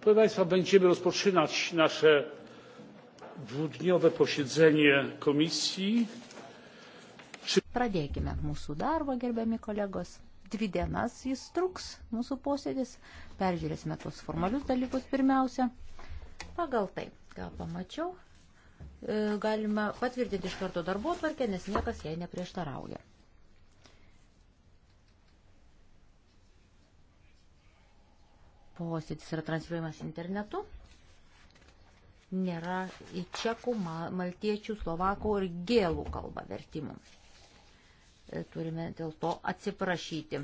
proszę państwa będziemy rozpoczynać nasze dwudniowe posiedzenie komisji Pradėkime mūsų darbą, gerbiami kolegos. Dvi dienas jis truks, mūsų posėdis. Peržiūrėsime tuos formalius dalykus pirmiausia. Pagal tai, ką pamačiau, e, galima patvirtinti iš karto darbo tvarkę, nes niekas jai neprieštarauja. posėdis yra transliuojamas internetu. Nėra į čekų, maltiečių, slovakų ir gėlų kalbą vertimų. E, turime dėl to atsiprašyti.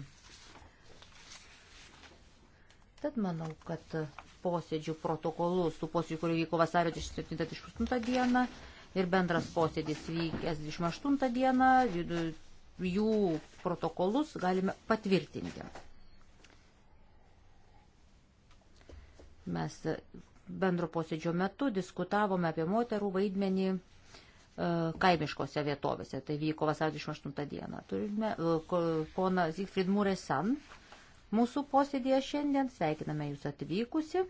Tad manau, kad posėdžių protokolus, tų posėdžių, kurie vyko vasario 27-28 dieną ir bendras posėdis vykęs 28 dieną, jų protokolus galime patvirtinti. Mes bendro posėdžio metu diskutavome apie moterų vaidmenį e, kaimiškose vietovėse. Tai vyko vasario 28 dieną. Turime e, poną Zygfried Muresan mūsų posėdėje šiandien. Sveikiname Jūs atvykusi.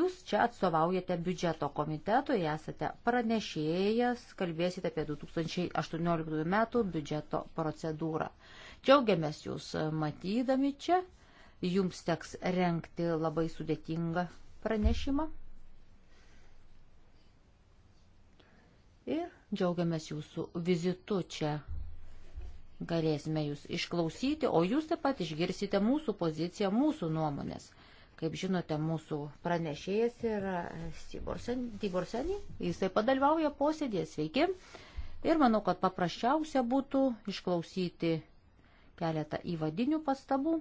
Jūs čia atstovaujate biudžeto komitetui, esate pranešėjas, kalbėsite apie 2018 metų biudžeto procedūrą. Džiaugiamės Jūs matydami čia jums teks renkti labai sudėtingą pranešimą. Ir džiaugiamės jūsų vizitu čia. Galėsime jūs išklausyti, o jūs taip pat išgirsite mūsų poziciją, mūsų nuomonės. Kaip žinote, mūsų pranešėjas yra Tiborsenį, jisai padalyvauja posėdėje, sveiki. Ir manau, kad paprasčiausia būtų išklausyti keletą įvadinių pastabų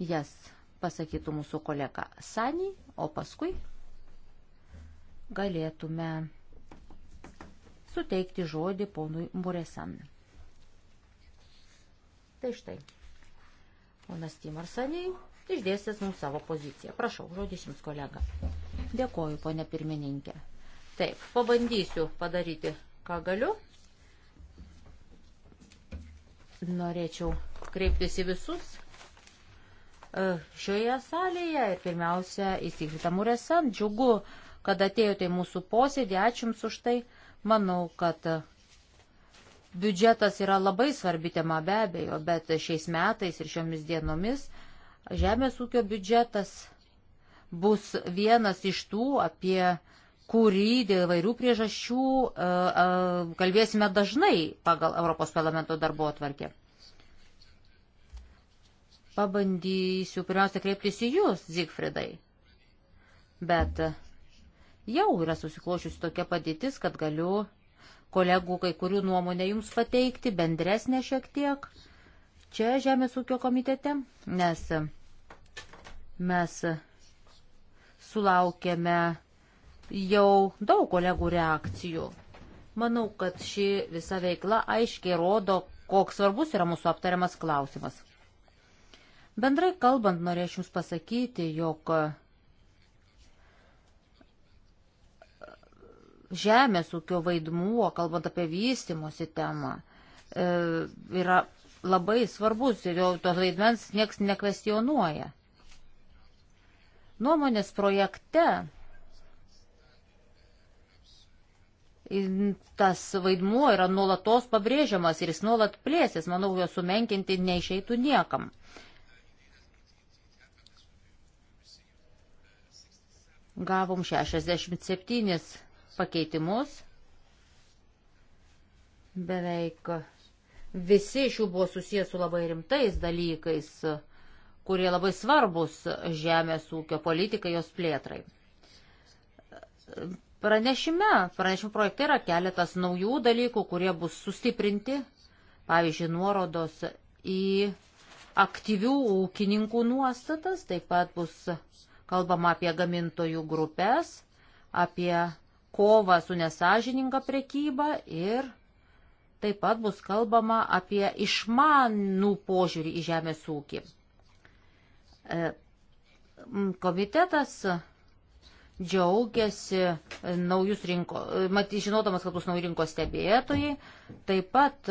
jas pasakytų mūsų kolega Sanį, o paskui galėtume suteikti žodį ponui Muresan. Tai štai. Ponas Timarsaniai išdėstęs mums savo poziciją. Prašau, žodis jums kolega. Dėkoju, ponė pirmininkė. Taip, pabandysiu padaryti, ką galiu. Norėčiau kreiptis į visus E, šioje salėje ir pirmiausia įsigyta Muresan. Džiugu, kad atėjote į mūsų posėdį, ačiū Jums už tai. Manau, kad biudžetas yra labai svarbi tema be abejo, bet šiais metais ir šiomis dienomis žemės ūkio biudžetas bus vienas iš tų, apie kurį dėl vairių priežasčių e, e, kalbėsime dažnai pagal Europos parlamento darbo atvarkę. Pabandysiu pirmiausia kreiptis į Jūs, Zigfridai. Bet jau yra susiklošiusi tokia padėtis, kad galiu kolegų kai kurių nuomonę Jums pateikti, bendresnė šiek tiek, čia Žemės ūkio komitete, nes mes sulaukėme jau daug kolegų reakcijų. Manau, kad ši visa veikla aiškiai rodo, koks svarbus yra mūsų aptariamas klausimas. Bendrai kalbant, norėčiau Jums pasakyti, jog žemės ūkio vaidmuo, kalbant apie vystimosi temą, e, yra labai svarbus ir jau tos vaidmens nieks nekvestionuoja. Nuomonės projekte tas vaidmuo yra nuolatos pabrėžiamas ir jis nuolat plėsis, manau, jo sumenkinti neišeitų niekam. Uh, Gavom 67 pakeitimus. Beveik visi iš jų buvo susijęs su labai rimtais dalykais, kurie labai svarbus žemės ūkio politikai jos plėtrai. Pranešime, pranešimo projekte yra keletas naujų dalykų, kurie bus sustiprinti, pavyzdžiui, nuorodos į aktyvių ūkininkų nuostatas, taip pat bus Kalbama apie gamintojų grupės, apie kovą su nesažininga prekyba ir taip pat bus kalbama apie išmanų požiūrį į žemės ūkį. E, komitetas džiaugiasi naujus rinko, matai, žinodamas, kad bus nauji rinkos stebėtojai, taip pat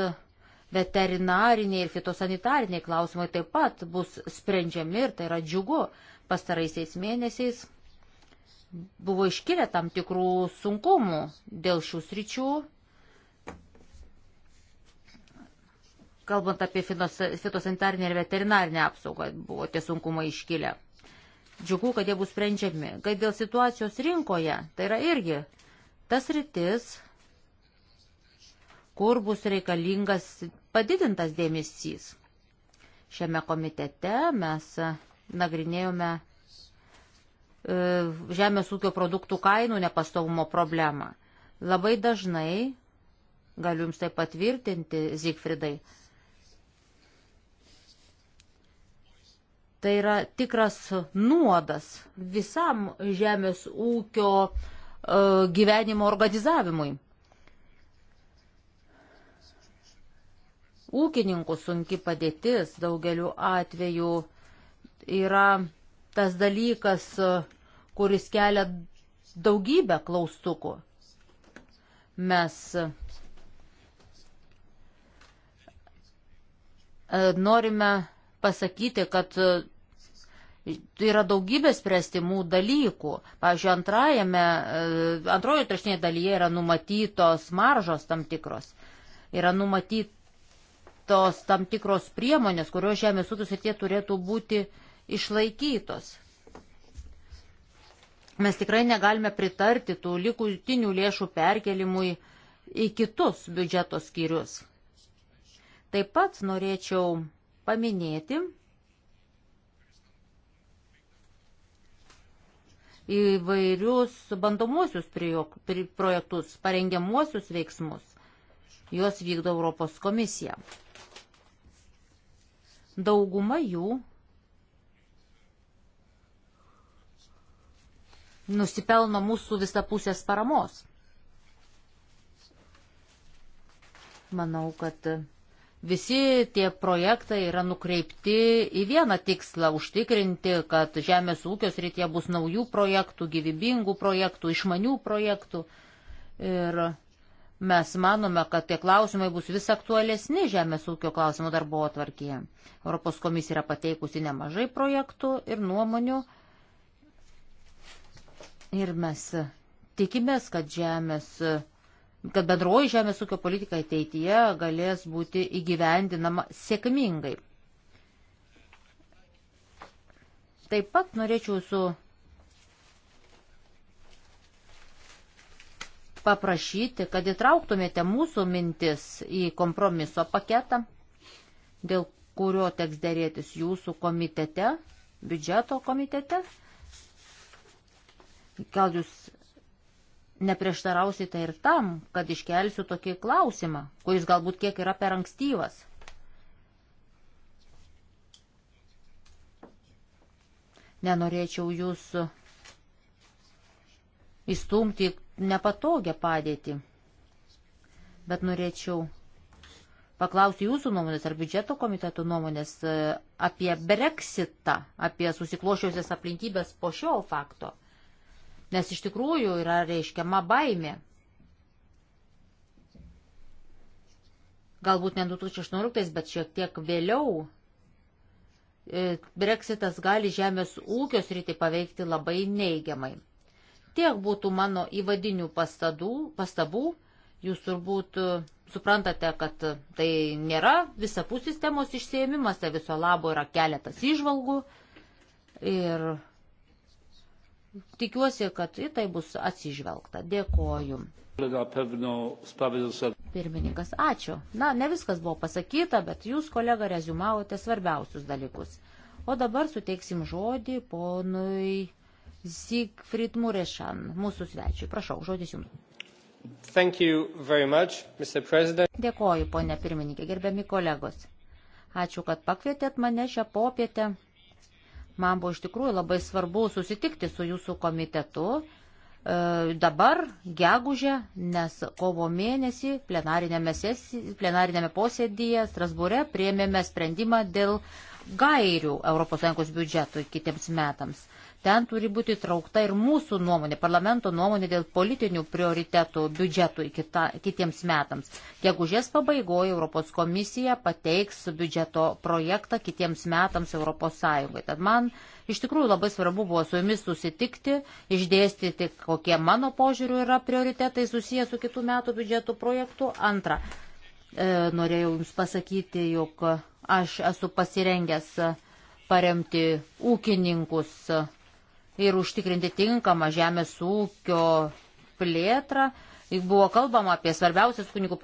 veterinariniai ir fitosanitariniai klausimai taip pat bus sprendžiami ir tai yra džiugu. Pastaraisiais mėnesiais buvo iškilę tam tikrų sunkumų dėl šių sričių. Kalbant apie fitosanitarinę ir veterinarinę apsaugą, buvo tie sunkumai iškilę. Džiugu, kad jie bus sprendžiami. Kad dėl situacijos rinkoje, tai yra irgi tas rytis, kur bus reikalingas padidintas dėmesys. Šiame komitete mes nagrinėjome e, žemės ūkio produktų kainų nepastovumo problemą. Labai dažnai, galiu Jums tai patvirtinti, Zygfridai, tai yra tikras nuodas visam žemės ūkio e, gyvenimo organizavimui. Ūkininkų sunki padėtis daugeliu atveju yra tas dalykas, kuris kelia daugybę klaustukų. Mes e, norime pasakyti, kad e, yra daugybė spręstimų dalykų. Pavyzdžiui, antrajame, e, antrojo trašinėje dalyje yra numatytos maržos tam tikros. Yra numatytos tam tikros priemonės, kurios žemės ūkis ir tie turėtų būti uh, išlaikytos. Mes tikrai negalime pritarti tų likutinių lėšų perkelimui į kitus biudžeto skyrius. Taip pat norėčiau paminėti įvairius bandomuosius projektus, parengiamuosius veiksmus. Juos vykdo Europos komisija. Dauguma jų nusipelno mūsų visapusės paramos. Manau, kad visi tie projektai yra nukreipti į vieną tikslą - užtikrinti, kad žemės ūkio srityje bus naujų projektų, gyvybingų projektų, išmanių projektų. Ir mes manome, kad tie klausimai bus vis aktualesni žemės ūkio klausimų darbo atvarkyje. Europos komisija yra pateikusi nemažai projektų ir nuomonių Ir mes tikimės, kad žemės kad bendroji žemės ūkio politika ateityje galės būti įgyvendinama sėkmingai. Taip pat norėčiau su paprašyti, kad įtrauktumėte mūsų mintis į kompromiso paketą, dėl kurio teks dėrėtis jūsų komitete, biudžeto komitete. Gal jūs neprieštarausite ir tam, kad iškelsiu tokį klausimą, kuris galbūt kiek yra per ankstyvas. Nenorėčiau jūs įstumti nepatogią padėtį, bet norėčiau paklausti jūsų nuomonės ar biudžeto komiteto nuomonės e, apie breksitą, apie susiklošiusias aplinkybės po šio fakto nes iš tikrųjų yra reiškiama baimė. Galbūt ne 2018, bet šiek tiek vėliau e, Brexitas gali žemės ūkio sritį paveikti labai neigiamai. Tiek būtų mano įvadinių pastadų, pastabų. Jūs turbūt e, suprantate, kad tai nėra visapus sistemos išsiemimas, tai viso labo yra keletas išvalgų. Ir tikiuosi, kad į tai bus atsižvelgta. Dėkoju. Pirmininkas, ačiū. Na, ne viskas buvo pasakyta, bet jūs, kolega, rezumavote svarbiausius dalykus. O dabar suteiksim žodį ponui Zigfrid Murešan, mūsų svečiui. Prašau, žodis jums. Much, Dėkoju, ponė pirmininkė, gerbiami kolegos. Ačiū, kad pakvietėt mane šią popietę Man buvo iš tikrųjų labai svarbu susitikti su jūsų komitetu e, dabar, gegužę, nes kovo mėnesį plenarinėme, sesi, plenarinėme posėdyje Strasbūre prieimėme sprendimą dėl gairių ES biudžetui kitiems metams. Ten turi būti traukta ir mūsų nuomonė, parlamento nuomonė dėl politinių prioritetų biudžetui kita, kitiems metams. Gegužės pabaigoje Europos komisija pateiks biudžeto projektą kitiems metams Europos Sąjungai. Tad man iš tikrųjų labai svarbu buvo su jumis susitikti, išdėstyti, kokie mano požiūrių yra prioritetai susiję su kitų metų biudžetų projektu. Antra, e, norėjau jums pasakyti, jog aš esu pasirengęs paremti ūkininkus ir užtikrinti tinkamą žemės ūkio plėtrą. Buvo kalbama apie svarbiausias kunigų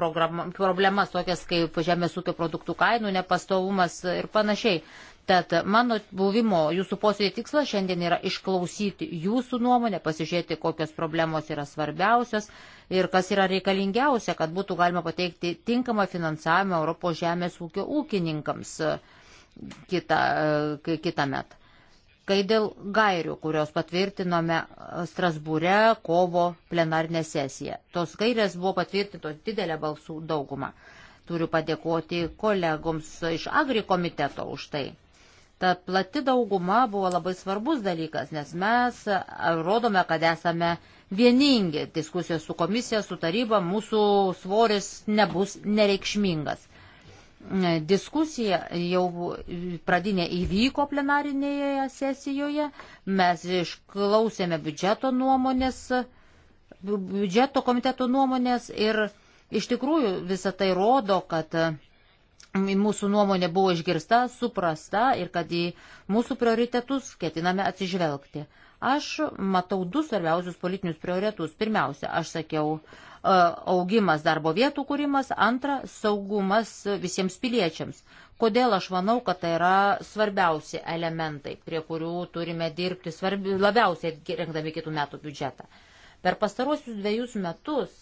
problemas, tokias kaip žemės ūkio produktų kainų nepastovumas ir panašiai. Tad mano buvimo jūsų posėdė tikslas šiandien yra išklausyti jūsų nuomonę, pasižiūrėti, kokios problemos yra svarbiausios ir kas yra reikalingiausia, kad būtų galima pateikti tinkamą finansavimą Europos žemės ūkio ūkininkams kitą, kitą metą. Kai dėl gairių, kurios patvirtinome e, Strasbūre kovo plenarnę sesiją. Tos gairės buvo patvirtintos didelę balsų daugumą. Turiu padėkoti kolegoms iš Agri komiteto už tai. Ta plati dauguma buvo labai svarbus dalykas, nes mes e, rodome, kad esame vieningi diskusijos su komisija, su taryba, mūsų svoris nebus nereikšmingas. E, diskusija jau pradinė įvyko plenarinėje sesijoje, mes išklausėme biudžeto nuomonės, biudžeto komiteto nuomonės ir iš tikrųjų visa tai rodo, kad e, mūsų nuomonė buvo išgirsta, suprasta ir kad į mūsų prioritetus ketiname atsižvelgti. Aš matau du svarbiausius politinius prioritetus. Pirmiausia, aš sakiau, E, augimas darbo vietų kūrimas, antra saugumas visiems piliečiams. Kodėl aš manau, kad tai yra svarbiausi elementai, prie kurių turime dirbti svarbi, labiausiai rengdami kitų metų biudžetą. Per pastarosius dviejus metus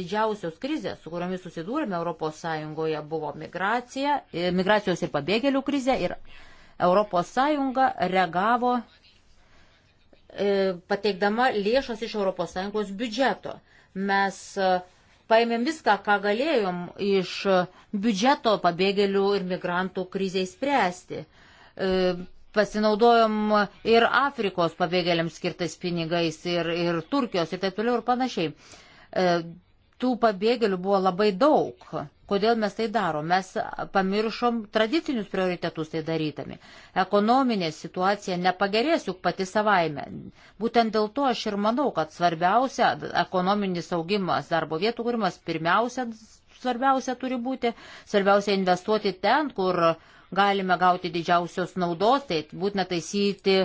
didžiausios krizės, su kuriomis susidūrėme ES, buvo migracija, e, migracijos ir pabėgėlių krizė ir ES reagavo e, pateikdama lėšas iš ES biudžeto. Mes e, paėmėm viską, ką galėjom iš biudžeto pabėgėlių ir migrantų kriziai spręsti. E, pasinaudojom ir Afrikos pabėgėliams skirtais pinigais, ir, ir Turkijos, ir taip toliau, ir panašiai. E, tų pabėgėlių buvo labai daug. Kodėl mes tai darom? Mes pamiršom tradicinius prioritetus tai darydami. Ekonominė situacija nepagerės juk pati savaime. Būtent dėl to aš ir manau, kad svarbiausia ekonominis augimas, darbo vietų kūrimas pirmiausia svarbiausia turi būti. Svarbiausia investuoti ten, kur galime gauti didžiausios naudos, tai būtina taisyti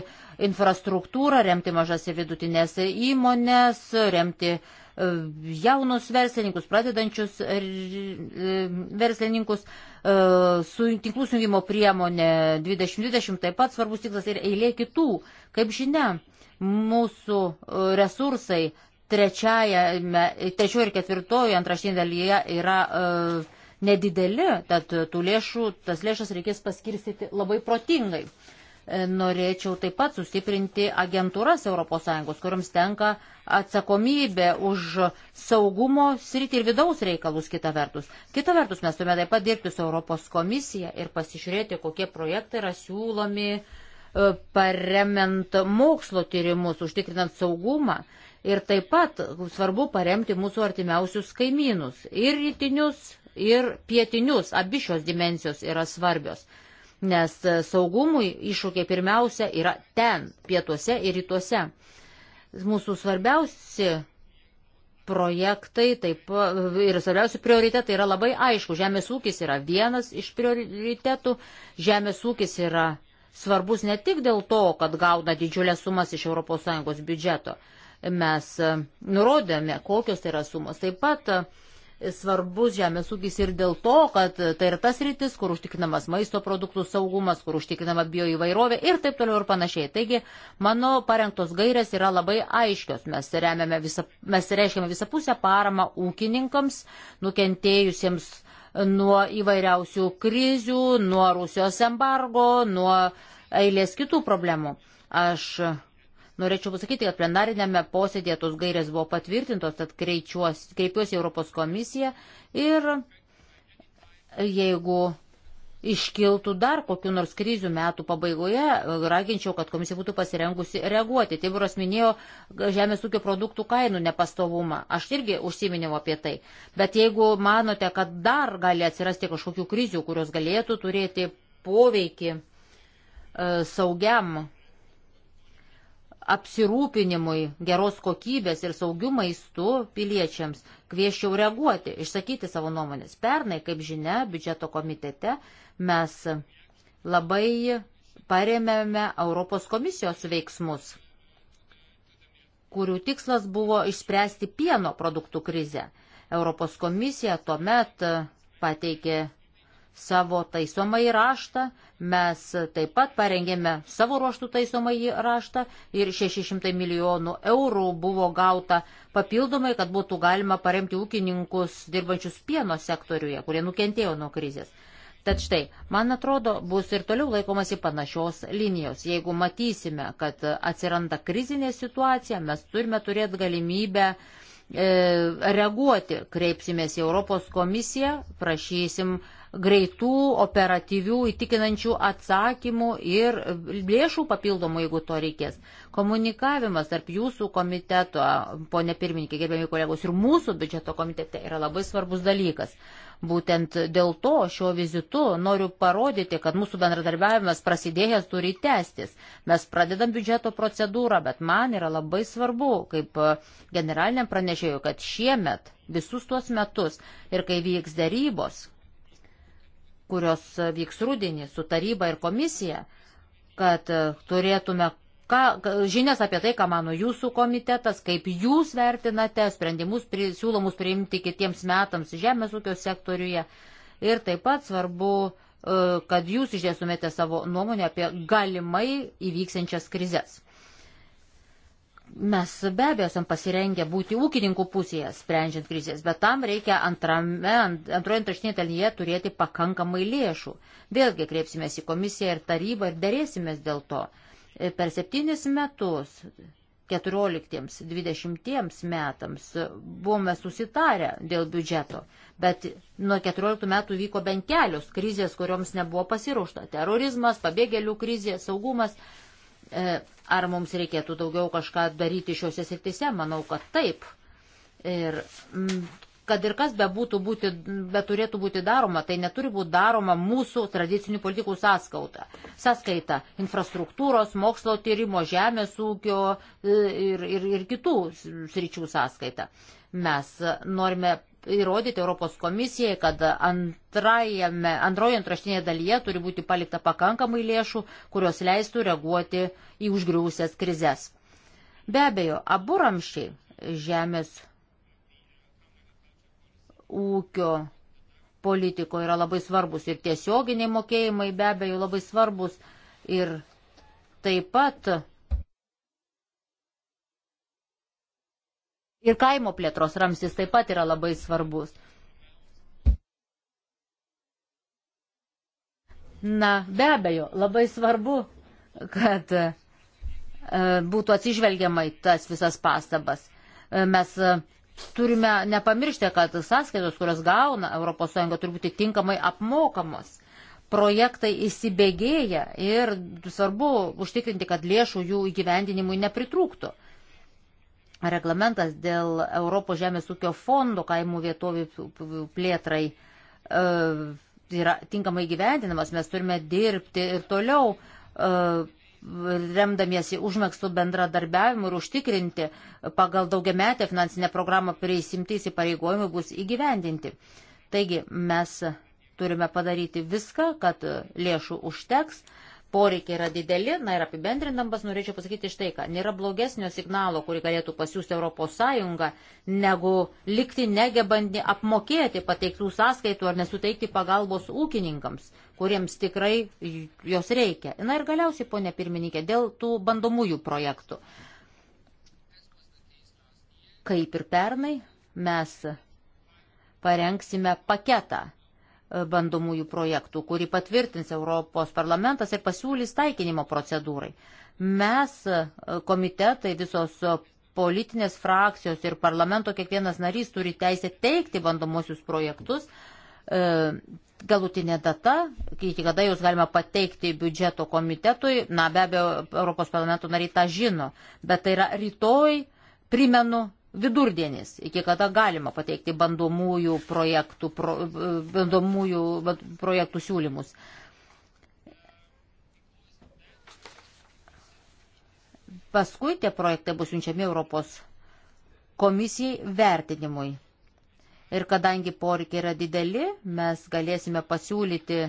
infrastruktūrą, remti mažas ir vidutinės įmonės, remti uh, jaunus verslininkus, pradedančius er, e, verslininkus, e, su tinklų sujungimo priemonė 2020 taip pat svarbus tikslas ir eilė kitų. Kaip žinia, mūsų e, resursai trečioje ir ketvirtoje antraštinė dalyje yra nedideli, tad tų lėšų, tas lėšas reikės paskirstyti labai protingai norėčiau taip pat sustiprinti agentūras ES, kuriams tenka atsakomybė už saugumo sritį ir vidaus reikalus kita vertus. Kita vertus, mes turime taip pat dirbti su Europos komisija ir pasižiūrėti, kokie projektai yra siūlomi e, paremiant mokslo tyrimus, užtikrinant saugumą. Ir taip pat svarbu paremti mūsų artimiausius kaimynus - ir rytinius, ir pietinius. Abi šios dimensijos yra svarbios nes e, saugumui iššūkiai pirmiausia yra ten, pietuose ir rytuose. Mūsų svarbiausi projektai taip, e, ir svarbiausi prioritetai yra labai aišku. Žemės ūkis yra vienas iš prioritetų. Žemės ūkis yra svarbus ne tik dėl to, kad gauna didžiulės sumas iš ES biudžeto. Mes e, nurodėme, kokios tai yra sumos. Taip pat uh, svarbus žemės ūkis ir dėl to, kad tai yra tas rytis, kur užtikrinamas maisto produktų saugumas, kur užtikrinama bioįvairovė ir taip toliau ir panašiai. Taigi, mano parengtos gairės yra labai aiškios. Mes, visa, mes reiškiame visapusę paramą ūkininkams, nukentėjusiems nuo įvairiausių krizių, nuo Rusijos embargo, nuo eilės kitų problemų. Aš Norėčiau pasakyti, kad plenarinėme posėdėje tos gairės buvo patvirtintos, tad kreipiuosi Europos komisiją ir jeigu iškiltų dar kokiu nors krizių metų pabaigoje, raginčiau, kad komisija būtų pasirengusi reaguoti. Tiburas minėjo žemės ūkio produktų kainų nepastovumą. Aš irgi užsiminiau apie tai. Bet jeigu manote, kad dar gali atsirasti kažkokių krizių, kurios galėtų turėti poveikį e, saugiam apsirūpinimui geros kokybės ir saugių maistų piliečiams kvieščiau reaguoti, išsakyti savo nuomonės. Pernai, kaip žinia, biudžeto komitete mes labai paremėme Europos komisijos veiksmus, kurių tikslas buvo išspręsti pieno produktų krizę. Europos komisija tuomet pateikė savo taisomąjį raštą, mes taip pat parengėme savo ruoštų taisomąjį raštą ir 600 milijonų eurų buvo gauta papildomai, kad būtų galima paremti ūkininkus dirbančius pieno sektoriuje, kurie nukentėjo nuo krizės. Tad štai, man atrodo, bus ir toliau laikomasi panašios linijos. Jeigu matysime, kad atsiranda krizinė situacija, mes turime turėti galimybę e, reaguoti. Kreipsimės į Europos komisiją, prašysim greitų, operatyvių, įtikinančių atsakymų ir lėšų papildomų, jeigu to reikės. Komunikavimas tarp jūsų komiteto, ponė pirmininkė, gerbėmi kolegos, ir mūsų biudžeto komitete yra labai svarbus dalykas. Būtent dėl to šiuo vizitu noriu parodyti, kad mūsų bendradarbiavimas prasidėjęs turi tęstis. Mes pradedam biudžeto procedūrą, bet man yra labai svarbu, kaip generaliniam pranešėjui, kad šiemet visus tuos metus ir kai vyks darybos, kurios vyks rūdienį su taryba ir komisija, kad turėtume ką, žinias apie tai, ką mano jūsų komitetas, kaip jūs vertinate sprendimus pri, siūlomus priimti kitiems metams žemės ūkio sektoriuje. Ir taip pat svarbu, e, kad jūs išdėstumėte savo nuomonę apie galimai įvyksiančias krizės. Mes be abejo esam pasirengę būti ūkininkų pusėje, sprendžiant krizės, bet tam reikia antrame, antroje antraštinėje dalyje turėti pakankamai lėšų. Vėlgi kreipsimės į komisiją ir tarybą ir dėrėsimės dėl to. Per septynis metus, 14-20 metams, buvome susitarę dėl biudžeto, bet nuo 14 metų vyko bent kelios krizės, kurioms nebuvo pasiruošta. Terorizmas, pabėgėlių krizė, saugumas E, ar mums reikėtų daugiau kažką daryti šiuose srityse? Manau, kad taip. Ir kad ir kas bebūtų būti, bet turėtų būti daroma, tai neturi būti daroma mūsų tradicinių politikų sąskaita. Sąskaita infrastruktūros, mokslo tyrimo, žemės ūkio e, ir, ir, ir kitų sričių sąskaita. Mes norime įrodyti Europos komisijai, kad antrajame, antroje antraštinėje dalyje turi būti palikta pakankamai lėšų, kurios leistų reaguoti į užgriūsias krizės. Be abejo, abu ramščiai žemės ūkio politiko yra labai svarbus ir tiesioginiai mokėjimai be abejo labai svarbus ir taip pat Ir kaimo plėtros ramsis taip pat yra labai svarbus. Na, be abejo, labai svarbu, kad e, būtų atsižvelgiama į tas visas pastabas. E, mes e, turime nepamiršti, kad sąskaitos, kurias gauna ES, turi būti tinkamai apmokamos. Projektai įsibėgėja ir svarbu užtikrinti, kad lėšų jų įgyvendinimui nepritrūktų reglamentas dėl Europos žemės ūkio fondo kaimų vietovių plėtrai e, yra tinkamai gyvendinamas, mes turime dirbti ir toliau e, remdamiesi užmėgstų bendradarbiavimu ir užtikrinti pagal daugiametę finansinę programą prieisimti įsipareigojimai bus įgyvendinti. Taigi mes turime padaryti viską, kad lėšų užteks, poreikiai yra dideli, na ir apibendrindamas norėčiau pasakyti štai ką, nėra blogesnio signalo, kurį galėtų pasiūsti ES, negu likti negebandi apmokėti pateiktų sąskaitų ar nesuteikti pagalbos ūkininkams, kuriems tikrai jos reikia. Na ir galiausiai, ponė pirmininkė, dėl tų bandomųjų projektų. Kaip ir pernai, mes parengsime paketą bandomųjų projektų, kurį patvirtins Europos parlamentas ir pasiūlys taikinimo procedūrai. Mes, e, komitetai, visos politinės frakcijos ir parlamento kiekvienas narys turi teisę teikti bandomosius projektus. E, galutinė data, iki kada jūs galima pateikti biudžeto komitetui, na be abejo, Europos parlamento nariai tą žino, bet tai yra rytoj, primenu, vidurdienis, iki kada galima pateikti bandomųjų projektų, pro, bandomųjų projektų siūlymus. Paskui tie projektai bus siunčiami Europos komisijai vertinimui. Ir kadangi poreikiai yra dideli, mes galėsime pasiūlyti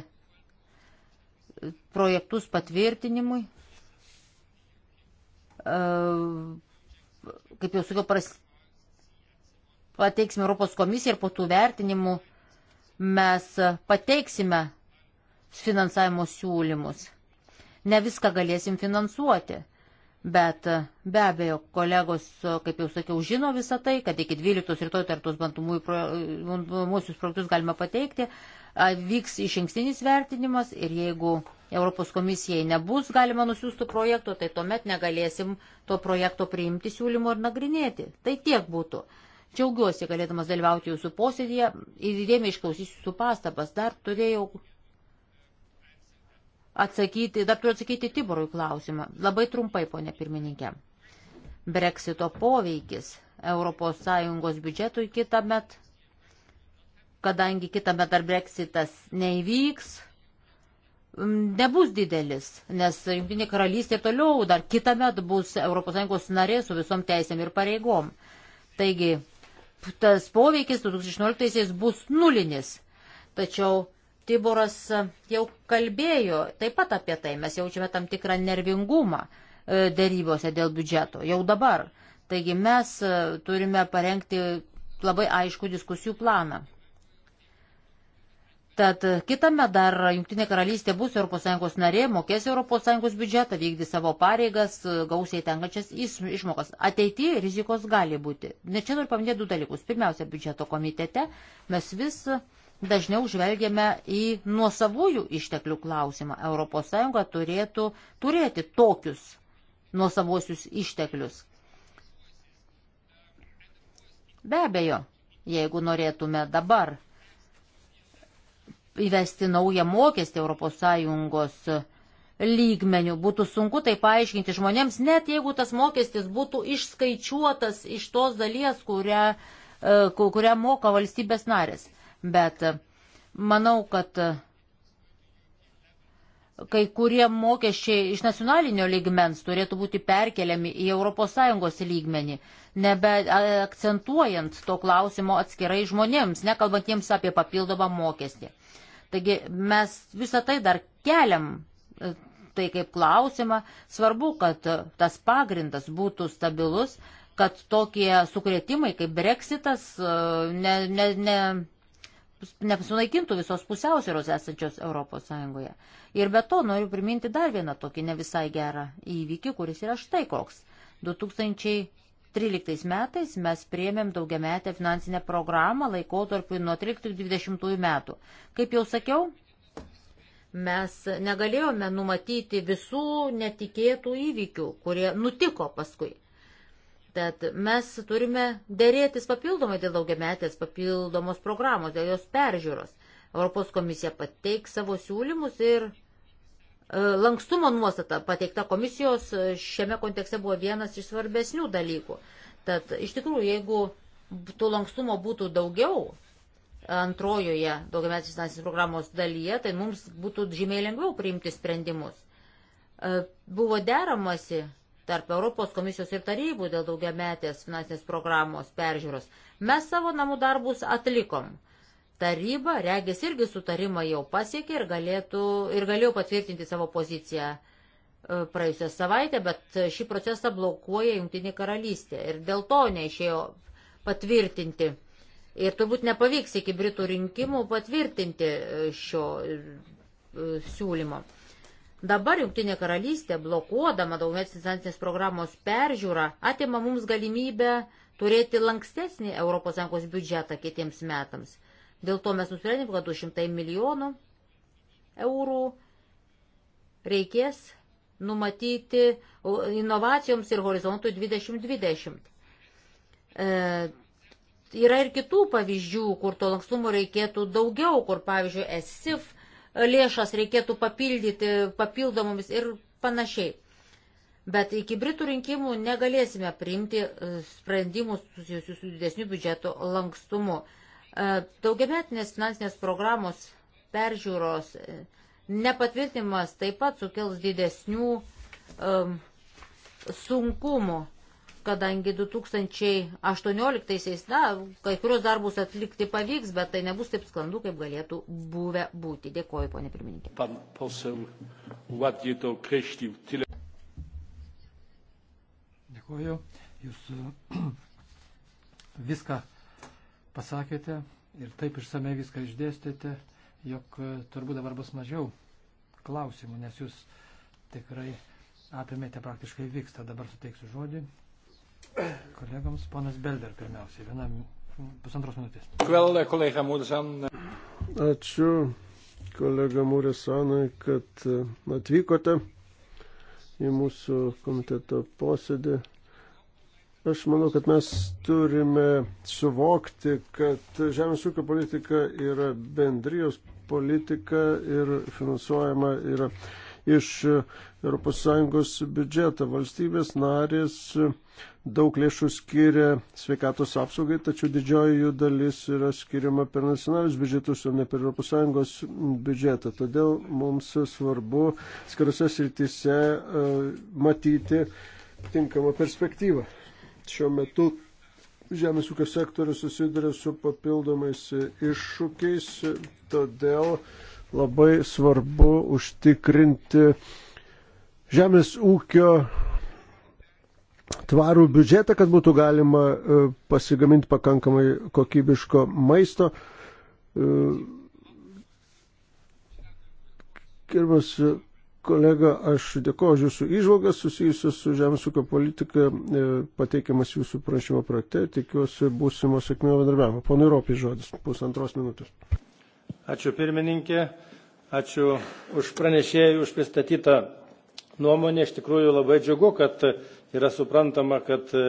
projektus patvirtinimui. Kaip jau sakiau, pateiksime Europos komisiją ir po tų vertinimų mes pateiksime finansavimo siūlymus. Ne viską galėsim finansuoti, bet be abejo, kolegos, kaip jau sakiau, žino visą tai, kad iki 12 rytoj tartus bandomuosius projektus galima pateikti, vyks išinkstinis vertinimas ir jeigu Europos komisijai nebus galima nusiųstų projekto, tai tuomet negalėsim to projekto priimti siūlymo ir nagrinėti. Tai tiek būtų. Džiaugiuosi galėdamas dalyvauti jūsų posėdėje ir įdėmiai išklausysiu jūsų pastabas. Dar turėjau atsakyti, dar turiu atsakyti Tiborui klausimą. Labai trumpai, ponė pirmininkė. Brexito poveikis ES biudžetui kitą met, kadangi kitą met dar Brexitas neįvyks, nebus didelis, nes Junktinė karalystė toliau dar kitą met bus ES narė su visom teisėm ir pareigom. Taigi tas poveikis 2016 bus nulinis. Tačiau Tiboras jau kalbėjo taip pat apie tai, mes jaučiame tam tikrą nervingumą e, dėrybose dėl biudžeto jau dabar. Taigi mes e, turime parengti labai aišku diskusijų planą. Tad kitame dar Junktinė karalystė bus ES narė, mokės ES biudžetą, vykdys savo pareigas, gausiai tenkačias išmokas. Ateityje rizikos gali būti. Ne čia noriu paminėti du dalykus. Pirmiausia, biudžeto komitete mes vis dažniau žvelgiame į nuosavųjų išteklių klausimą. ES turėtų turėti tokius nuosavosius išteklius. Be abejo, jeigu norėtume dabar įvesti naują mokestį ES lygmenių. Būtų sunku tai paaiškinti žmonėms, net jeigu tas mokestis būtų išskaičiuotas iš tos dalies, kurią, e, kurią moka valstybės narės. Bet e, manau, kad e, kai kurie mokesčiai iš nacionalinio lygmens turėtų būti perkeliami į ES lygmenį, nebeakcentuojant to klausimo atskirai žmonėms, nekalbant jiems apie papildomą mokestį. Taigi mes visą tai dar keliam e, tai kaip klausimą. Svarbu, kad tas pagrindas būtų stabilus, kad tokie sukretimai kaip breksitas e, ne, ne, ne, nesunaikintų visos pusiausvėros esančios ES. Ir be to noriu priminti dar vieną tokį ne visai gerą įvykį, kuris yra štai koks. 2000 2013 metais mes priemėm daugiametę finansinę programą laikotarpiu nuo 13-20 metų. Kaip jau sakiau, mes negalėjome numatyti visų netikėtų įvykių, kurie nutiko paskui. Tad mes turime dėrėtis papildomai dėl daugiametės papildomos programos, dėl jos peržiūros. Europos komisija pateiks savo siūlymus ir E, lankstumo nuostata pateikta komisijos e, šiame kontekste buvo vienas iš svarbesnių dalykų. Tad iš tikrųjų, jeigu to lankstumo būtų daugiau antrojoje daugiametės finansinės programos dalyje, tai mums būtų žymiai lengviau priimti sprendimus. E, buvo deramasi tarp Europos komisijos ir tarybų dėl daugiametės finansinės programos peržiūros. Mes savo namų darbus atlikom taryba, regis, irgi sutarimą jau pasiekė ir, galėtų, ir galėjo patvirtinti savo poziciją e, praėjusią savaitę, bet šį procesą blokuoja Junktinė karalystė ir dėl to neišėjo patvirtinti. Ir turbūt nepavyks iki Britų rinkimų patvirtinti e, šio e, siūlymo. Dabar Junktinė karalystė, blokuodama daugmės instancinės programos peržiūrą, atima mums galimybę turėti lankstesnį ES biudžetą kitiems metams. Dėl to mes nusprendėm, kad 200 milijonų eurų reikės numatyti inovacijoms ir horizontui 2020. E, yra ir kitų pavyzdžių, kur to lankstumo reikėtų daugiau, kur, pavyzdžiui, SIF lėšas reikėtų papildyti papildomomis ir panašiai. Bet iki Britų rinkimų negalėsime priimti e, sprendimus susijusius su didesniu biudžeto lankstumu. E, daugiametinės finansinės programos peržiūros e, nepatvirtimas taip pat sukels didesnių um, sunkumų, kadangi 2018-aisiais, na, kai kurios darbus atlikti pavyks, bet tai nebus taip sklandu, kaip galėtų buvę būti. Dėkoju, ponė pirmininkė. Pan posel ładnie to określił tyle. Dėkoju. Jūs viską pasakėte ir taip išsamei viską išdėstėte, jog e, turbūt dabar bus mažiau klausimų, nes jūs tikrai apimėte praktiškai vyksta. Dabar suteiksiu žodį kolegoms. Ponas Belder pirmiausiai, viena pusantros minutės. Vėl uh, kolega Mūrsan. Ačiū kolega Mūrsanai, kad e, atvykote į mūsų komiteto posėdį. Aš manau, kad mes turime suvokti, kad žemės ūkio politika yra bendrijos politika ir finansuojama yra iš ES biudžeto. Valstybės narės daug lėšų skiria sveikatos apsaugai, tačiau didžioji jų dalis yra skiriama per nacionalinius biudžetus, o ne per ES biudžetą. Todėl mums svarbu skirose srityse e, matyti tinkamą perspektyvą šiuo metu žemės ūkio sektorius susiduria su papildomais iššūkiais, todėl labai svarbu užtikrinti žemės ūkio tvarų biudžetą, kad būtų galima e, pasigaminti pakankamai kokybiško maisto. E, Gerbiamas Kolega, aš dėkoju jūsų išvalgas susijusios su žemės ūkio politika, e, pateikiamas jūsų prašymo projekte, tikiuosi būsimo sėkmio bendarbiavimo. Pono Europį žodis, pusantros minutės. Ačiū pirmininkė, ačiū už pranešėjų, už pristatytą nuomonę. Iš tikrųjų labai džiugu, kad yra suprantama, kad e,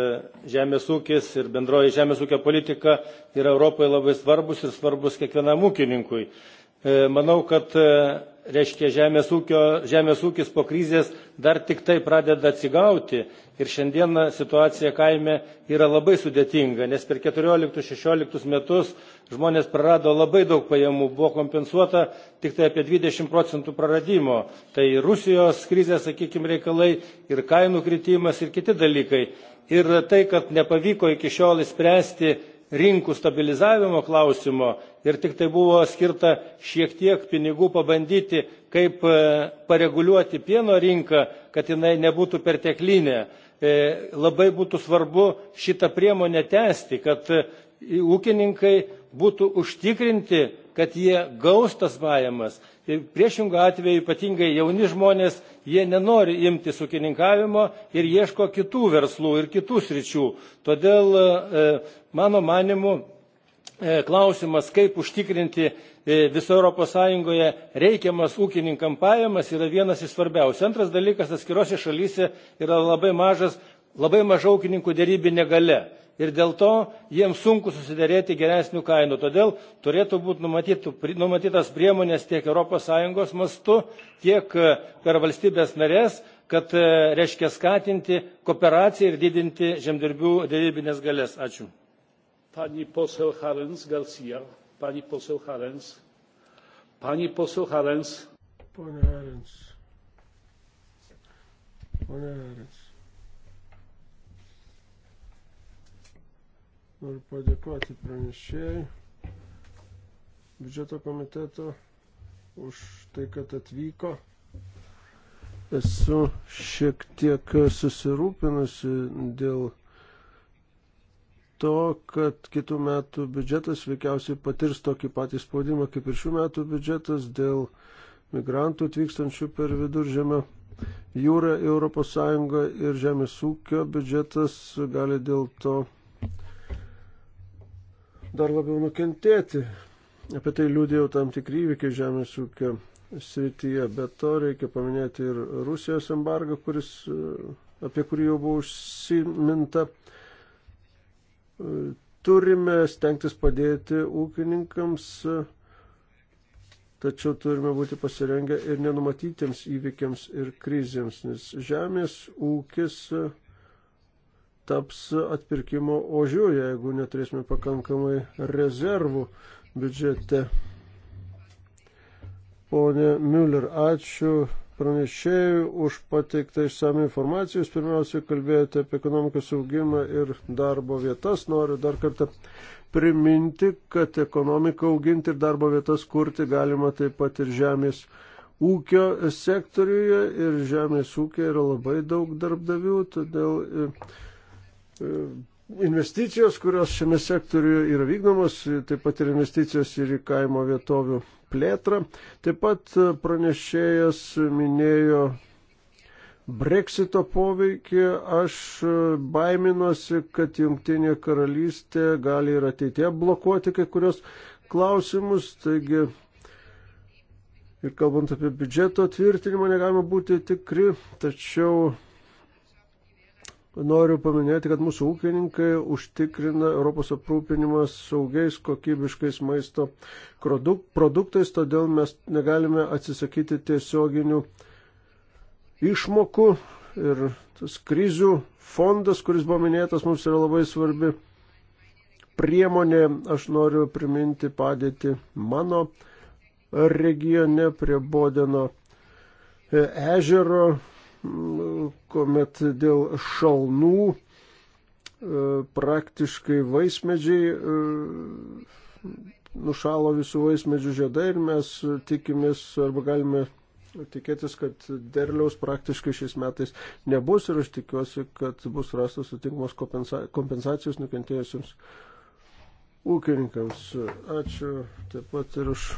žemės ūkis ir bendroji žemės ūkio politika yra Europoje labai svarbus ir svarbus kiekvienam ūkininkui. E, manau, kad reiškia žemės, ūkio, žemės ūkis po krizės dar tik tai pradeda atsigauti ir šiandieną situacija kaime yra labai sudėtinga, nes per 14-16 metus žmonės prarado labai daug pajamų, buvo kompensuota tik tai apie 20 procentų praradimo. Tai Rusijos krizė, sakykime, reikalai ir kainų kritimas ir kiti dalykai. Ir tai, kad nepavyko iki šiol įspręsti rinkų stabilizavimo klausimo ir tik tai buvo skirta šiek tiek pinigų pabandyti, kaip e, pareguliuoti pieno rinką, kad jinai nebūtų perteklinė. E, labai būtų svarbu šitą priemonę tęsti, kad e, ūkininkai būtų užtikrinti, kad jie gaus tas pajamas. Ir priešingų atveju ypatingai jauni žmonės, jie nenori imtis ūkininkavimo ir ieško kitų verslų ir kitų sričių. Todėl mano manimu e, klausimas kaip užtikrinti e, visoje europos sąjungoje reikiamas ūkininkams pajamas yra vienas iš svarbiausių antras dalykas atskirose šalyse yra labai mažas labai maža ūkininkų derybinė galia ir dėl to jiems sunku susiderėti geresnių kainų todėl turėtų būti numatytos priemonės tiek europos sąjungos mastu tiek e, per valstybes nares kad reiškia skatinti kooperaciją ir didinti žemdirbių derybines galias ačiū pani poseł Harens Garcia, pani poseł Harens, pani poseł Harens. Panie Harens. Panie Harens. Noriu padėkoti pranešėjai biudžeto komiteto už tai, kad atvyko. Esu šiek tiek susirūpinusi dėl to, kad kitų metų biudžetas veikiausiai patirs tokį patį spaudimą kaip ir šių metų biudžetas dėl migrantų atvykstančių per viduržėmio jūrą Europos Sąjungą ir žemės ūkio biudžetas gali dėl to dar labiau nukentėti. Apie tai liūdėjau tam tikrį įvykį žemės ūkio srityje, bet to reikia paminėti ir Rusijos embargą, kuris, apie kurį jau buvo užsiminta. Turime stengtis padėti ūkininkams, tačiau turime būti pasirengę ir nenumatytiems įvykiams ir krizėms, nes žemės ūkis taps atpirkimo ožiu, jeigu neturėsime pakankamai rezervų biudžete. Pone Müller, ačiū pranešėjui už pateiktą išsame informaciją. Jūs pirmiausiai kalbėjote apie ekonomikos augimą ir darbo vietas. Noriu dar kartą priminti, kad ekonomiką auginti ir darbo vietas kurti galima taip pat ir žemės ūkio sektoriuje. Ir žemės ūkio yra labai daug darbdavių, todėl e, e, investicijos, kurios šiame sektoriuje yra vykdomos, taip pat ir investicijos ir į kaimo vietovių plėtrą. Taip pat pranešėjas minėjo Brexito poveikį. Aš baiminuosi, kad Junktinė karalystė gali ir ateitie blokuoti kai kurios klausimus. Taigi, ir kalbant apie biudžeto tvirtinimą, negalima būti tikri, tačiau Noriu paminėti, kad mūsų ūkininkai užtikrina Europos aprūpinimą saugiais, kokybiškais maisto produktais, todėl mes negalime atsisakyti tiesioginių išmokų ir tas krizių fondas, kuris buvo minėtas, mums yra labai svarbi priemonė. Aš noriu priminti padėti mano regione prie Bodeno e, ežero kuomet dėl šalnų e, praktiškai vaismedžiai e, nušalo visų vaismedžių žiedai ir mes tikimės arba galime tikėtis, kad derliaus praktiškai šiais metais nebus ir aš tikiuosi, kad bus rastos atitinkamos kompensacijos nukentėjusiems ūkininkams. Ačiū taip pat ir už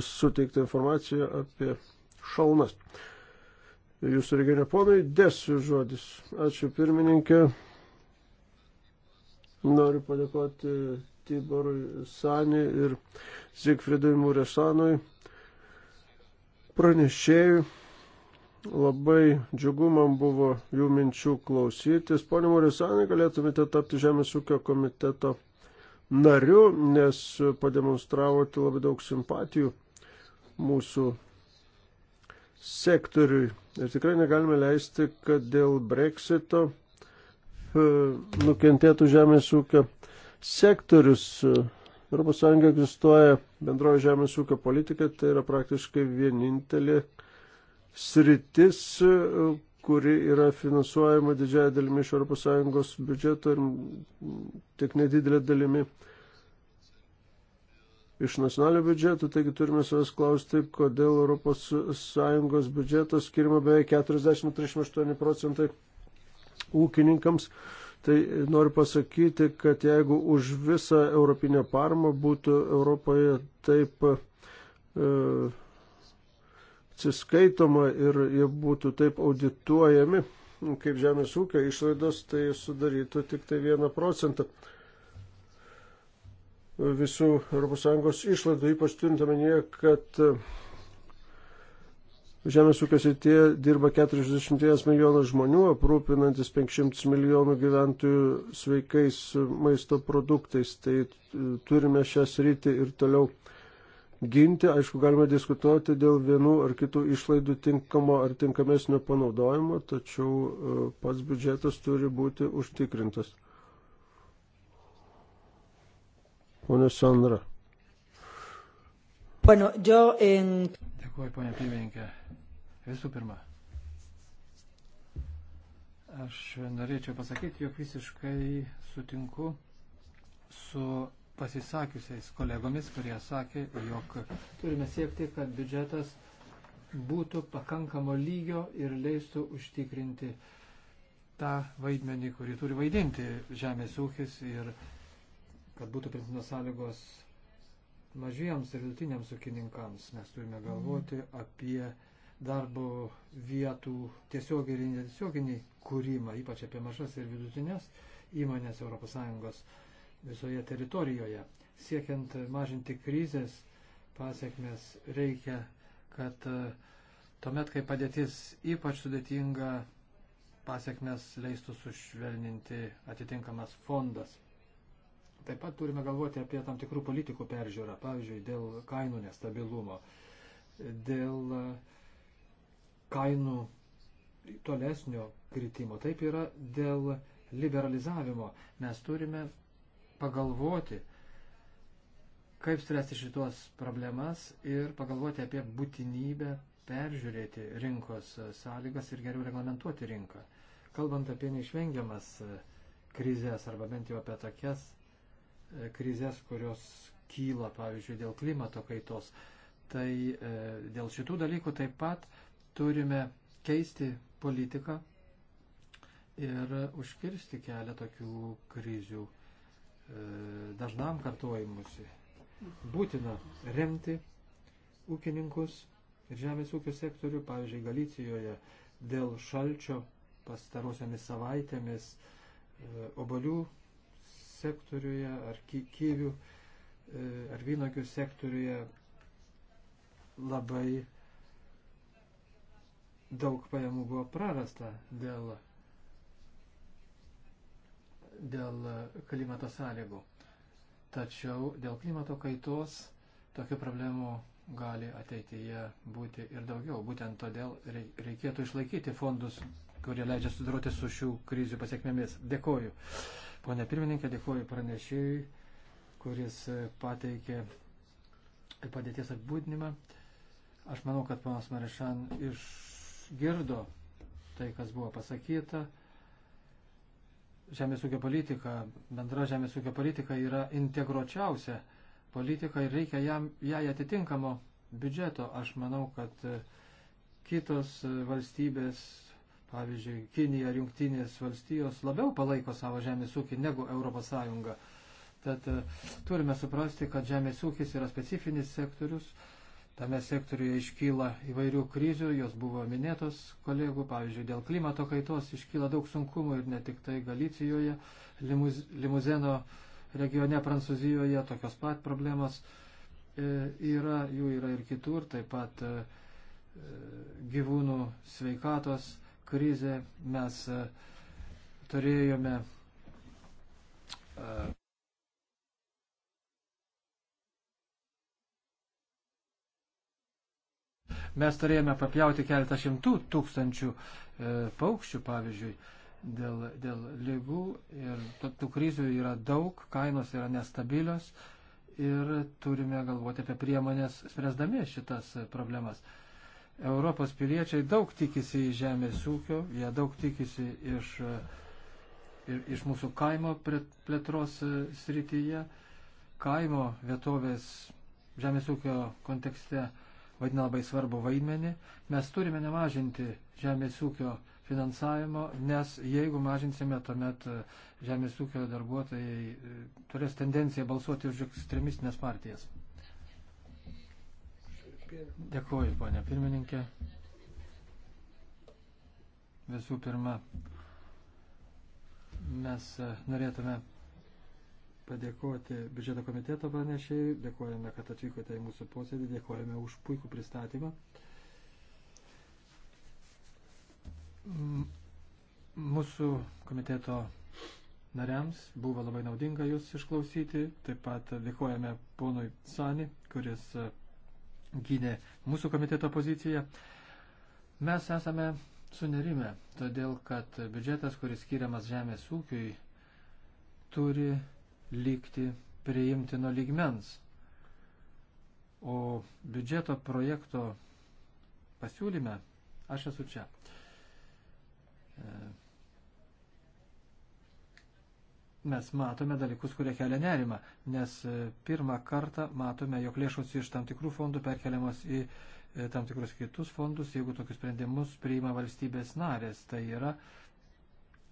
suteiktą informaciją apie šalnas. Jūsų regione ponai, desiu žodis. Ačiū pirmininkė. Noriu padėkoti Tiborui Sani ir Zigfridui Muresanui pranešėjui. Labai džiugu man buvo jų minčių klausytis. Pone Morisanai, galėtumėte tapti Žemės ūkio komiteto nariu, nes pademonstravote labai daug simpatijų mūsų sektoriui. Ir tikrai negalime leisti, kad dėl breksito e, nukentėtų žemės ūkio sektorius. ES egzistuoja bendroji žemės ūkio politika, tai yra praktiškai vienintelė sritis, kuri yra finansuojama didžiaja dalimi iš ES biudžeto ir tik nedidelė dalimi iš nacionalinio biudžeto, taigi turime savęs klausti, kodėl ES biudžeto skirima beveik 40-38 procentai ūkininkams. Tai noriu pasakyti, kad jeigu už visą europinę paramą būtų Europoje taip e, atsiskaitoma ir jie būtų taip audituojami kaip žemės ūkio išlaidos, tai sudarytų tik tai vieną procentą visų ES išlaidų, ypač turint omenyje, kad Žemės ūkio srityje dirba 40 milijonų žmonių, aprūpinantis 500 milijonų gyventojų sveikais maisto produktais. Tai turime šią sritį ir toliau ginti. Aišku, galima diskutuoti dėl vienų ar kitų išlaidų tinkamo ar tinkamesnio panaudojimo, tačiau e, pats biudžetas turi būti užtikrintas. Pone Sandra. Bueno, yo en... Dėkuoju, ponia pirmininkė. Visų pirma, aš norėčiau pasakyti, jog visiškai sutinku su pasisakiusiais kolegomis, kurie sakė, jog turime siekti, kad biudžetas būtų pakankamo lygio ir leistų užtikrinti tą vaidmenį, kurį turi vaidinti žemės ūkis ir kad būtų priimtinos sąlygos mažiems ir vidutiniams ūkininkams. Mes turime galvoti mhm. apie darbo vietų tiesioginį ir netiesioginį kūrimą, ypač apie mažas ir vidutinės įmonės ES visoje teritorijoje. Siekiant mažinti krizės pasiekmes reikia, kad e, tuomet, kai padėtis ypač sudėtinga, pasiekmes leistų sušvelninti atitinkamas fondas. Taip pat turime galvoti apie tam tikrų politikų peržiūrą, pavyzdžiui, dėl kainų nestabilumo, dėl e, kainų tolesnio kritimo. Taip yra dėl liberalizavimo. Mes turime pagalvoti, kaip spręsti šitos problemas ir pagalvoti apie būtinybę peržiūrėti rinkos sąlygas ir geriau reglamentuoti rinką. Kalbant apie neišvengiamas e, krizės arba bent jau apie tokias e, krizės, kurios kyla, pavyzdžiui, dėl klimato kaitos, tai e, dėl šitų dalykų taip pat turime keisti politiką ir užkirsti kelią tokių krizių dažnam kartojimusi. Būtina remti ūkininkus ir žemės ūkio sektorių, pavyzdžiui, Galicijoje dėl šalčio pastarosiamis savaitėmis e, obolių sektoriuje ar kyvių e, ar vynogių sektoriuje labai daug pajamų buvo prarasta dėl dėl e, klimato sąlygų. Tačiau dėl klimato kaitos tokių problemų gali ateityje būti ir daugiau. Būtent todėl reikėtų išlaikyti fondus, kurie leidžia sudaroti su šių krizių pasiekmėmis. Dėkoju. Pone pirmininkė, dėkoju pranešėjui, kuris e, pateikė padėties apibūdinimą. Aš manau, kad ponas Marešan išgirdo tai, kas buvo pasakyta žemės ūkio politika, bendra žemės ūkio politika yra integruočiausia politika ir reikia jam, jai atitinkamo biudžeto. Aš manau, kad e, kitos e, valstybės, pavyzdžiui, Kinija ar Junktinės valstijos labiau palaiko savo žemės ūkį negu ES. Tad e, turime suprasti, kad žemės ūkis yra specifinis sektorius, Tame sektoriuje iškyla įvairių krizių, jos buvo minėtos kolegų, pavyzdžiui, dėl klimato kaitos iškyla daug sunkumų ir ne tik tai Galicijoje, Limuz, Limuzeno regione Prancūzijoje tokios pat problemos e, yra, jų yra ir kitur, taip pat e, gyvūnų sveikatos krizė mes e, turėjome Mes turėjome papjauti keletą šimtų tūkstančių e, paukščių, pavyzdžiui, dėl, dėl lygų ir tų krizių yra daug, kainos yra nestabilios ir turime galvoti apie priemonės spręsdami šitas problemas. Europos piliečiai daug tikisi iš žemės ūkio, jie daug tikisi iš, e, ir, iš mūsų kaimo plėtros e, srityje. Kaimo vietovės žemės ūkio kontekste vaidina labai svarbu vaidmenį. Mes turime nemažinti žemės ūkio finansavimo, nes jeigu mažinsime, tuomet e, žemės ūkio darbuotojai e, turės tendenciją balsuoti už ekstremistinės partijas. Dėkuoju, ponia pirmininkė. Visų pirma, mes e, norėtume padėkoti biudžeto komiteto pranešėjui, dėkojame, kad atvykote į mūsų posėdį, dėkojame už puikų pristatymą. Mūsų komiteto nariams buvo labai naudinga jūs išklausyti, taip pat dėkojame ponui Sani, kuris e, gynė mūsų komiteto poziciją. Mes esame sunerime, todėl kad biudžetas, kuris skiriamas žemės ūkiui, turi likti priimtino lygmens. O biudžeto projekto pasiūlyme aš esu čia. E, mes matome dalykus, kurie kelia nerimą, nes e, pirmą kartą matome, jog lėšos iš tam tikrų fondų perkeliamos į e, tam tikrus kitus fondus, jeigu tokius sprendimus priima valstybės narės. Tai yra uh,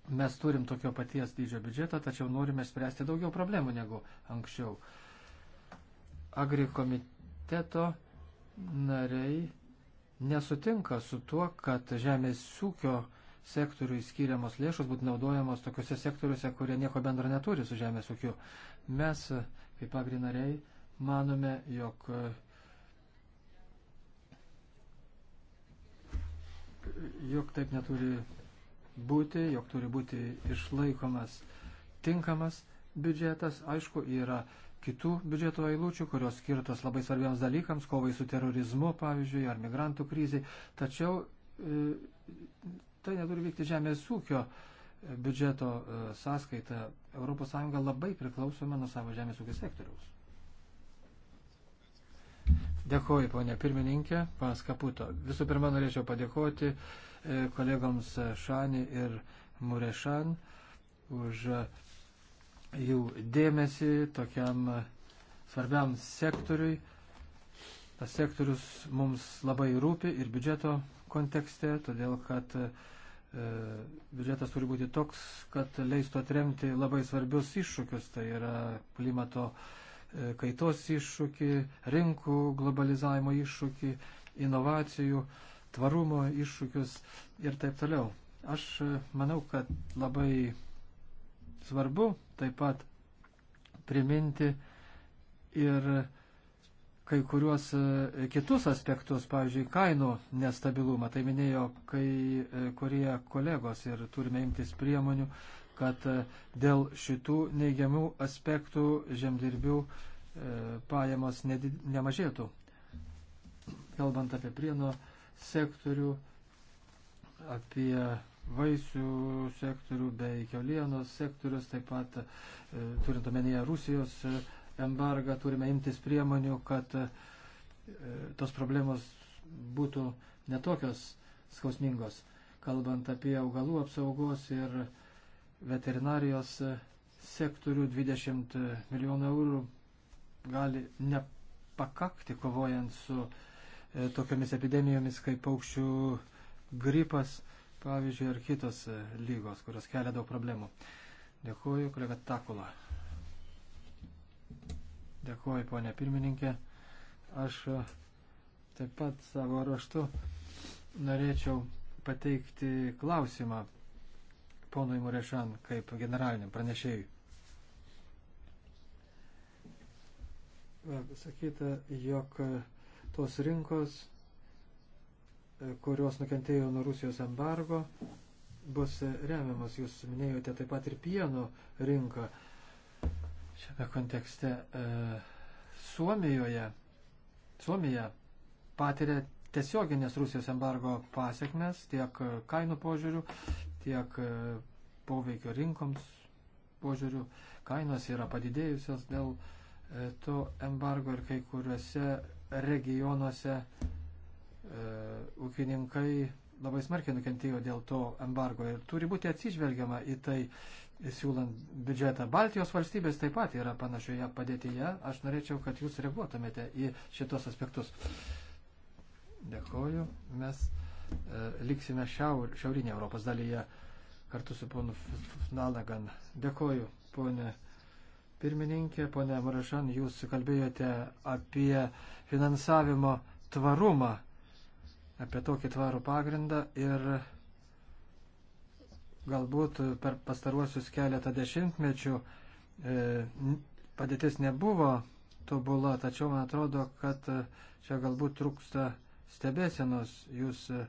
Mes turim tokio paties dydžio biudžetą, tačiau norime spręsti daugiau problemų negu anksčiau. Agri komiteto nariai nesutinka su tuo, kad žemės ūkio sektoriui skiriamos lėšos būtų naudojamos tokiuose sektoriuose, kurie nieko bendro neturi su žemės ūkiu. Mes, kaip agrinariai, manome, jog jog taip neturi būti, jog turi būti išlaikomas tinkamas biudžetas. Aišku, yra kitų biudžeto eilučių, kurios skirtos labai svarbiams dalykams, kovai su terorizmu, pavyzdžiui, ar migrantų kriziai. Tačiau e, tai neturi vykti žemės ūkio e, biudžeto e, sąskaita. ES labai priklausoma nuo savo žemės ūkio sektoriaus. Dėkuoju, ponė pirmininkė, pas Kaputo. Visų pirma, norėčiau padėkoti uh, E, kolegoms Šani ir Murešan už jų dėmesį tokiam svarbiam sektoriui. Tas sektorius mums labai rūpi ir biudžeto kontekste, todėl kad e, biudžetas turi būti toks, kad leistų atremti labai svarbius iššūkius, tai yra klimato e, kaitos iššūkį, rinkų globalizavimo iššūkį, inovacijų e, tvarumo iššūkius ir taip toliau. Aš e, manau, kad labai svarbu taip pat priminti ir kai kuriuos e, kitus aspektus, pavyzdžiui, kainų nestabilumą. Tai minėjo kai e, kurie kolegos ir turime imtis priemonių, kad dėl šitų neigiamų aspektų žemdirbių pajamos nemažėtų. Kalbant apie prieno sektorių, apie vaisių sektorių bei kiaulienos sektorius, taip pat e, turint omenyje Rusijos e, embargą, turime imtis priemonių, kad e, tos problemos būtų netokios skausmingos. Kalbant apie augalų apsaugos ir veterinarijos sektorių, 20 milijonų eurų gali nepakakti kovojant su E, tokiamis epidemijomis kaip paukščių gripas, pavyzdžiui, ar kitos e, lygos, kurios kelia daug problemų. Dėkuoju, kolega Takula. Dėkuoju, ponė pirmininkė. Aš e, taip pat savo raštu norėčiau pateikti klausimą ponui Murešan kaip generaliniam pranešėjui. Sakyta, jog tos rinkos, e, kurios nukentėjo nuo Rusijos embargo, bus e, remiamas. Jūs minėjote taip pat ir pieno rinką. Šiame kontekste e, Suomijoje, Suomija patiria tiesioginės Rusijos embargo pasiekmes tiek kainų požiūrių, tiek e, poveikio rinkoms požiūrių. Kainos yra padidėjusios dėl to embargo ir kai kuriuose regionuose e, ūkininkai labai smarkiai nukentėjo dėl to embargo ir turi būti atsižvelgiama į tai, siūlant biudžetą. Baltijos valstybės taip pat yra panašioje padėtyje. Aš norėčiau, kad jūs reaguotumėte į šitos aspektus. Dėkoju. Mes e, liksime šiaur, šiaurinėje Europos dalyje kartu su ponu Nalagan. Dėkoju, ponė pirmininkė, ponė Marašan, jūs kalbėjote apie finansavimo tvarumą, apie tokį tvarų pagrindą ir galbūt per pastaruosius keletą dešimtmečių e, padėtis nebuvo tobula, tačiau man atrodo, kad čia galbūt trūksta stebėsenos. Jūs e,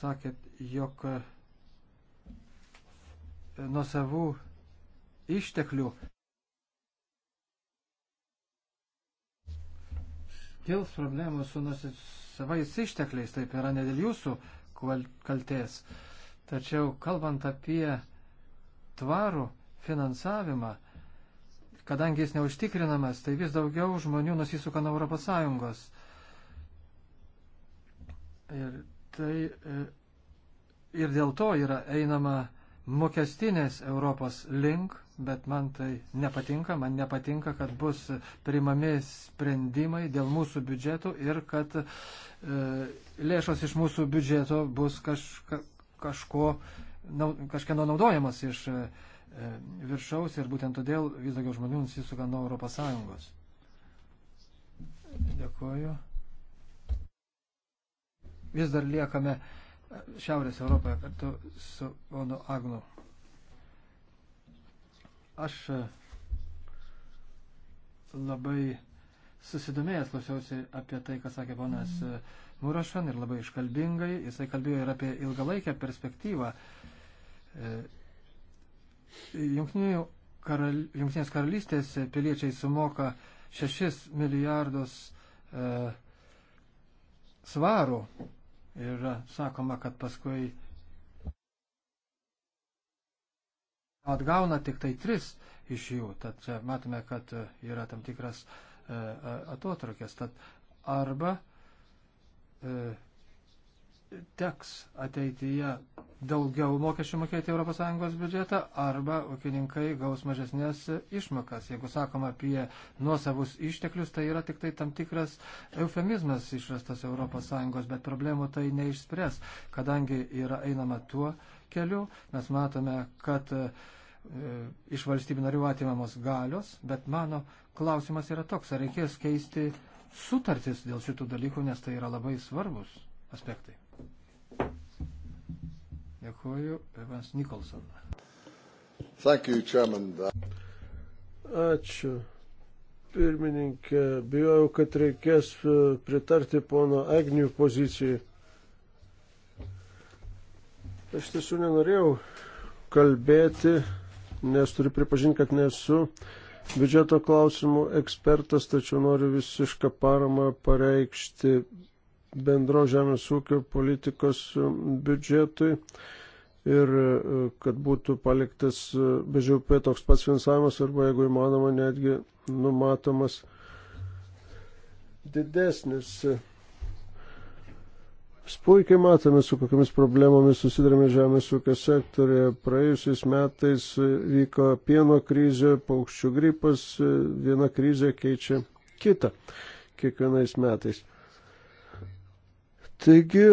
sakėt, jog e, nuo savų išteklių kils problemų su savais ištekliais, taip yra ne dėl jūsų kalties. Tačiau kalbant apie tvarų finansavimą, kadangi jis neužtikrinamas, tai vis daugiau žmonių nusisuka nuo Europos Sąjungos. Ir, tai, e, ir dėl to yra einama mokestinės Europos link, bet man tai nepatinka, man nepatinka, kad bus priimami sprendimai dėl mūsų biudžeto ir kad e, lėšos iš mūsų biudžeto bus kažka, kažko, nau, kažkieno naudojamas iš e, viršaus ir būtent todėl vis daugiau žmonių nusisuka nuo Europos Sąjungos. Dėkuoju. Vis dar liekame Šiaurės Europoje kartu su Onu Agnu. Aš e, labai susidomėjęs klausiausi apie tai, ką sakė ponas e, Murašan ir labai iškalbingai. Jisai kalbėjo ir apie ilgalaikę perspektyvą. E, karal, Junktinės karalystės piliečiai sumoka 6 milijardus e, svarų ir sakoma, kad paskui e, atgauna tik tai tris iš jų. Tad čia matome, kad e, yra tam tikras e, e, atotrukės. Tad arba e, teks ateityje daugiau mokesčių mokėti ES biudžetą, arba ūkininkai gaus mažesnės išmokas. Jeigu sakoma apie nuosavus išteklius, tai yra tik tai tam tikras eufemizmas išrastas ES, bet problemų tai neišspręs, kadangi yra einama tuo, e, keliu. Mes matome, kad e, iš valstybių narių atimamos galios, bet mano klausimas yra toks, ar reikės keisti sutartis dėl šitų dalykų, nes tai yra labai svarbus aspektai. Dėkuoju, Evans Nicholson. Thank you, Chairman. Ačiū. Pirmininkė, bijau, kad reikės e, pritarti pono Agnių pozicijai. Aš tiesiog nenorėjau kalbėti, nes turiu pripažinti, kad nesu biudžeto klausimų ekspertas, tačiau noriu visišką paramą pareikšti bendro žemės ūkio politikos um, biudžetui ir uh, kad būtų paliktas uh, bežiaupė toks pats finansavimas arba jeigu įmanoma netgi numatomas didesnis. Uh, Mes puikiai matome, su kokiamis problemomis susidarėme žemės ūkio sektorėje. Praėjusiais metais vyko pieno krizė, paukščių gripas, viena krizė keičia kitą kiekvienais metais. Taigi,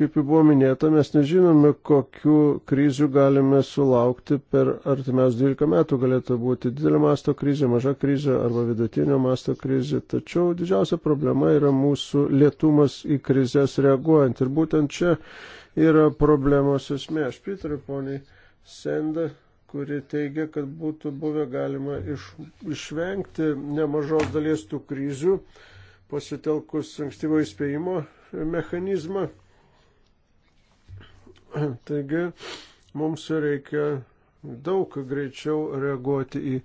Kaip jau buvo minėta, mes nežinome, kokiu krizių galime sulaukti per artimiausius 12 metų. Galėtų būti didelio masto krizė, maža krizė arba vidutinio masto krizė. Tačiau didžiausia problema yra mūsų lietumas į krizės reaguojant. Ir būtent čia yra problemos esmė. Aš pritariu poniai Senda, kuri teigia, kad būtų buvę galima iš, išvengti nemažos dalies tų krizių pasitelkus ankstyvo įspėjimo mechanizmą Taigi mums reikia daug greičiau reaguoti į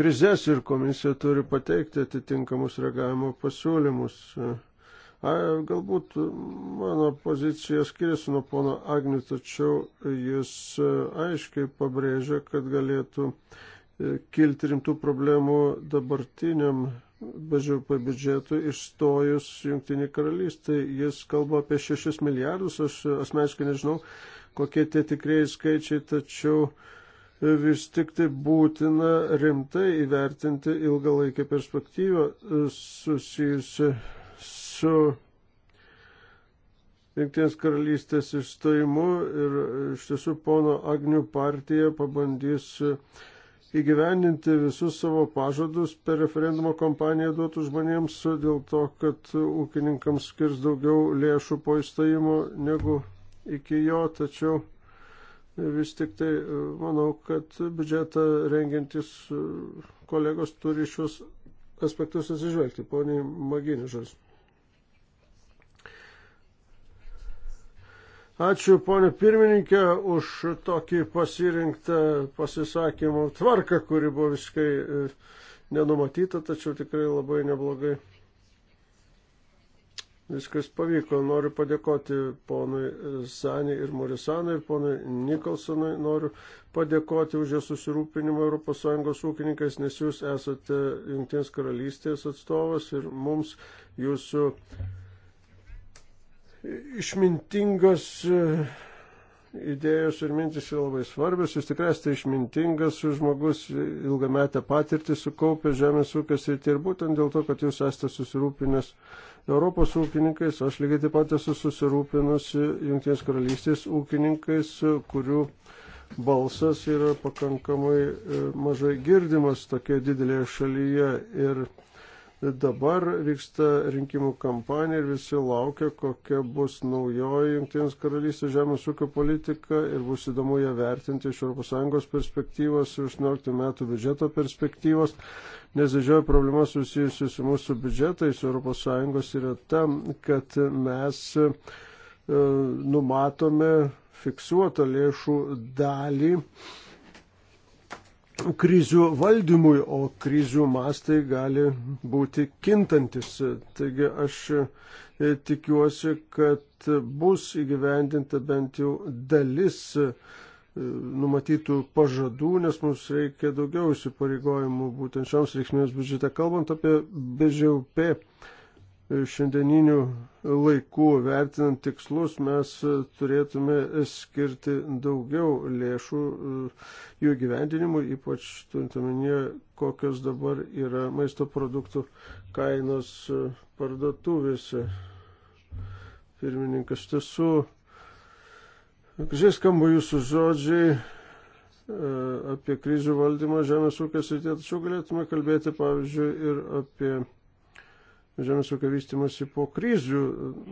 krizės ir komisija turi pateikti atitinkamus reagavimo pasiūlymus. A, galbūt mano pozicija skiriasi nuo pono Agnių, tačiau jis aiškiai pabrėžia, kad galėtų kilti rimtų problemų dabartiniam BŽP biudžetui išstojus Junktinį karalystę. Jis kalba apie 6 milijardus, aš asmeniškai nežinau, kokie tie tikrieji skaičiai, tačiau vis tik tai būtina rimtai įvertinti ilgalaikę perspektyvą susijusi su Junktinės karalystės išstojimu ir iš tiesų pono Agnių partija pabandys uh, įgyvendinti visus savo pažadus per referendumo kampaniją duotų žmonėms dėl to, kad ūkininkams skirs daugiau lėšų po įstojimo negu iki jo, tačiau vis tik tai e, manau, kad biudžetą rengiantis e, kolegos turi šios aspektus atsižvelgti. Poniai Maginižas. Ačiū, ponė pirmininkė, už tokį pasirinktą pasisakymų tvarką, kuri buvo visiškai e, nenumatyta, tačiau tikrai labai neblogai. Viskas pavyko. Noriu padėkoti ponui Sanį ir Morisanui ir ponui Nikolsonui. Noriu padėkoti už jų susirūpinimą ES ūkininkais, nes jūs esate Junktinės karalystės atstovas ir mums jūsų. Uh, Išmintingos e, idėjos ir mintis yra labai svarbios. Jūs tikrai esate išmintingas žmogus, ilgametę patirtį sukaupęs žemės ūkės ir tai ir būtent dėl to, kad jūs esate susirūpinęs Europos ūkininkais, aš lygiai taip pat esu susirūpinusi Junktinės karalystės ūkininkais, kurių balsas yra pakankamai e, mažai girdimas tokia didelėje šalyje ir Dabar vyksta rinkimų kampanija ir visi laukia, kokia bus naujoji Junktinės karalystės žemės ūkio politika ir bus įdomu ją vertinti iš ES perspektyvos ir 18 metų biudžeto perspektyvos, nes didžioji problema susijusi su mūsų biudžetais ES yra tam, kad mes e, numatome fiksuotą lėšų dalį krizių valdymui, o krizių mastai gali būti kintantis. Taigi aš e, tikiuosi, kad bus įgyvendinta bent jau dalis e, numatytų pažadų, nes mums reikia daugiau įsipareigojimų būtent šioms reikmėms biudžete. Kalbant apie BŽUP, šiandieninių laikų vertinant tikslus mes turėtume skirti daugiau lėšų e, jų gyvendinimui, ypač turint omenyje, kokios dabar yra maisto produktų kainos e, parduotuvėse. Pirmininkas, tiesų, gražiai skamba jūsų žodžiai e, apie krizių valdymą žemės ūkės rytė, tačiau galėtume kalbėti, pavyzdžiui, ir apie žemės ūkio vystimasi po kryžių.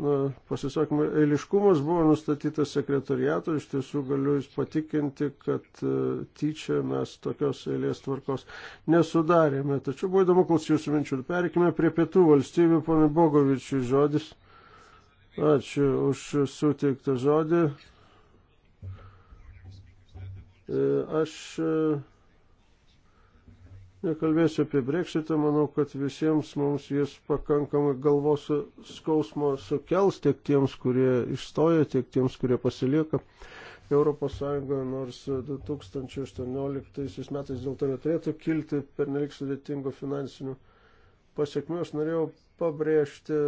Na, pasisakymą, eiliškumas buvo nustatytas sekretariato, iš tiesų galiu jūs patikinti, kad e, tyčia mes tokios eilės tvarkos nesudarėme. Tačiau buvo įdomu klausyti jūsų minčių. Perikime prie pietų valstybių, ponai Bogovičiui žodis. Ačiū už suteiktą žodį. E, aš e, Nekalbėsiu apie breksitą, manau, kad visiems mums jis pakankamai galvos skausmo sukels tiek tiems, kurie išstoja, tiek tiems, kurie pasilieka. Europos Sąjungoje nors 2018 metais dėl to neturėtų kilti per nelik sudėtingo finansinių pasiekmių. Aš norėjau pabrėžti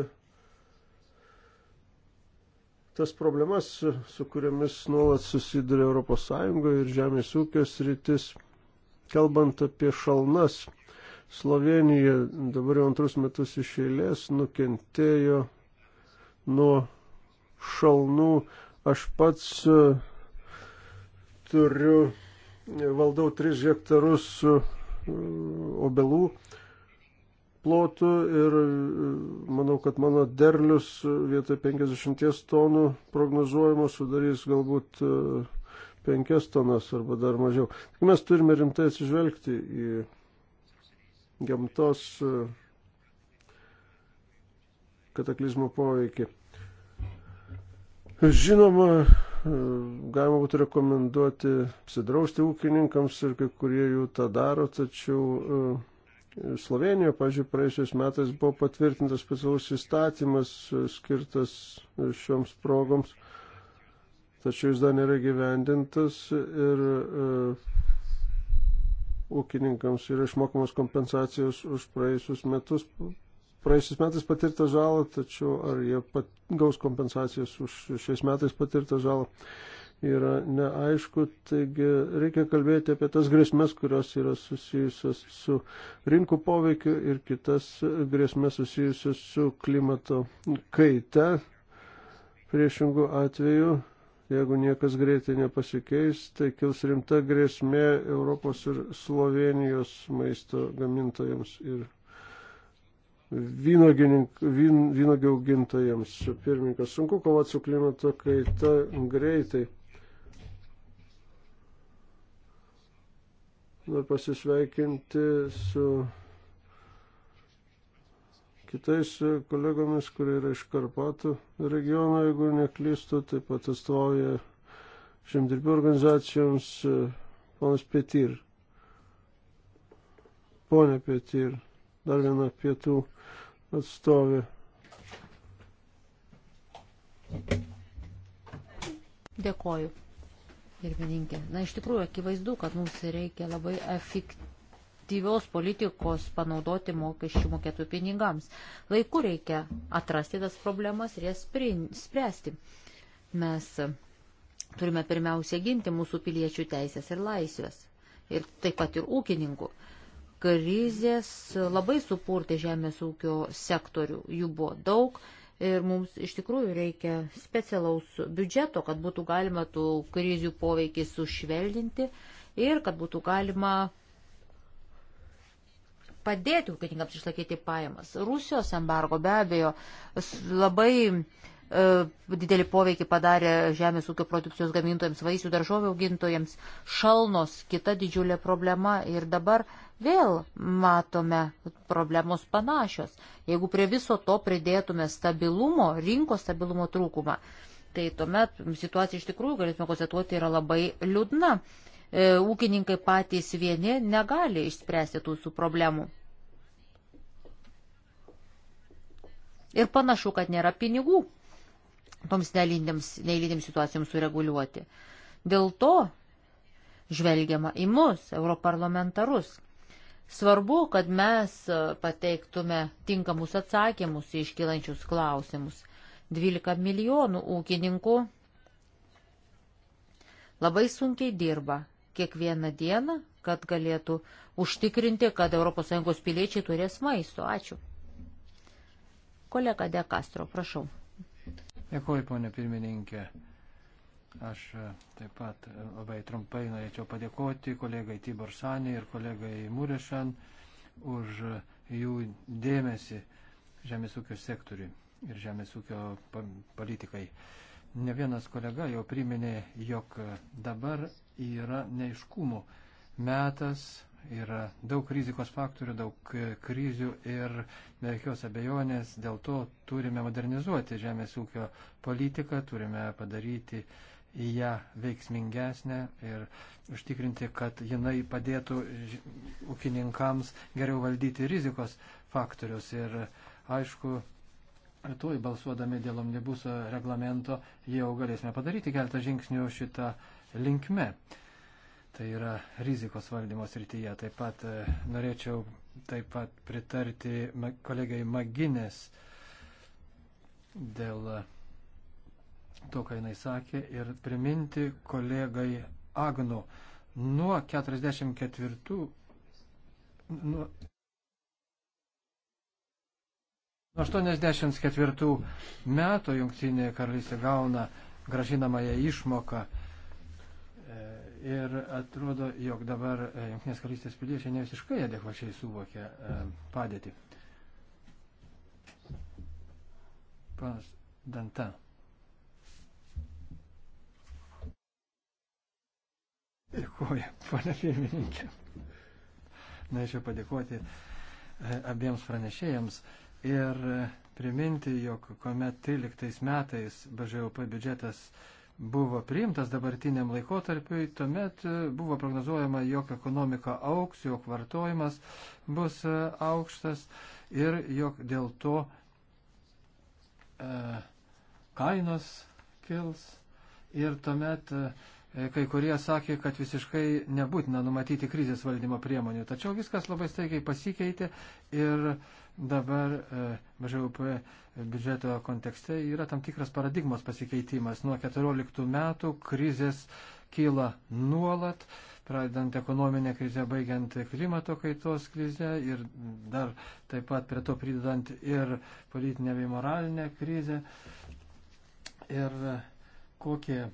tas problemas, su kuriamis nuolat susiduria Europos Sąjungoje ir žemės ūkio sritis Kalbant apie šalnas, Slovenija dabar jau antrus metus iš eilės nukentėjo nuo šalnų. Aš pats e, turiu, e, valdau 3 hektarus e, obelų plotų ir manau, kad mano derlius vietoj 50 tonų prognozuojamo sudarys galbūt 5 tonas arba dar mažiau. Tik mes turime rimtai atsižvelgti į gamtos e, kataklizmo poveikį. Žinoma, e, galima būtų rekomenduoti apsidrausti ūkininkams ir kai kurie jų tą daro, tačiau e, Slovenijoje, pažiūrėjau, praėjusiais metais buvo patvirtintas specialus įstatymas skirtas šioms progoms tačiau jis dar nėra gyvendintas ir e, ūkininkams yra išmokamos kompensacijos už praėjusius metus. Praėjusiais metais patirtą žalą, tačiau ar jie pat, gaus kompensacijas už šiais metais patirtą žalą yra neaišku. Taigi reikia kalbėti apie tas grėsmės, kurios yra susijusios su rinkų poveikiu ir kitas grėsmės susijusios su klimato kaita. Priešingų atveju jeigu niekas greitai nepasikeis, tai kils rimta grėsmė Europos ir Slovenijos maisto gamintojams ir vynogių vyn, augintojams. Pirmininkas, sunku kovoti su klimato kaita greitai. Noriu pasisveikinti su kitais e, kolegomis, kurie yra iš Karpatų regiono, jeigu neklystu, taip pat atstovauja žemdirbių organizacijoms e, ponas Petir. Pone Petir, dar viena pietų atstovė. Dėkoju, gerbininkė. Na, iš tikrųjų, akivaizdu, kad mums reikia labai efektyviai efektyvios politikos panaudoti mokesčių mokėtų pinigams. Laiku reikia atrasti tas problemas ir jas spręsti. Mes turime pirmiausia ginti mūsų piliečių teisės ir laisvės. Ir taip pat ir ūkininkų. Krizės labai supurtė žemės ūkio sektorių. Jų buvo daug ir mums iš tikrųjų reikia specialaus biudžeto, kad būtų galima tų krizių poveikį sušvelninti ir kad būtų galima padėti ūkininkams išlaikyti pajamas. Rusijos embargo be abejo labai e, didelį poveikį padarė žemės ūkio produkcijos gamintojams, vaisių daržovių augintojams, šalnos, kita didžiulė problema ir dabar vėl matome problemos panašios. Jeigu prie viso to pridėtume stabilumo, rinkos stabilumo trūkumą, tai tuomet situacija iš tikrųjų, galėtume konstatuoti, yra labai liūdna e, ūkininkai patys vieni negali išspręsti tų su problemų. Ir panašu, kad nėra pinigų toms neįlydėms situacijoms sureguliuoti. Dėl to žvelgiama į mus, europarlamentarus. Svarbu, kad mes pateiktume tinkamus atsakymus į iškilančius klausimus. 12 milijonų ūkininkų labai sunkiai dirba kiekvieną dieną, kad galėtų užtikrinti, kad ES piliečiai turės maisto. Ačiū. Kolega De Castro, prašau. Dėkuoju, ponė pirmininkė. Aš e, taip pat e, labai trumpai norėčiau padėkoti kolegai Tibor Sanį ir kolegai Murešan už e, jų dėmesį žemės ūkio sektoriui ir žemės ūkio politikai. Ne vienas kolega jau priminė, jog dabar yra neiškumų metas, yra daug rizikos faktorių, daug krizių ir be jokios abejonės dėl to turime modernizuoti žemės ūkio politiką, turime padaryti į ją veiksmingesnę ir užtikrinti, kad jinai padėtų ūkininkams geriau valdyti rizikos faktorius. Ir aišku, rytoj balsuodami dėl omnibuso reglamento jau galėsime padaryti keletą žingsnių šitą linkme. Tai yra rizikos valdymo srityje. Taip pat e, norėčiau taip pat pritarti kolegai Maginės dėl e, to, ką jinai sakė, ir priminti kolegai Agnu. Nuo 44. Nuo 84 metų Junktinė karalystė gauna gražinamąją išmoką Ir atrodo, jog dabar e, Junktinės karalystės piliečiai ne visiškai adekvačiai suvokia e, padėtį. Panas Danta. Dėkuoju, pana pirmininkė. Norėčiau padėkoti e, abiems pranešėjams ir priminti, jog kuomet 13 metais BŽUP biudžetas buvo priimtas dabartiniam laikotarpiui, tuomet e, buvo prognozuojama, jog ekonomika auks, jog vartojimas bus e, aukštas ir jog dėl to e, kainos kils. Ir tuomet e, kai kurie sakė, kad visiškai nebūtina numatyti krizės valdymo priemonių. Tačiau viskas labai staigiai pasikeitė ir dabar e, BŽUP biudžeto kontekste yra tam tikras paradigmos pasikeitimas. Nuo 14 metų krizės kyla nuolat, pradedant ekonominę krizę, baigiant klimato kaitos krizę ir dar taip pat prie to pridedant ir politinę bei moralinę krizę. Ir kokie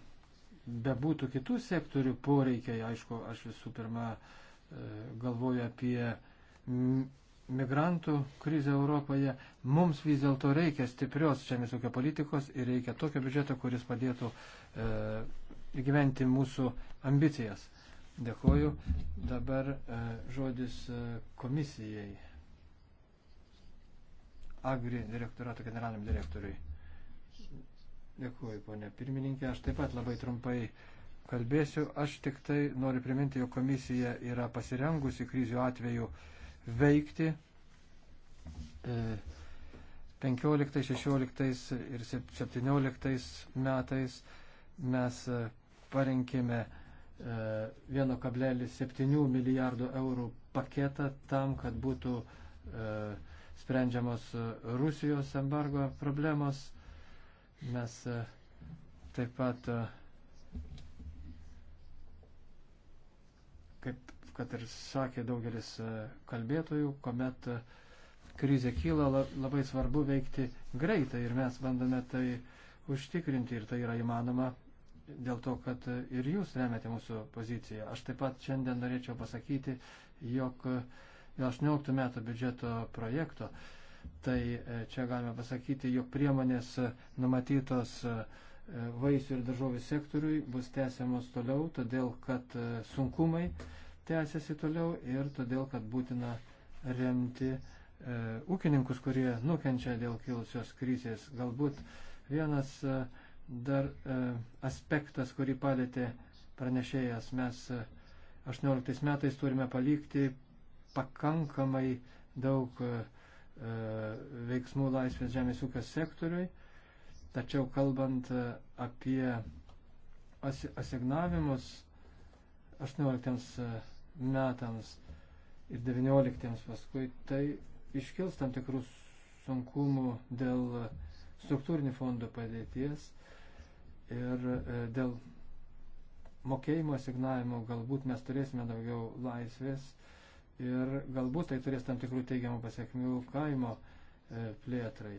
bebūtų kitų sektorių poreikiai, aišku, aš visų pirma e, galvoju apie migrantų krizę Europoje, mums vis dėlto reikia stiprios žemės ūkio politikos ir reikia tokio biudžeto, kuris padėtų e, gyventi mūsų ambicijas. Dėkuoju. Dabar e, žodis e, komisijai. Agri direktorato generaliniam direktoriui. Dėkuoju, ponė pirmininkė. Aš taip pat labai trumpai kalbėsiu. Aš tik tai noriu priminti, jog komisija yra pasirengusi krizių atveju e, veikti. 15, e, 16 ir 17 metais mes e, parinkėme 1,7 e, milijardo eurų paketą tam, kad būtų sprendžiamos Rusijos embargo problemos. Mes taip pat kaip kad ir sakė daugelis e, kalbėtojų, kuomet e, krizė kyla, labai svarbu veikti greitai ir mes bandome tai užtikrinti ir tai yra įmanoma dėl to, kad e, ir jūs remiate mūsų poziciją. Aš taip pat šiandien norėčiau pasakyti, jog dėl 18 metų biudžeto projekto, tai čia galime pasakyti, jog priemonės numatytos vaisių ir daržovių sektoriui bus tęsiamos toliau, todėl kad sunkumai tęsiasi toliau ir todėl, kad būtina remti e, ūkininkus, kurie nukenčia dėl kilusios krizės. Galbūt vienas e, dar e, aspektas, kurį palėtė pranešėjas, mes e, 18 metais turime palikti pakankamai daug e, e, veiksmų laisvės žemės ūkio sektoriui, tačiau kalbant e, apie asignavimus 18 metams ir 19 paskui, tai iškils tam tikrus sunkumų dėl struktūrinių fondų padėties ir e, dėl mokėjimo signavimo galbūt mes turėsime daugiau laisvės ir galbūt tai turės tam tikrų teigiamų pasiekmių kaimo e, plėtrai.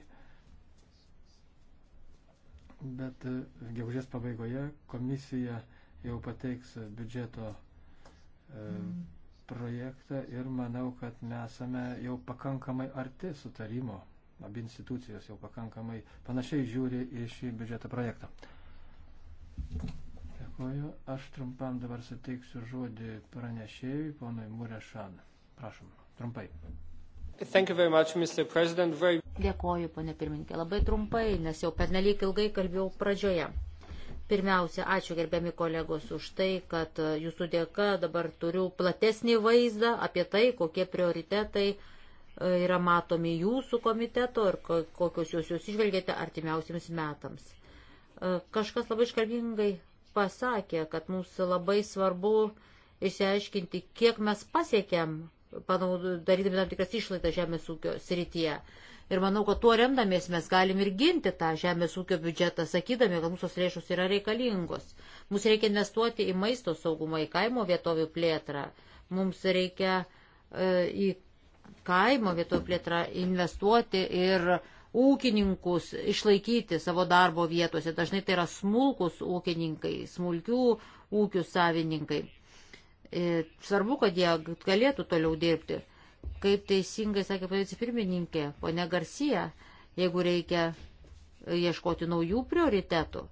Bet e, gegužės pabaigoje komisija jau pateiks biudžeto E, projektą ir manau, kad mes esame jau pakankamai arti sutarimo. Abi institucijos jau pakankamai panašiai žiūri į šį biudžeto projektą. Dėkuoju. Aš trumpam dabar suteiksiu žodį pranešėjui, ponui Murešan. Prašom, trumpai. Much, Very... Dėkuoju, ponė pirmininkė. Labai trumpai, nes jau pernelyg ilgai kalbėjau pradžioje. Pirmiausia, ačiū gerbiami kolegos už tai, kad e, jūsų dėka dabar turiu platesnį vaizdą apie tai, kokie prioritetai e, yra matomi jūsų komiteto ir kokius jūs jūs išvelgėte artimiausiams metams. E, kažkas labai iškalbingai pasakė, kad mums labai svarbu išsiaiškinti, kiek mes pasiekėm, darydami tam tikras išlaidas žemės ūkio srityje. Ir manau, kad tuo remdamies mes galim ir ginti tą žemės ūkio biudžetą, sakydami, kad mūsų lėšos yra reikalingos. Mums reikia investuoti į maisto saugumą, į kaimo vietovių plėtrą. Mums reikia e, į kaimo vietovių plėtrą investuoti ir ūkininkus išlaikyti savo darbo vietose. Dažnai tai yra smulkus ūkininkai, smulkių ūkių savininkai. E, svarbu, kad jie galėtų toliau dirbti. Kaip teisingai sakė pozicija pirmininkė, ponia Garcija, jeigu reikia ieškoti naujų prioritetų,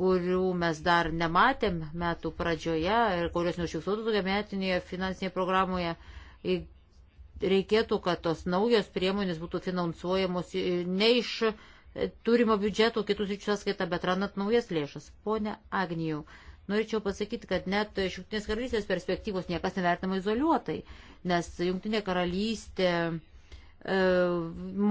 kurių mes dar nematėm metų pradžioje ir kurios neužfiksuotų tokia metinėje finansinėje programoje, reikėtų, kad tos naujos priemonės būtų finansuojamos ne iš e, turimo biudžeto, kitus iš sąskaitą, bet ranat naujas lėšas. Pone Agnijau, Norėčiau pasakyti, kad net iš Junktinės karalystės perspektyvos niekas nevertama izoliuotai, nes Junktinė karalystė e,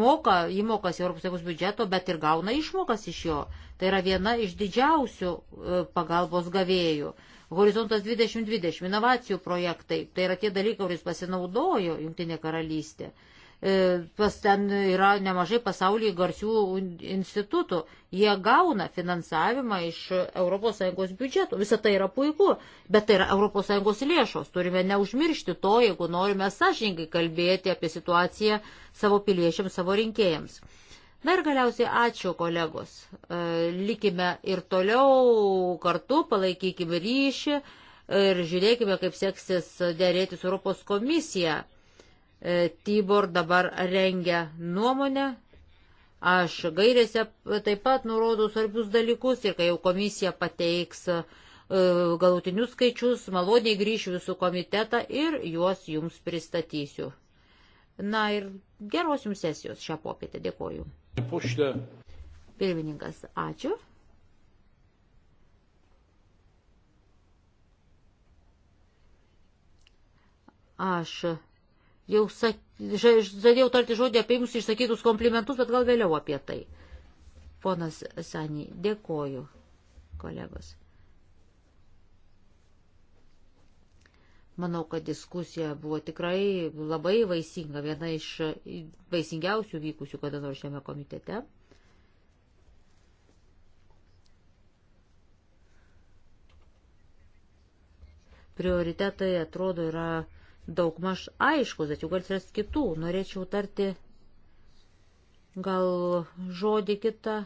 moka įmokas į ES biudžeto, bet ir gauna išmokas iš jo. Tai yra viena iš didžiausių e, pagalbos gavėjų. Horizontas 2020, inovacijų projektai, tai yra tie dalykai, kuris pasinaudojo Junktinė karalystė. E, E, pas ten yra nemažai pasaulyje garsių institutų. Jie gauna finansavimą iš ES biudžeto. Visą tai yra puiku, bet tai yra ES lėšos. Turime neužmiršti to, jeigu norime sąžininkai kalbėti apie situaciją savo piliečiams, savo rinkėjams. Na ir galiausiai ačiū kolegos. E, likime ir toliau kartu, palaikykime ryšį ir žiūrėkime, kaip seksis dėrėti su Europos komisija E, Tibor dabar rengia nuomonę. Aš gairėse taip pat nurodau svarbius dalykus ir kai jau komisija pateiks e, galutinius skaičius, maloniai grįšiu jūsų komitetą ir juos jums pristatysiu. Na ir geros jums sesijos šią popietę. Dėkoju. Puštė. Pirmininkas, ačiū. Aš Jau žadėjau tarti žodį apie jums išsakytus komplimentus, bet gal vėliau apie tai. Ponas Sanį, dėkoju, kolegos. Manau, kad diskusija buvo tikrai labai vaisinga, viena iš vaisingiausių vykusių kada nors šiame komitete. Prioritetai atrodo yra daugmaž aiškus, tačiau gal atsiras kitų. Norėčiau tarti gal žodį kitą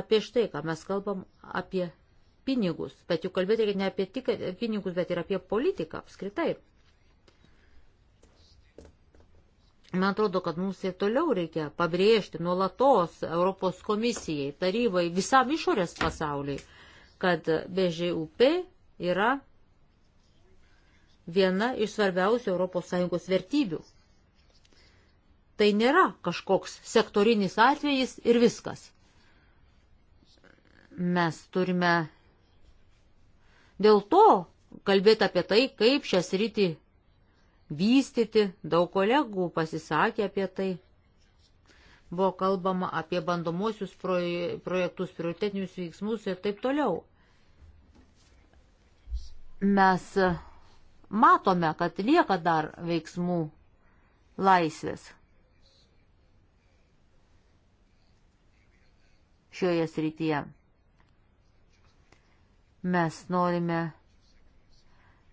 apie štai, ką mes kalbam apie pinigus, bet juk kalbėti reikia ne apie tik pinigus, bet ir apie politiką apskritai. Man atrodo, kad mums ir toliau reikia pabrėžti nuolatos Europos komisijai, tarybai, visam išorės pasauliai, kad BŽUP yra viena iš svarbiausių ES vertybių. Tai nėra kažkoks sektorinis atvejis ir viskas. Mes turime dėl to kalbėti apie tai, kaip šią sritį vystyti, daug kolegų pasisakė apie tai. Buvo kalbama apie bandomosius projektus, prioritetinius veiksmus ir taip toliau. Mes matome, kad lieka dar veiksmų laisvės šioje srityje. Mes norime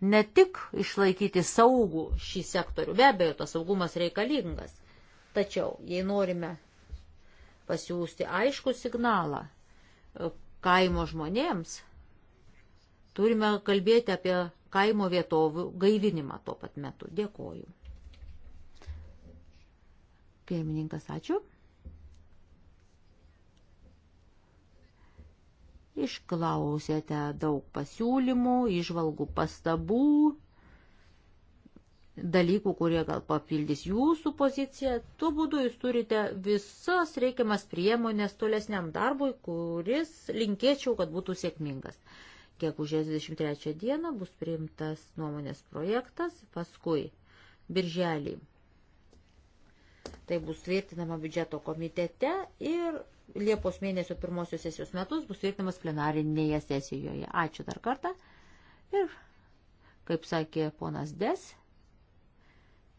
ne tik išlaikyti saugų šį sektorių, be abejo, tas saugumas reikalingas, tačiau jei norime pasiūsti aišku signalą e, kaimo žmonėms, turime kalbėti apie kaimo vietovių gaivinimą tuo pat metu. Dėkoju. Pirmininkas, ačiū. Išklausėte daug pasiūlymų, išvalgų pastabų, dalykų, kurie gal papildys jūsų poziciją. Tuo būdu jūs turite visas reikiamas priemonės tolesniam darbui, kuris linkėčiau, kad būtų sėkmingas. Kiekužės 23 dieną bus priimtas nuomonės projektas, paskui birželį. Tai bus tvirtinama biudžeto komitete ir Liepos mėnesio pirmosios sesijos metus bus tvirtinamas plenarinėje sesijoje. Ačiū dar kartą. Ir, kaip sakė ponas Des,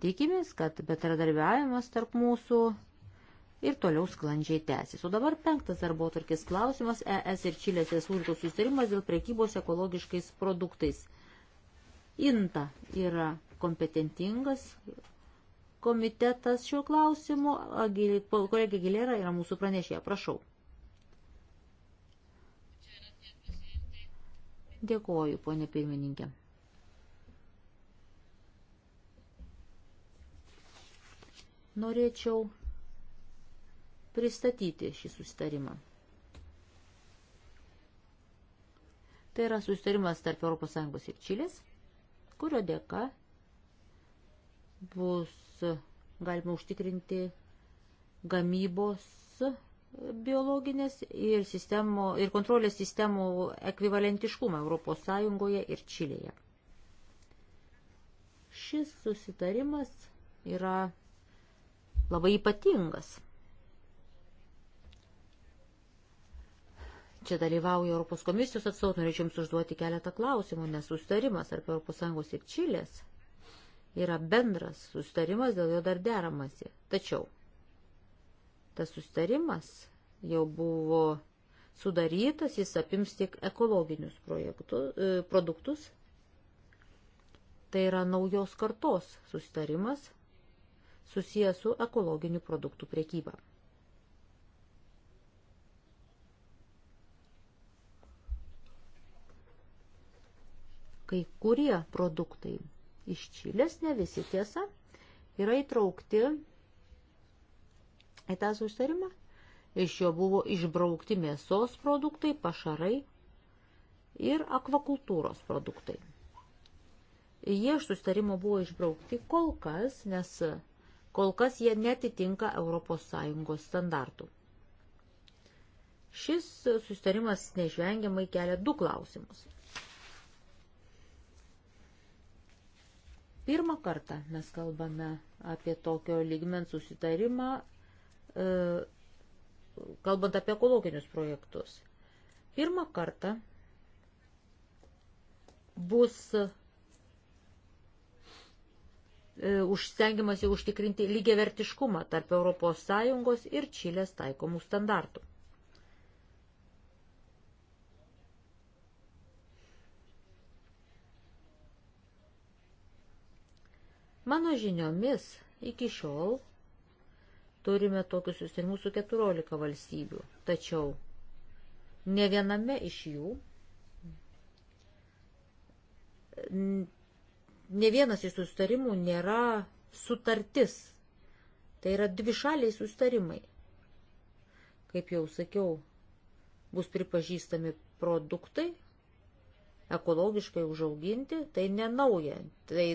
tikimės, kad betradarbiavimas tarp mūsų ir toliau sklandžiai tęsis. O dabar penktas darbo tvarkės klausimas - ES ir Čilės Respublikos susitarimas dėl prekybos ekologiškais produktais. INTA yra kompetentingas komitetas šiuo klausimu. Kolegė Gilera yra mūsų pranešėja. Prašau. Dėkoju, ponė pirmininkė. Norėčiau pristatyti šį susitarimą. Tai yra susitarimas tarp ES ir Čilės, kurio dėka bus galima užtikrinti gamybos biologinės ir, sistemo, ir kontrolės sistemų ekvivalentiškumą ES ir Čilėje. Šis susitarimas yra labai ypatingas. Čia dalyvauja Europos komisijos atstovai, norėčiau jums užduoti keletą klausimų, nes sustarimas tarp ES ir Čilės yra bendras sustarimas, dėl jo dar deramasi. Tačiau tas sustarimas jau buvo sudarytas, jis apims tik ekologinius projektus, e, produktus. Tai yra naujos kartos sustarimas susijęs su ekologinių produktų priekyba. Kai kurie produktai iš Čilės, ne visi tiesa, yra įtraukti į tą susitarimą. Iš jo buvo išbraukti mėsos produktai, pašarai ir akvakultūros produktai. Jie iš susitarimo buvo išbraukti kol kas, nes kol kas jie netitinka ES standartų. Šis susitarimas neišvengiamai kelia du klausimus. Pirmą kartą mes kalbame apie tokio lygmens susitarimą, e, kalbant apie ekologinius projektus. Pirmą kartą bus e, užstengiamasi užtikrinti lygiavertiškumą tarp ES ir Čilės taikomų standartų. Mano žiniomis iki šiol turime tokius susitarimus su 14 valstybių, tačiau ne viename iš jų, ne vienas iš susitarimų nėra sutartis. Tai yra dvišaliai susitarimai. Kaip jau sakiau, bus pripažįstami produktai, ekologiškai užauginti, tai nenauja. Tai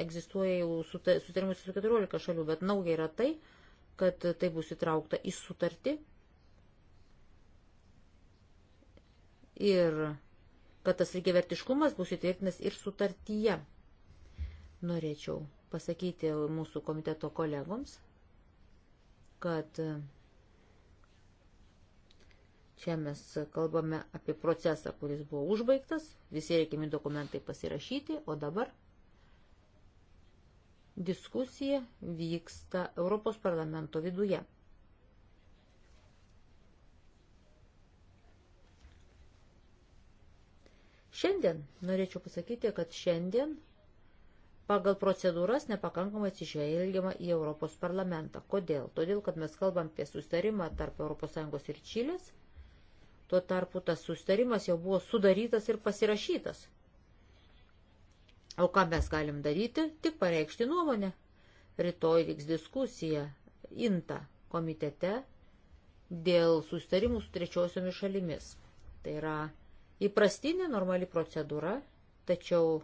egzistuoja jau sutarimus su 14 šalių, bet nauja yra tai, kad tai bus įtraukta į sutartį ir kad tas lygiavertiškumas bus įtvirtinas ir sutartyje. Norėčiau pasakyti mūsų komiteto kolegoms, kad Čia mes kalbame apie procesą, kuris buvo užbaigtas, visi reikimi dokumentai pasirašyti, o dabar diskusija vyksta Europos parlamento viduje. Šiandien norėčiau pasakyti, kad šiandien pagal procedūras nepakankamai atsižvelgiama į Europos parlamentą. Kodėl? Todėl, kad mes kalbam apie sustarimą tarp ES ir Čilės Tuo tarpu tas sustarimas jau buvo sudarytas ir pasirašytas. O ką mes galim daryti? Tik pareikšti nuomonę. Rytoj vyks diskusija INTA komitete dėl sustarimų su trečiosiomis šalimis. Tai yra įprastinė normali procedūra, tačiau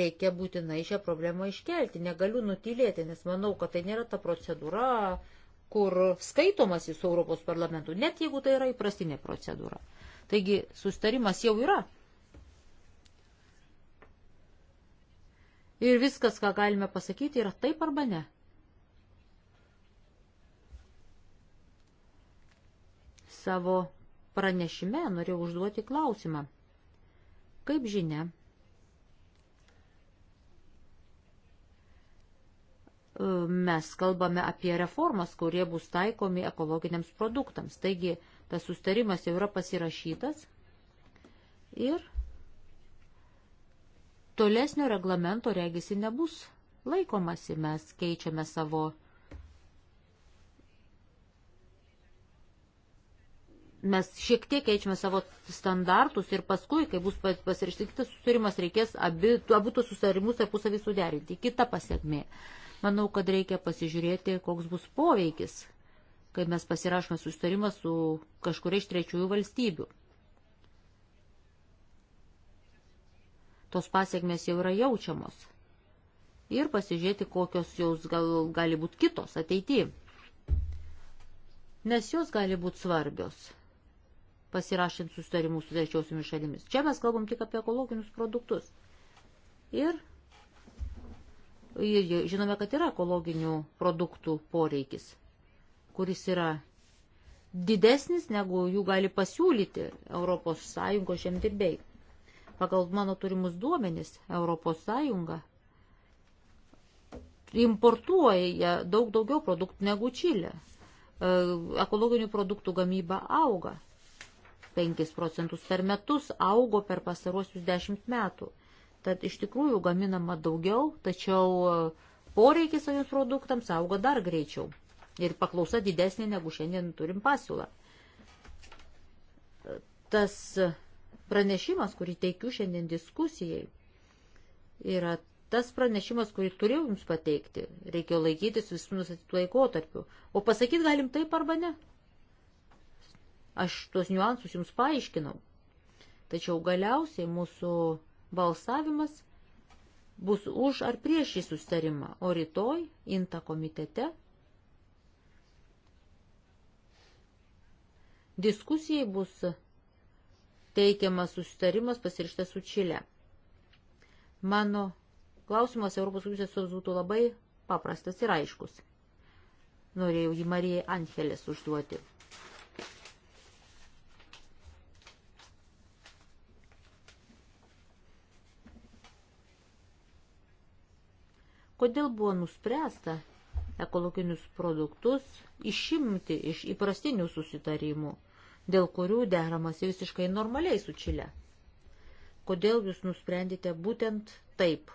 reikia būtinai šią problemą iškelti. Negaliu nutilėti, nes manau, kad tai nėra ta procedūra, kur skaitomasi su Europos parlamentu, net jeigu tai yra įprastinė procedūra. Taigi sustarimas jau yra. Ir viskas, ką galime pasakyti, yra taip arba ne. Savo pranešime norėjau užduoti klausimą. Kaip žinia, mes kalbame apie reformas, kurie bus taikomi ekologiniams produktams. Taigi, tas sustarimas jau yra pasirašytas ir tolesnio reglamento regisi nebus laikomasi. Mes keičiame savo mes šiek tiek keičiame savo standartus ir paskui, kai bus pasirašytas susitarimas, reikės abi, abu tos susitarimus tarpusavį suderinti. Kita pasiekmė. Uh, Manau, kad reikia pasižiūrėti, koks bus poveikis, kai mes pasirašome sustarimą su kažkuria iš trečiųjų valstybių. Tos pasiekmes jau yra jaučiamos. Ir pasižiūrėti, kokios jos gal, gali būti kitos ateityje. Nes jos gali būti svarbios, pasirašant sustarimus su trečiosiomis šalimis. Čia mes kalbam tik apie ekologinius produktus. Ir ir žinome, kad yra ekologinių produktų poreikis, kuris yra didesnis, negu jų gali pasiūlyti ES žemdirbiai. Pagal mano turimus duomenis, ES importuoja daug daugiau produktų negu Čilė. E, ekologinių produktų gamyba auga. 5 procentus per metus augo per pasaruosius 10 metų. Tad iš tikrųjų gaminama daugiau, tačiau poreikis saviems produktams auga dar greičiau. Ir paklausa didesnė negu šiandien turim pasiūlą. Tas pranešimas, kurį teikiu šiandien diskusijai, yra tas pranešimas, kurį turėjau jums pateikti. Reikėjo laikytis visų nusatytų laikotarpių. O pasakyti galim taip arba ne. Aš tuos niuansus jums paaiškinau. Tačiau galiausiai mūsų Balsavimas bus už ar prieš šį sustarimą, o rytoj INTA komitete diskusijai bus teikiamas sustarimas pasirištas su Čile. Mano klausimas Europos komisijos būtų labai paprastas ir aiškus. Norėjau jį Marijai Angelės užduoti. Kodėl buvo nuspręsta ekologinius produktus išimti iš įprastinių susitarimų, dėl kurių deramas visiškai normaliai su Čile? Kodėl jūs nusprendėte būtent taip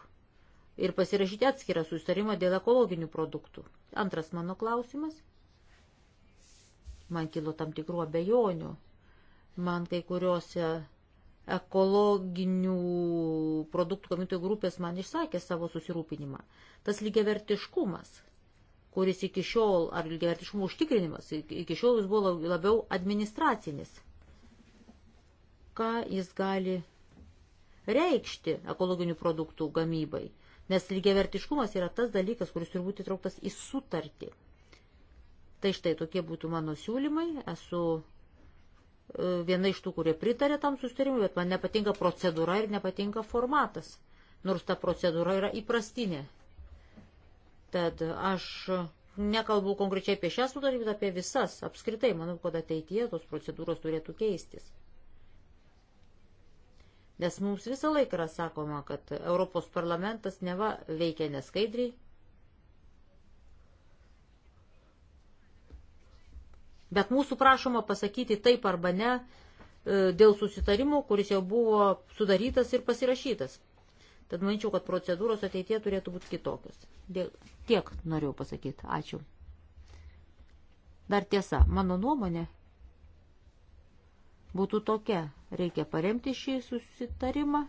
ir pasirašyti atskirą susitarimą dėl ekologinių produktų? Antras mano klausimas. Man kilo tam tikrų abejonių. Man kai kuriuose ekologinių produktų komiteto grupės man išsakė savo susirūpinimą. Tas lygiavertiškumas, kuris iki šiol, ar lygiavertiškumo užtikrinimas, iki šiol jis buvo labiau administracinis. Ką jis gali reikšti ekologinių produktų gamybai? Nes lygiavertiškumas yra tas dalykas, kuris turi būti įtrauktas į sutartį. Tai štai tokie būtų mano siūlymai. Esu viena iš tų, kurie pritarė tam sustarimui, bet man nepatinka procedūra ir nepatinka formatas, nors ta procedūra yra įprastinė. Tad aš nekalbu konkrečiai apie šią sutartį, bet apie visas. Apskritai, manau, kad ateityje tos procedūros turėtų keistis. Nes mums visą laiką yra sakoma, kad Europos parlamentas neva veikia neskaidriai, Bet mūsų prašoma pasakyti taip arba ne e, dėl susitarimo, kuris jau buvo sudarytas ir pasirašytas. Tad manyčiau, kad procedūros ateitie turėtų būti kitokios. Dėl... Tiek norėjau pasakyti. Ačiū. Dar tiesa, mano nuomonė būtų tokia. Reikia paremti šį susitarimą,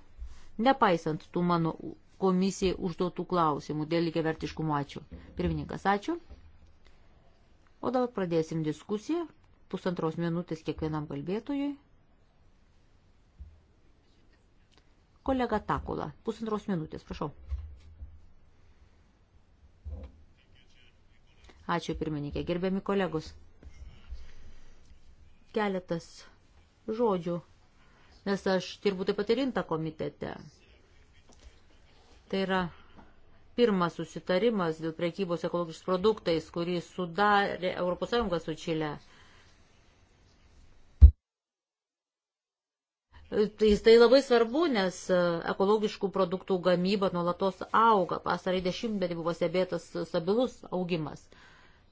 nepaisant tų mano komisijai užduotų klausimų dėl lygiavertiškumo. Ačiū. Pirmininkas, ačiū. O dabar pradėsim diskusiją. Pusantros minutės kiekvienam kalbėtojui. Kolega Takula, pusantros minutės, prašau. Ačiū pirmininkė, gerbiami kolegos. Keletas žodžių, nes aš dirbu taip pat ir intą komitete. Tai yra pirmas susitarimas dėl prekybos ekologiškais produktais, kurį sudarė ES su Čile. Jis tai, tai labai svarbu, nes ekologiškų produktų gamyba nuolatos auga. Pasarai dešimtmetį buvo stebėtas stabilus augimas.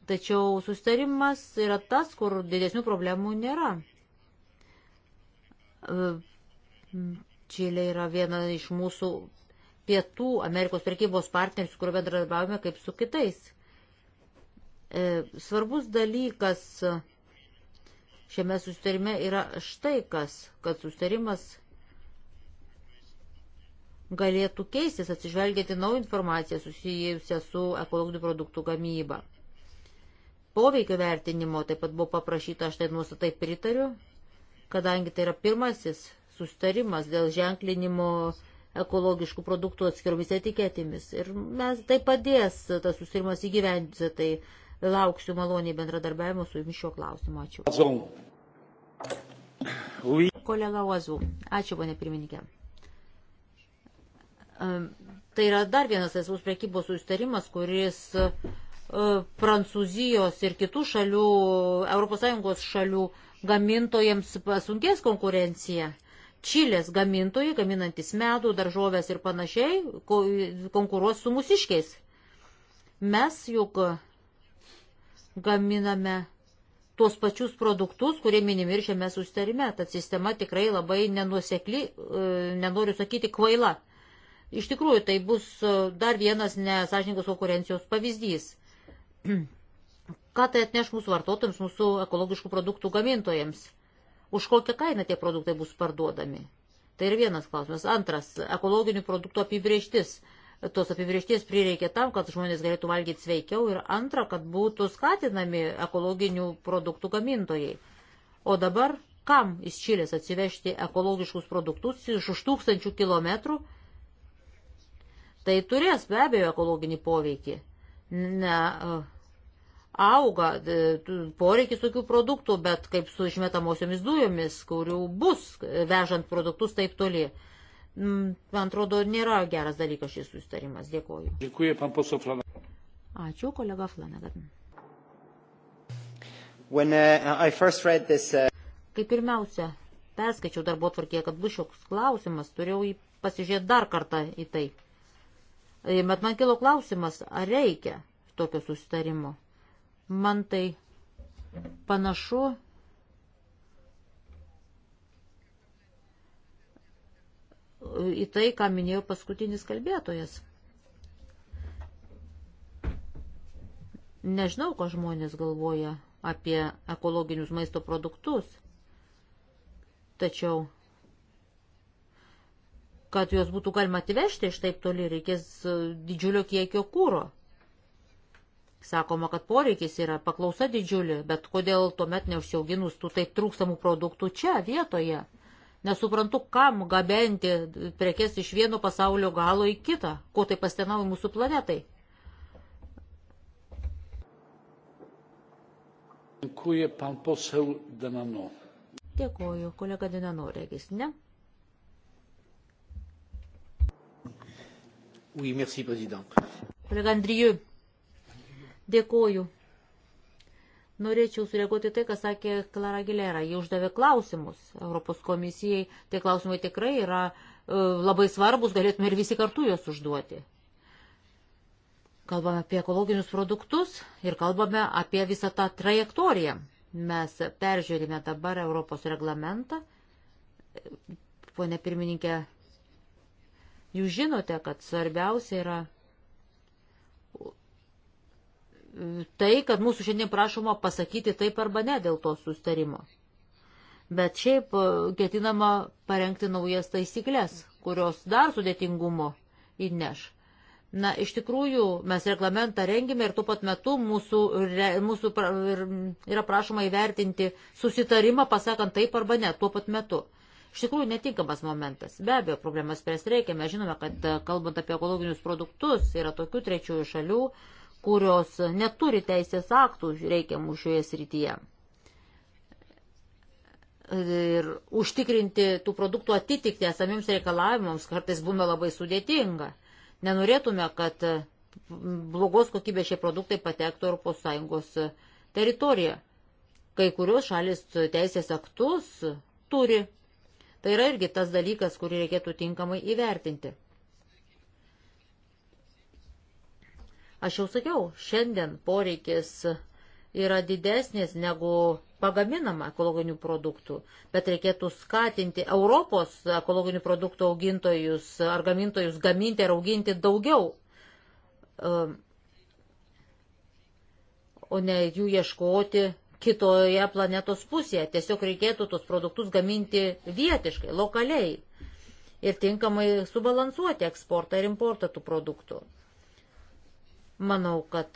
Tačiau sustarimas yra tas, kur didesnių problemų nėra. Čilė yra viena iš mūsų Pietų Amerikos prekybos partnerius, kur bendradarbiavome kaip su kitais. E, svarbus dalykas šiame sustarime yra štai kas, kad sustarimas galėtų keistis atsižvelgiant į naują informaciją susijusią su ekologinių produktų gamyba. Poveikio vertinimo taip pat buvo paprašyta, aš tai nuostatai pritariu, kadangi tai yra pirmasis sustarimas dėl ženklinimo ekologiškų produktų atskiromis etiketėmis. Ir mes tai padės tas susirimas įgyvendinti. Tai lauksiu maloniai bendradarbiavimo su jumis šiuo klausimu. Ačiū. Kolega Oazų. Ačiū, ponė pirmininkė. Tai yra dar vienas laisvus prekybos sustarimas, kuris e, Prancūzijos ir kitų šalių, ES šalių gamintojams pasunkės konkurencija Čilės gamintojai, gaminantis medų, daržovės ir panašiai, konkuruos su mūsiškiais. Mes juk gaminame tuos pačius produktus, kurie minimi ir šiame sustarime. Ta sistema tikrai labai nenusekli, e, nenoriu sakyti, kvaila. Iš tikrųjų, tai bus e, dar vienas nesažininkos konkurencijos pavyzdys. Ką tai atneš mūsų vartotojams, mūsų ekologiškų produktų gamintojams? už kokią kainą tie produktai bus parduodami. Tai ir vienas klausimas. Antras, ekologinių produktų apibrieštis. Tos apibriešties prireikia tam, kad žmonės galėtų valgyti sveikiau ir antra, kad būtų skatinami ekologinių produktų gamintojai. O dabar kam iš Čilės atsivežti ekologiškus produktus iš už tūkstančių kilometrų? Tai turės be abejo ekologinį poveikį. Ne, uh, auga e, poreikis tokių produktų, bet kaip su išmetamosiomis dujomis, kurių bus e, vežant produktus taip toli. Mm, man atrodo, nėra geras dalykas šis sustarimas. Dėkuoju. Dėkuoju, pan posio Flanagan. Ačiū, kolega Flanagan. When, uh, this, uh... Kai pirmiausia, perskaičiau darbo tvarkėje, kad bus šioks klausimas, turėjau jį pasižiūrėti dar kartą į tai. E, bet man kilo klausimas, ar reikia tokio susitarimo. Man tai panašu. Į tai, ką minėjo paskutinis kalbėtojas. Nežinau, ko žmonės galvoja apie ekologinius maisto produktus, tačiau kad juos būtų galima atvežti iš taip toli, reikės e, didžiulio kiekio kūro. Sakoma, kad poreikis yra paklausa didžiulė, bet kodėl tuomet neužsiauginus tų taip trūkstamų produktų čia, vietoje? Nesuprantu, kam gabenti prekes iš vieno pasaulio galo į kitą, ko tai pastenauja mūsų planetai. Dėkuoju, pan posel Denano. Dėkuoju, kolega Denano, regis, ne? Oui, merci, président. Kolega Andriju. Dėkoju. Norėčiau sureaguoti tai, ką sakė Klara Gilera. Jie uždavė klausimus Europos komisijai. Tie klausimai tikrai yra e, labai svarbus, galėtume ir visi kartu juos užduoti. Kalbame apie ekologinius produktus ir kalbame apie visą tą trajektoriją. Mes peržiūrime dabar Europos reglamentą. Pone pirmininkė, jūs žinote, kad svarbiausia yra tai, kad mūsų šiandien prašoma pasakyti taip arba ne dėl to sustarimo. Bet šiaip e, ketinama parengti naujas taisyklės, kurios dar sudėtingumo įneš. Na, iš tikrųjų, mes reglamentą rengime ir tuo pat metu mūsų, mūsų pra, yra prašoma įvertinti susitarimą, pasakant taip arba ne, tuo pat metu. Iš tikrųjų, netinkamas momentas. Be abejo, problemas spręsti reikia. Mes žinome, kad e, kalbant apie ekologinius produktus, yra tokių trečiųjų šalių, uh, kurios neturi teisės aktų reikiamų šioje srityje. Ir užtikrinti tų produktų atitikti esamiems reikalavimams kartais būna labai sudėtinga. Nenorėtume, kad blogos kokybės šie produktai patektų ES teritoriją. Kai kurios šalis teisės aktus turi. Tai yra irgi tas dalykas, kurį reikėtų tinkamai įvertinti. Aš jau sakiau, šiandien poreikis yra didesnis negu pagaminama ekologinių produktų, bet reikėtų skatinti Europos ekologinių produktų augintojus ar gamintojus gaminti ir auginti daugiau, um, o ne jų ieškoti kitoje planetos pusėje. Tiesiog reikėtų tos produktus gaminti vietiškai, lokaliai ir tinkamai subalansuoti eksportą ir importą tų produktų. Manau, kad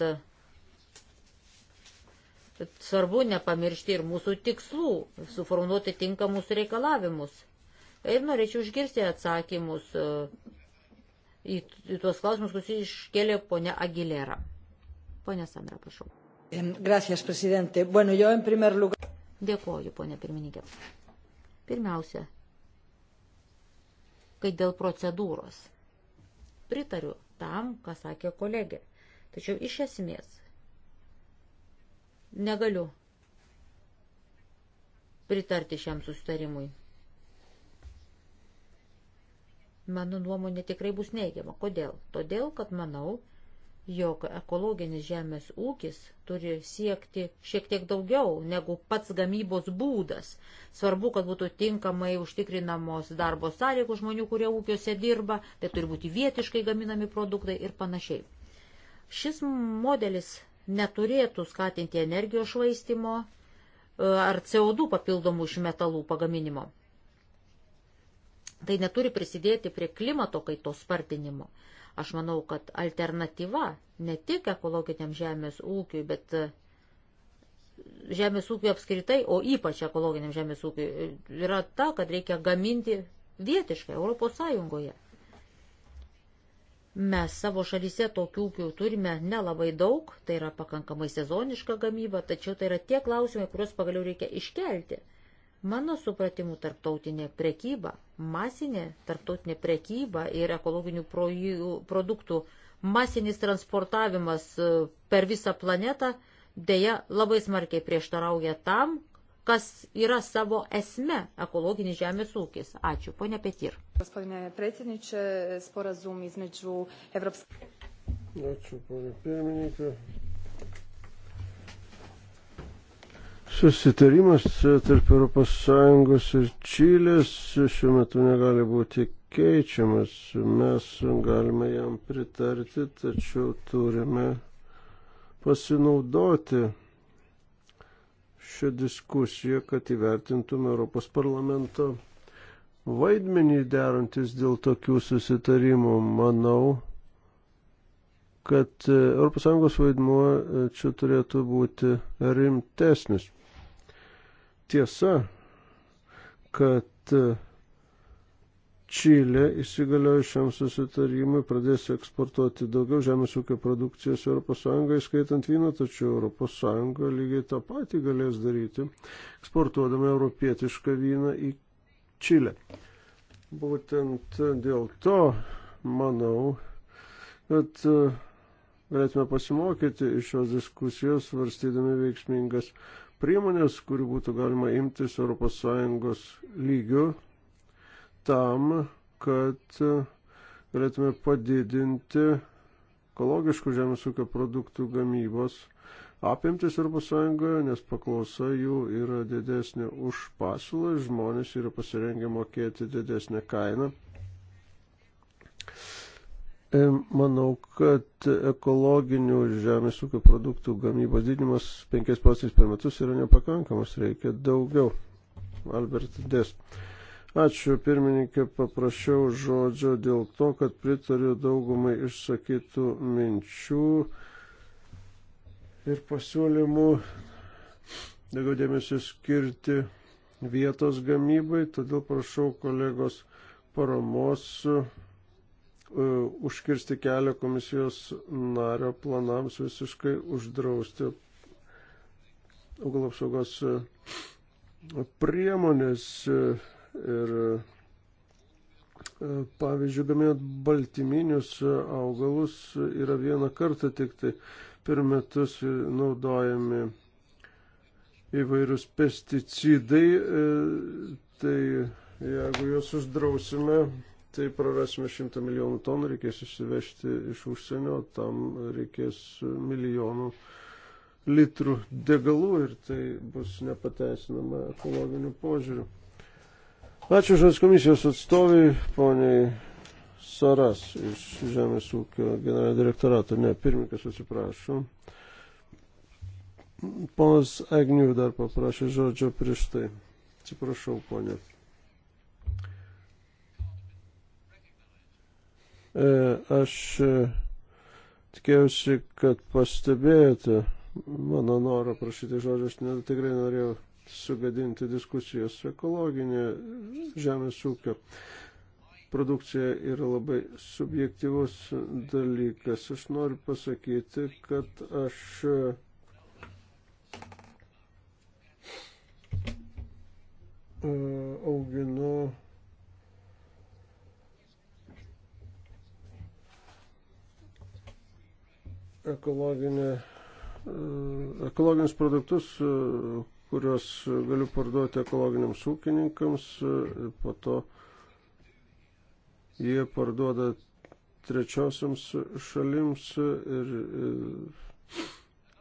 svarbu nepamiršti ir mūsų tikslų, suformuoti tinkamus reikalavimus. Ir norėčiau išgirsti atsakymus e, į, į tuos klausimus, kuriuos iškėlė ponia Aguilera. Ponia Sandra, prašau. Gracias, presidente. Bueno, yo en primer lugar. Dėkuoju, ponia pirmininkė. Pirmiausia, kai dėl procedūros. Pritariu tam, ką sakė kolegė. Tačiau iš esmės negaliu pritarti šiam susitarimui. Mano nuomonė tikrai bus neigiama. Kodėl? Todėl, kad manau, jog ekologinis žemės ūkis turi siekti šiek tiek daugiau negu pats gamybos būdas. Svarbu, kad būtų tinkamai užtikrinamos darbo sąlygų žmonių, kurie ūkiuose dirba, tai turi būti vietiškai gaminami produktai ir panašiai. Šis modelis neturėtų skatinti energijos švaistimo e, ar CO2 papildomų iš metalų pagaminimo. Tai neturi prisidėti prie klimato kaitos spartinimo. Aš manau, kad alternatyva ne tik ekologiniam žemės ūkiui, bet e, žemės ūkiui apskritai, o ypač ekologiniam žemės ūkiui, e, yra ta, kad reikia gaminti vietiškai Europos Sąjungoje. Mes savo šalyse tokių ūkių turime nelabai daug, tai yra pakankamai sezoniška gamyba, tačiau tai yra tie klausimai, kuriuos pagaliau reikia iškelti. Mano supratimu, tarptautinė prekyba, masinė tarptautinė prekyba ir ekologinių produktų masinis transportavimas e, per visą planetą dėja labai smarkiai prieštarauja tam, kas yra savo esme ekologinis žemės ūkis. Ačiū, ponia Petir. Ačiū, ponia pirmininkė. Susitarimas tarp ES ir Čilės šiuo metu negali būti keičiamas. Mes galime jam pritarti, tačiau turime pasinaudoti šią diskusiją, kad įvertintume Europos parlamento vaidmenį derantis dėl tokių susitarimų. Manau, kad ES vaidmuo čia turėtų būti rimtesnis. Tiesa, kad Čilė įsigaliojus šiam susitarimui pradės eksportuoti daugiau žemės ūkio produkcijos ES, skaitant vyną, tačiau ES lygiai tą patį galės daryti, eksportuodama europietišką vyną į Čilę. Būtent dėl to manau, kad e, galėtume pasimokyti iš šios diskusijos, varstydami veiksmingas priemonės, kurių būtų galima imtis ES lygių tam, kad e, galėtume padidinti ekologiškų žemės ūkio produktų gamybos apimtis ES, nes paklausa jų yra didesnė už pasiūlą ir žmonės yra pasirengę mokėti didesnę kainą. E, manau, kad ekologinių žemės ūkio produktų gamybos didinimas 5 procentais per metus yra nepakankamas, reikia daugiau. Albert Dės. Ačiū pirmininkė, paprašiau žodžio dėl to, kad pritariu daugumai išsakytų minčių ir pasiūlymų daugiau dėmesio skirti vietos gamybai, todėl prašau kolegos paramos uh, užkirsti kelią komisijos nario planams visiškai uždrausti augalapsaugos e, priemonės. Uh, Ir e, pavyzdžiui, gaminant baltyminius augalus yra vieną kartą tik tai per metus naudojami įvairūs pesticidai. E, tai jeigu juos uždrausime, tai prarasime 100 milijonų tonų, reikės išsivežti iš užsienio, tam reikės milijonų litrų degalų ir tai bus nepateisinama ekologiniu požiūriu. Ačiū Žodės komisijos atstoviai, poniai Saras iš Žemės ūkio generalinio direktorato. Ne, pirmininkas atsiprašau. Ponas Agnių dar paprašė žodžio prieš tai. Atsiprašau, ponė. E, aš e, tikėjausi, kad pastebėjote mano norą prašyti žodžio, aš tikrai norėjau sugadinti diskusijas su ekologinė žemės ūkio produkcija yra labai subjektivus dalykas. Aš noriu pasakyti, kad aš e, auginu ekologinę e, ekologinius produktus, e, kuriuos galiu parduoti ekologiniams ūkininkams, po to jie parduoda trečiosiams šalims ir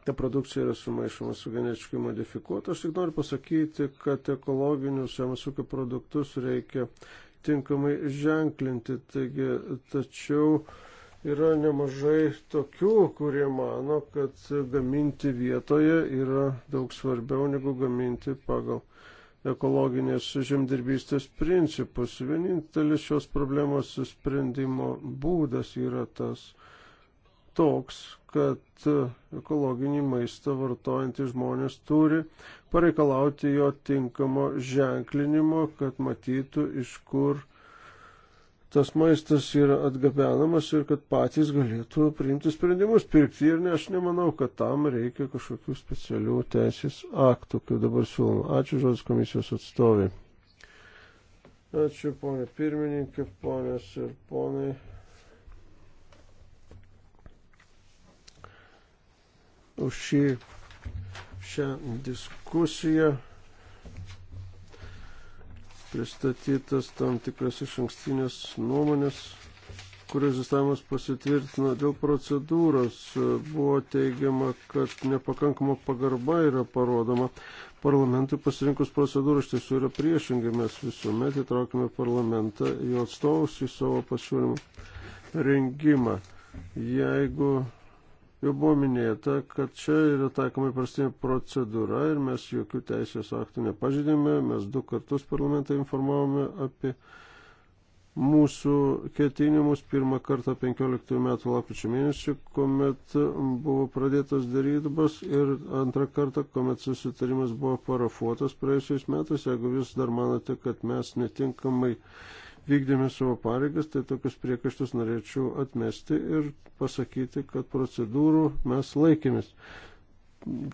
ta produkcija yra sumaišoma su genetiškai modifikuota. Aš tik noriu pasakyti, kad ekologinius žemės ūkio produktus reikia tinkamai ženklinti. Taigi, tačiau yra nemažai tokių, kurie mano, kad gaminti vietoje yra daug svarbiau negu gaminti pagal ekologinės žemdirbystės principus. Vienintelis šios problemos sprendimo būdas yra tas toks, kad ekologinį maistą vartojantys žmonės turi pareikalauti jo tinkamo ženklinimo, kad matytų, iš kur tas maistas yra atgabenamas ir kad patys galėtų priimti sprendimus pirkti. Ir ne, aš nemanau, kad tam reikia kažkokių specialių teisės aktų, kaip dabar siūloma. Ačiū žodis komisijos atstovai. Ačiū ponė pirmininkė, ponės ir ponai. Už šį šią diskusiją pristatytas tam tikras iš ankstinės nuomonės, kurio egzistavimas pasitvirtino dėl procedūros. Buvo teigiama, kad nepakankama pagarba yra parodoma. Parlamentui pasirinkus procedūrą iš tiesų yra priešingai. Mes visuomet įtraukime parlamentą, jo atstovus į savo pasiūlymą rengimą. Jeigu Jau buvo minėta, kad čia yra taikoma įprastinė procedūra ir mes jokių teisės aktų nepažydėme. Mes du kartus parlamentą informavome apie mūsų ketinimus. Pirmą kartą 15 metų lapkričio mėnesį, kuomet buvo pradėtas darybas ir antrą kartą, kuomet susitarimas buvo parafuotas praėjusiais metais. Jeigu vis dar manote, kad mes netinkamai vykdėme savo pareigas, tai tokius priekaištus norėčiau atmesti ir pasakyti, kad procedūrų mes laikėmės.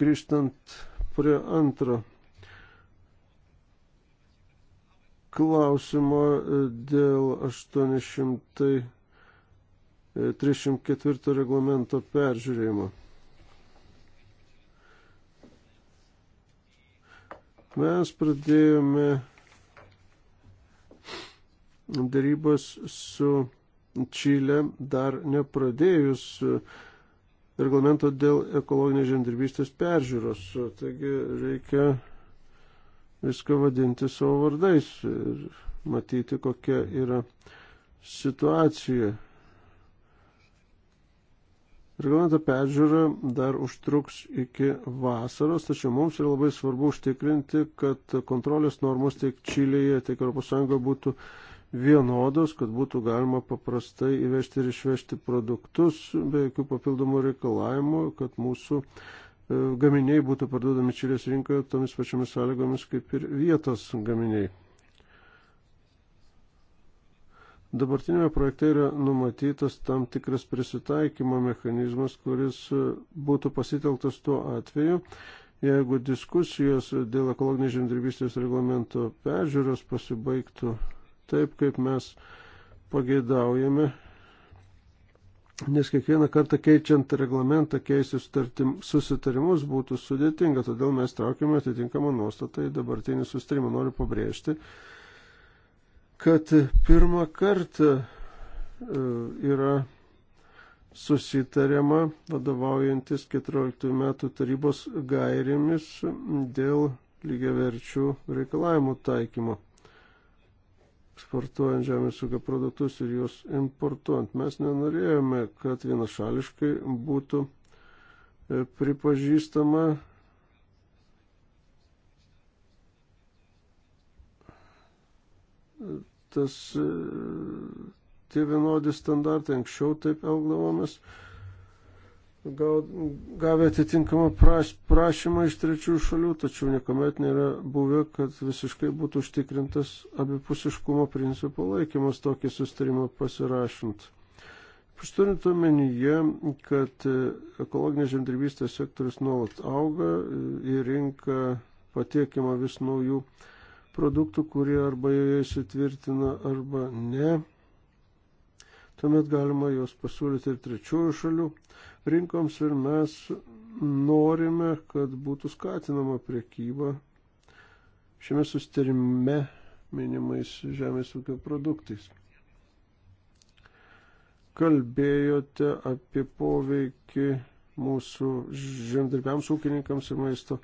Grįžtant prie antro klausimo e, dėl 834 e, reglamento peržiūrėjimo. Mes pradėjome darybos su Čilė dar nepradėjus e, reglamento dėl ekologinės žemdirbystės peržiūros. Taigi reikia viską vadinti savo vardais ir matyti, kokia yra situacija. Reglamento peržiūra dar užtruks iki vasaros, tačiau mums yra labai svarbu užtikrinti, kad kontrolės normos tiek Čilėje, tiek ES būtų uh, vienodos, kad būtų galima paprastai įvežti ir išvežti produktus be jokių papildomų reikalavimų, kad mūsų e, gaminiai būtų parduodami Čilės rinkoje tomis pačiomis sąlygomis kaip ir vietos gaminiai. Dabartinėme projekte yra numatytas tam tikras prisitaikymo mechanizmas, kuris būtų pasiteltas tuo atveju, jeigu diskusijos dėl ekologinės žemdirbystės reglamento peržiūros pasibaigtų taip, kaip mes pageidaujame, nes kiekvieną kartą keičiant reglamentą, keisti susitarimus būtų sudėtinga, todėl mes traukime atitinkamą nuostatą į dabartinį susitarimą. Noriu pabrėžti, kad pirmą kartą e, yra susitariama vadovaujantis 14 metų tarybos gairėmis dėl lygiaverčių reikalavimų taikymo eksportuojant žemės ūkio produktus ir juos importuojant. Mes nenorėjome, kad vienašališkai būtų e, pripažįstama e, tas e, tie vienodi standartai. Anksčiau taip elgdavomės gavę atitinkamą prašymą iš trečiųjų šalių, tačiau niekuomet nėra buvę, kad visiškai būtų užtikrintas abipusiškumo principo laikymas tokį sustarimą pasirašant. Pasturint omenyje, kad ekologinės žemdirbystės sektorius nuolat auga, į rinką patiekiama vis naujų produktų, kurie arba joje įsitvirtina, arba ne. Tuomet galima juos pasiūlyti ir trečiųjų šalių rinkoms ir mes norime, kad būtų skatinama priekyba šiame sustarime minimais žemės ūkio produktais. Kalbėjote apie poveikį mūsų žemdirbiams, ūkininkams ir maisto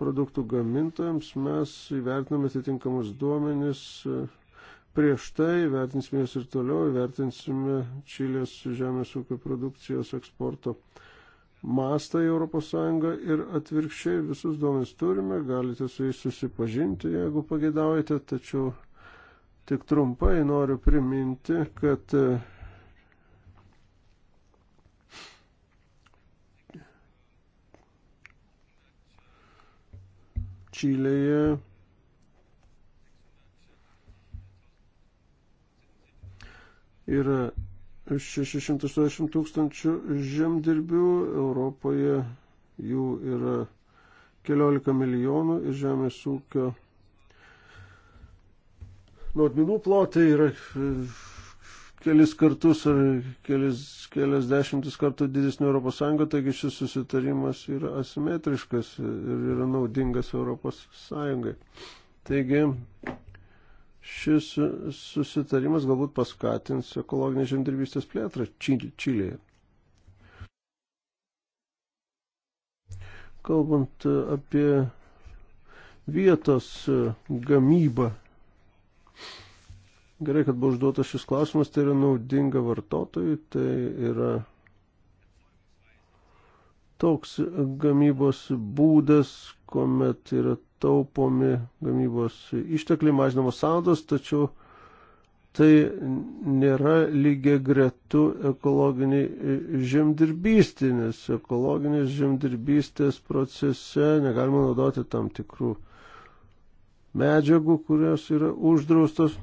produktų gamintojams. Mes įvertiname atitinkamus duomenis, prieš tai, vertinsime jas ir toliau, vertinsime Čilės žemės ūkio produkcijos eksporto mastą į ES ir atvirkščiai visus duomenys turime, galite su jais susipažinti, jeigu pageidaujate, tačiau tik trumpai noriu priminti, kad Čilėje yra 680 tūkstančių žemdirbių, Europoje jų yra keliolika milijonų ir žemės ūkio naudmenų plotai yra kelis kartus ar kelis, kelias dešimtis kartų didesnė Europos Sąjunga, taigi šis susitarimas yra asimetriškas ir yra naudingas Europos Sąjungai. Taigi, Šis susitarimas galbūt paskatins ekologinės žemdirbystės plėtrą Čilėje. Kalbant apie vietos gamybą, gerai, kad buvo užduotas šis klausimas, tai yra naudinga vartotojui, tai yra toks gamybos būdas, kuomet yra taupomi gamybos ištekliai, mažinamos sąnaudos, tačiau tai nėra lygiai gretų ekologiniai žemdirbystė, nes ekologinės žemdirbystės procese negalima naudoti tam tikrų medžiagų, kurios yra uždraustos.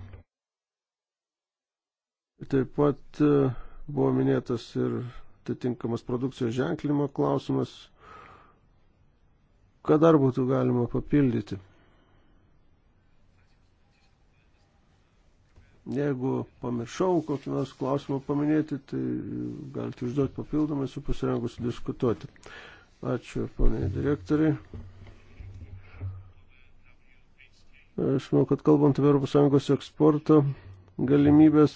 Taip pat buvo minėtas ir atitinkamas produkcijos ženklimo klausimas. Ką dar būtų galima papildyti? Jeigu pamiršau kokį nors klausimą paminėti, tai galite užduoti papildomai, su pasirengusi diskutuoti. Ačiū, poniai direktoriai. Aš manau, kad kalbant apie ES eksporto galimybės,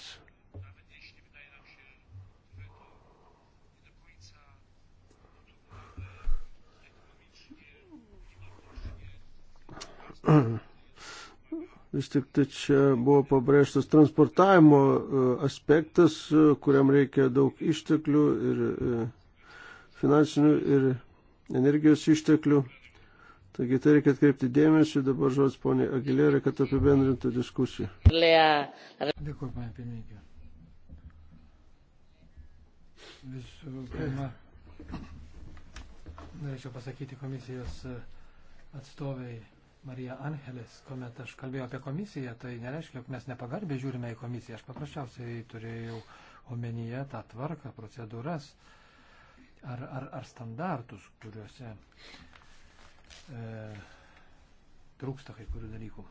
Vis tik tai čia buvo pabrėžtas transportavimo e, aspektas, e, kuriam reikia daug išteklių ir e, finansinių ir energijos išteklių. Taigi tai reikia atkreipti dėmesį, dabar žodis ponė Agilėra, kad apibendrintų diskusiją. Dėkuoju, panė pirmininkė. Visų pirma, norėčiau pasakyti komisijos atstoviai Marija Angelis, kuomet aš kalbėjau apie komisiją, tai nereiškia, jog mes nepagarbiai žiūrime į komisiją. Aš paprasčiausiai turėjau omenyje tą tvarką, procedūras ar, ar, ar standartus, kuriuose e, trūksta kai kurių dalykų.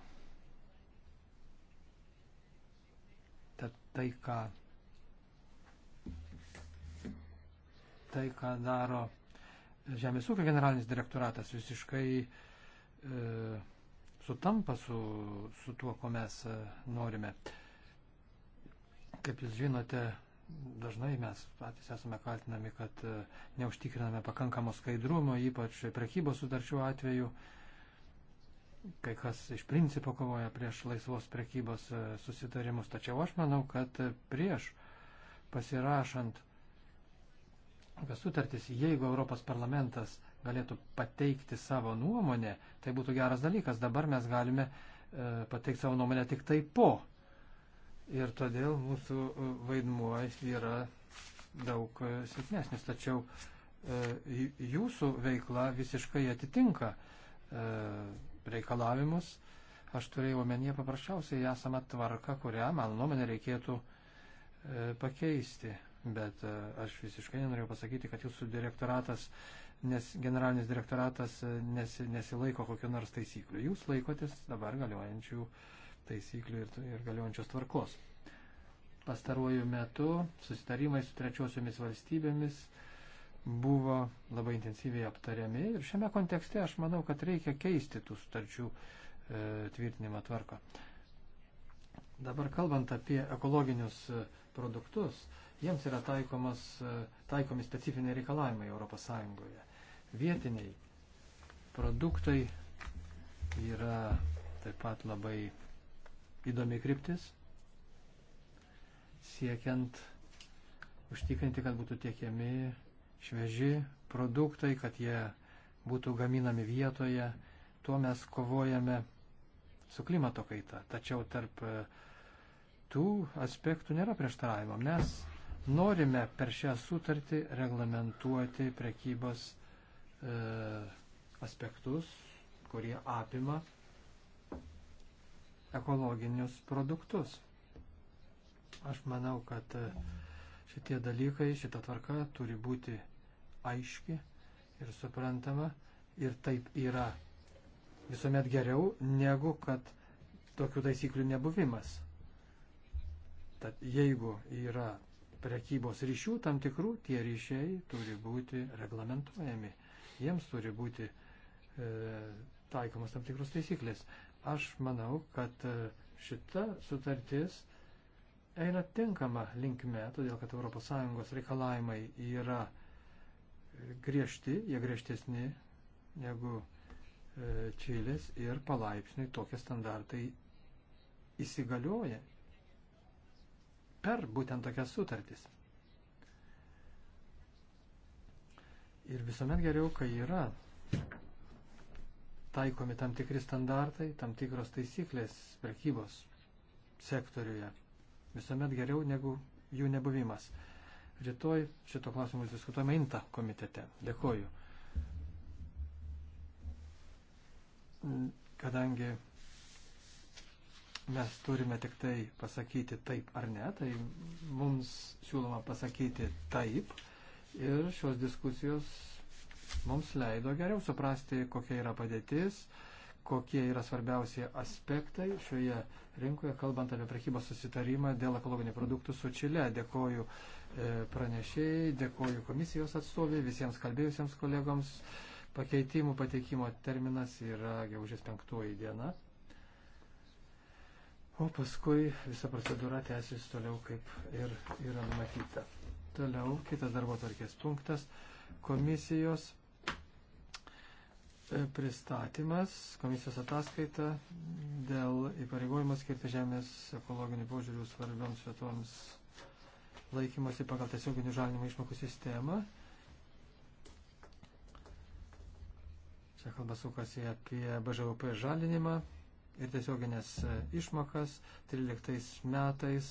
Tad tai, ką, tai, ką daro Žemės ūkio generalinis direktoratas, visiškai e, e, sutampa su, su tuo, ko mes e, norime. Kaip jūs žinote, dažnai mes patys esame kaltinami, kad e, neužtikriname pakankamo skaidrumo, ypač prekybos sutarčių atveju. Kai kas iš principo kovoja prieš laisvos prekybos e, susitarimus. Tačiau aš manau, kad prieš pasirašant sutartis, jeigu Europos parlamentas galėtų pateikti savo nuomonę, tai būtų geras dalykas. Dabar mes galime e, pateikti savo nuomonę tik tai po. Ir todėl mūsų e, vaidmuo yra daug e, silpnesnis. Tačiau e, jūsų veikla visiškai atitinka e, reikalavimus. Aš turėjau omenyje paprasčiausiai esamą tvarką, kurią, mano nuomonė, reikėtų e, pakeisti. Bet e, aš visiškai nenorėjau pasakyti, kad jūsų direktoratas nes generalinis direktoratas e, nes, nesilaiko kokio nors taisyklių. Jūs laikotės dabar galiojančių taisyklių ir, ir galiojančios tvarkos. Pastaruoju metu susitarimai su trečiosiomis valstybėmis buvo labai intensyviai aptariami ir šiame kontekste aš manau, kad reikia keisti tų sutarčių e, tvirtinimą tvarką. Dabar kalbant apie ekologinius e, produktus, jiems yra taikomas, e, taikomi specifiniai reikalavimai ES. Vietiniai produktai yra taip pat labai įdomi kryptis, siekiant užtikrinti, kad būtų tiekiami švieži produktai, kad jie būtų gaminami vietoje. Tuo mes kovojame su klimato kaita. Tačiau tarp e, tų aspektų nėra prieštaravimo. Mes norime per šią sutartį reglamentuoti prekybos E, aspektus, kurie apima ekologinius produktus. Aš manau, kad e, šitie dalykai, šita tvarka turi būti aiški ir suprantama ir taip yra visuomet geriau, negu kad tokių taisyklių nebuvimas. Tad jeigu yra prekybos ryšių tam tikrų, tie ryšiai turi būti reglamentuojami jiems turi būti e, taikomas tam tikrus taisyklės. Aš manau, kad e, šita sutartis eina tinkama linkme, todėl kad ES reikalavimai yra griežti, jie griežtesni negu e, Čilės ir palaipsniui tokie standartai įsigalioja per būtent tokias sutartis. Ir visuomet geriau, kai yra taikomi tam tikri standartai, tam tikros taisyklės prekybos sektoriuje. Visuomet geriau negu jų nebuvimas. Rytoj šito klausimu diskutuojame INTA komitete. Dėkoju. Kadangi mes turime tik tai pasakyti taip ar ne, tai mums siūloma pasakyti taip ir šios diskusijos mums leido geriau suprasti, kokia yra padėtis, kokie yra svarbiausi aspektai šioje rinkoje, kalbant apie prekybos susitarimą dėl ekologinių produktų su Čile. Dėkoju e, pranešėjai, dėkoju komisijos atstoviai, visiems kalbėjusiems kolegoms. Pakeitimų pateikimo terminas yra gegužės penktoji diena. O paskui visa procedūra tęsis toliau, kaip ir yra numatyta. Toliau kitas darbo tvarkės punktas - komisijos e, pristatymas, komisijos ataskaita dėl įpareigojimo skirti žemės ekologinių požiūrių svarbioms vietoms laikymosi pagal tiesioginių žalinimo išmokų sistemą. Čia kalba sukasi apie BŽUP žalinimą ir tiesioginės e, išmokas 13 metais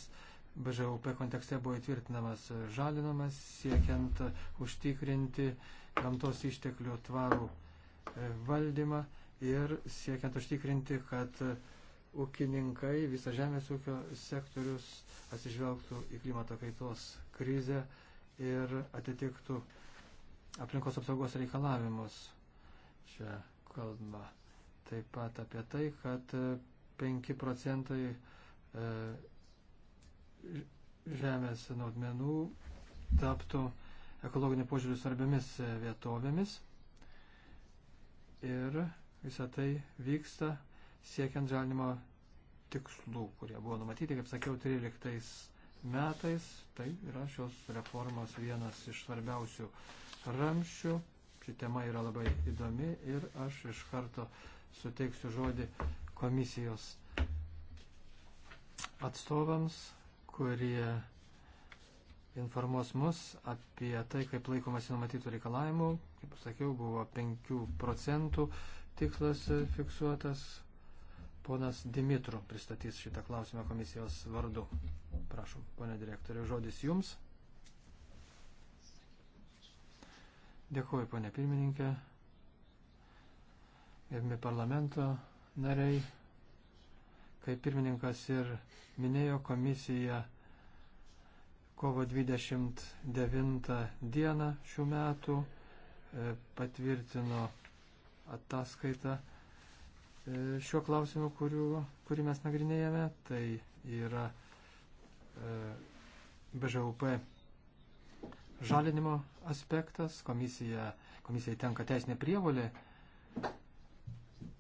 BŽUP kontekste buvo įtvirtinamas žalinamas, siekiant užtikrinti gamtos išteklių tvarų e, valdymą ir siekiant užtikrinti, kad ūkininkai, visas žemės ūkio sektorius atsižvelgtų į klimato kaitos krizę ir atitiktų aplinkos apsaugos reikalavimus. Čia kalba taip pat apie tai, kad 5 procentai e, žemės naudmenų taptų ekologinio požiūrių svarbiamis vietovėmis. Ir visą tai vyksta siekiant žalinimo tikslų, kurie buvo numatyti, kaip sakiau, 13 metais. Tai yra šios reformos vienas iš svarbiausių ramščių. Ši tema yra labai įdomi ir aš iš karto suteiksiu žodį komisijos atstovams kurie informuos mus apie tai, kaip laikomasi numatytų reikalavimų. Kaip sakiau, buvo 5 procentų tikslas fiksuotas. Ponas Dimitru pristatys šitą klausimą komisijos vardu. Prašom, ponė direktorė, žodis jums. Dėkuoju, ponė pirmininkė. Gerbimi parlamento nariai, kaip pirmininkas ir minėjo, komisija kovo 29 dieną šių metų e, patvirtino ataskaitą e, šiuo klausimu, kuriuo, kurį mes nagrinėjame. Tai yra e, BŽUP žalinimo aspektas. Komisija, komisijai tenka teisinė prievolė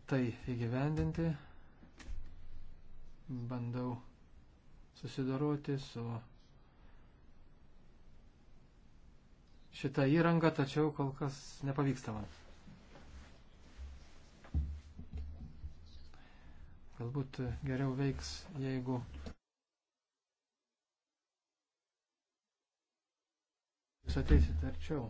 tai įgyvendinti bandau susidoroti su šitą įrangą, tačiau kol kas nepavyksta man. Galbūt geriau veiks, jeigu jūs ateisit arčiau.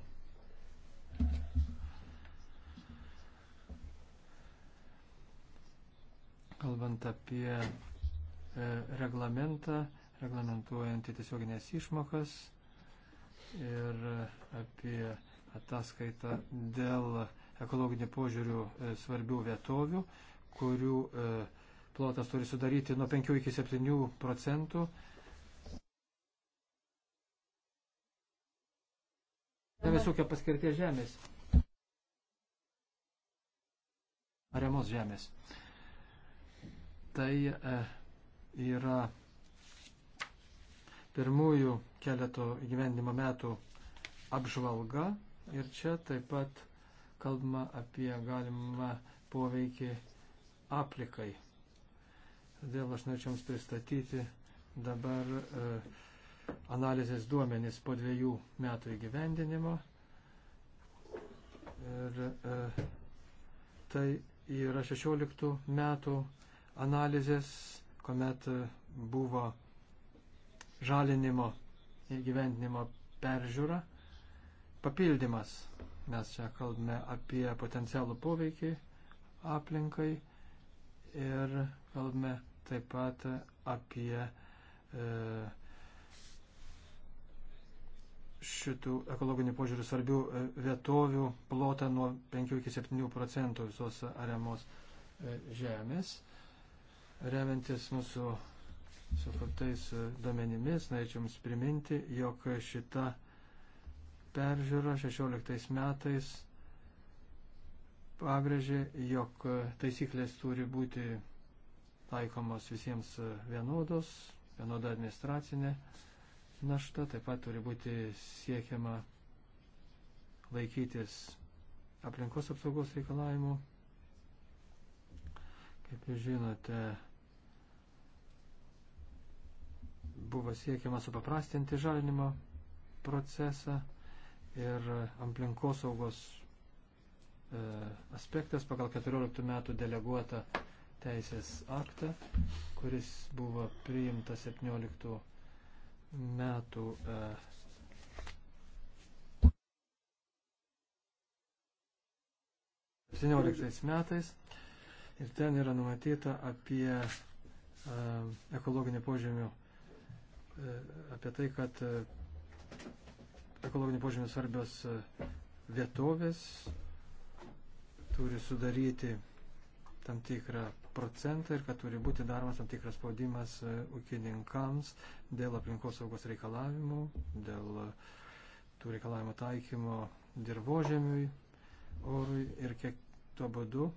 Kalbant apie E, reglamentą, reglamentuojantį tiesioginės išmokas ir apie ataskaitą dėl ekologinį požiūrių e, svarbių vietovių, kurių e, plotas turi sudaryti nuo 5 iki 7 procentų. Visokio paskirties žemės. Ariamos žemės. Tai e, yra pirmųjų keleto gyvenimo metų apžvalga ir čia taip pat kalbama apie galimą poveikį aplikai. Todėl aš norėčiau Jums pristatyti dabar e, analizės duomenys po dviejų metų įgyvendinimo. Ir e, tai yra 16 metų analizės kuomet buvo žalinimo įgyvendinimo peržiūra, papildymas. Mes čia kalbame apie potencialų poveikį aplinkai ir kalbame taip pat apie e, šitų ekologinių požiūrių svarbių e, vietovių plotą nuo 5 iki 7 procentų visos ariamos e, žemės. Remiantis mūsų sukurtais duomenimis, norėčiau Jums priminti, jog šita peržiūra 16 metais pabrėžė, jog taisyklės turi būti taikomos visiems vienodos, vienoda administracinė našta, taip pat turi būti siekiama laikytis aplinkos apsaugos reikalavimų. Kaip jūs žinote, buvo siekiama supaprastinti žalinimo procesą ir aplinkosaugos e, aspektas pagal 14 metų deleguotą teisės aktą, kuris buvo priimtas 17 metų e, metais ir ten yra numatyta apie e, ekologinį požemio E, apie tai, kad e, ekologinių požymių svarbios e, vietovės turi sudaryti tam tikrą procentą ir kad turi būti daromas tam tikras spaudimas ūkininkams dėl aplinkos saugos reikalavimų, dėl tų reikalavimų taikymo dirbožėmiui, orui ir kiek tuo būdu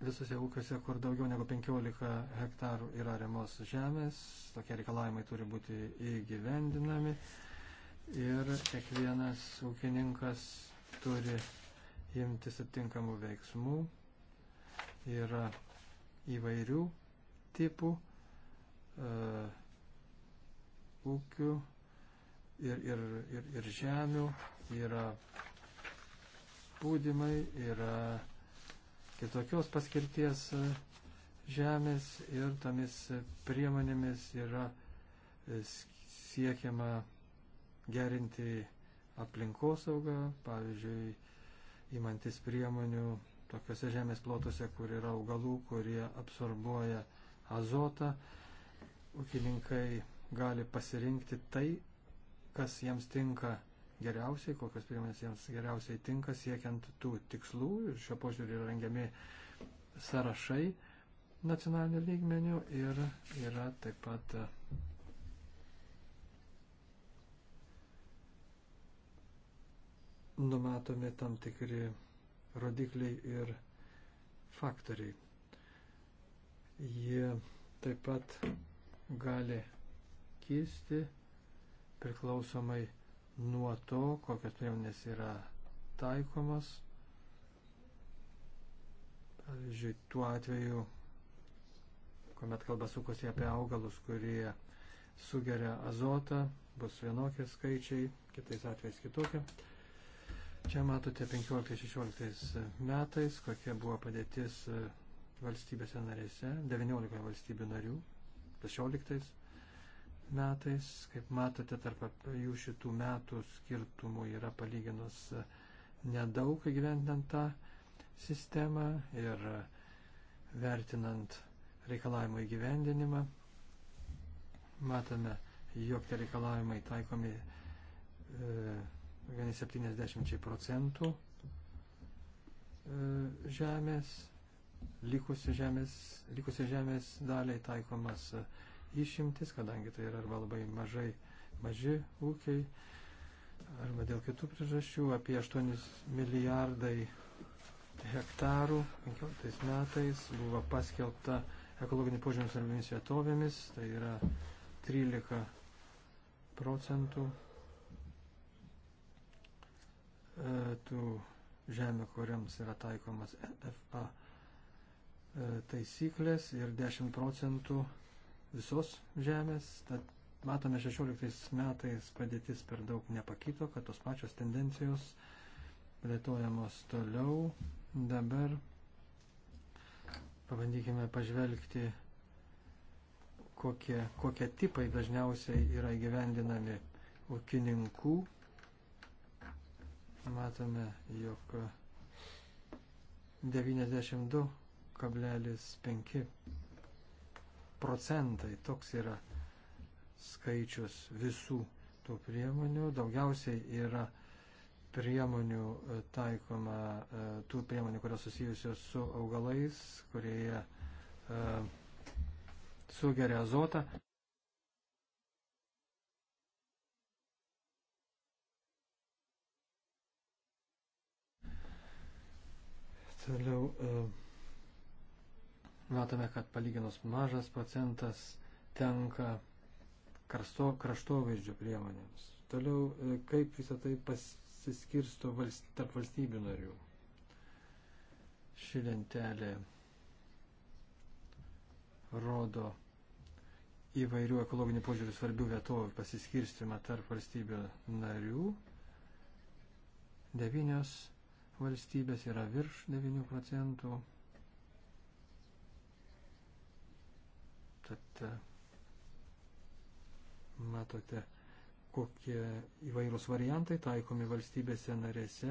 visose ūkiuose, kur daugiau negu 15 hektarų yra remos žemės, tokie reikalavimai turi būti įgyvendinami ir kiekvienas ūkininkas turi imtis atitinkamų veiksmų. Yra įvairių tipų e, ūkių ir, ir, ir, ir žemių, yra pūdymai, yra kitokios paskirties e, žemės ir tomis priemonėmis yra e, siekiama gerinti aplinkosaugą, pavyzdžiui, įmantis priemonių tokiuose žemės plotuose, kur yra augalų, kurie absorbuoja azotą, ūkininkai gali pasirinkti tai, kas jiems tinka geriausiai, kokios priemonės jiems geriausiai tinka siekiant tų tikslų ir šio požiūrį yra rengiami sąrašai nacionalinių lygmenių ir yra taip pat e, numatomi tam tikri rodikliai ir faktoriai. Jie taip pat gali kisti priklausomai nuo to, kokios priemonės yra taikomos. Pavyzdžiui, tuo atveju, kuomet kalba sukosi apie augalus, kurie sugeria azotą, bus vienokie skaičiai, kitais atvejais kitokie. Čia matote 15-16 metais, kokia buvo padėtis valstybėse narėse, 19 valstybių narių, 16 metais. Kaip matote, tarp jų šitų metų skirtumų yra palyginus nedaug gyvendant tą sistemą ir vertinant reikalavimų įgyvendinimą. Matome, jog tie reikalavimai taikomi e, 70 procentų e, žemės, likusi žemės, likusi žemės daliai taikomas e, išimtis, kadangi tai yra arba labai mažai, maži ūkiai, arba dėl kitų priežasčių, apie 8 milijardai hektarų 15 metais buvo paskelbta ekologinį požemį svarbiomis vietovėmis, tai yra 13 procentų e, tų žemė, kuriams yra taikomas FA e, taisyklės ir 10 procentų visos žemės, tad matome 16 metais padėtis per daug nepakito, kad tos pačios tendencijos plėtojamos toliau. Dabar pabandykime pažvelgti, kokie, kokie tipai dažniausiai yra gyvendinami ūkininkų. Matome, jog 92,5 procentai. Toks yra skaičius visų tų priemonių. Daugiausiai yra priemonių e, taikoma, e, tų priemonių, kurios susijusios su augalais, kurie e, sugeria azotą. Toliau. Uh matome, kad palyginus mažas procentas tenka karsto, kraštovaizdžio priemonėms. Toliau, e, kaip visą tai pasiskirsto valst, tarp valstybių narių. Ši lentelė rodo įvairių ekologinių požiūrių svarbių vietovių pasiskirstimą tarp valstybių narių. Devynios valstybės yra virš 9 procentų, Tad e, matote, kokie įvairūs variantai taikomi valstybėse narėse.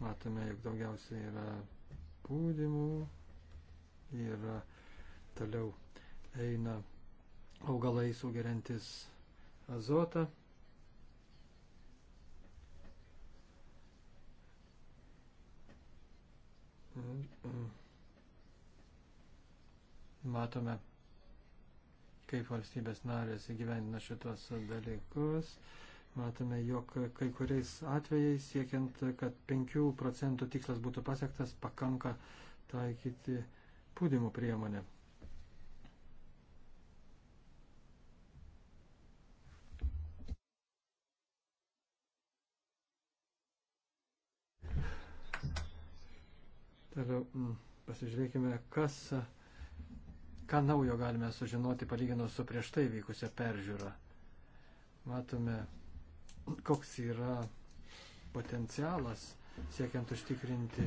Matome, jog daugiausiai yra pūdymų ir toliau eina augalai sugeriantis azotą. E, e, matome kaip valstybės narės įgyvendina šitos dalykus. Matome, jog kai kuriais atvejais, siekiant, kad 5 procentų tikslas būtų pasiektas, pakanka taikyti pūdimų priemonę. Toliau mm, pasižiūrėkime, kas Ką naujo galime sužinoti palyginus su prieš tai vykusią peržiūrą? Matome, koks yra potencialas siekiant užtikrinti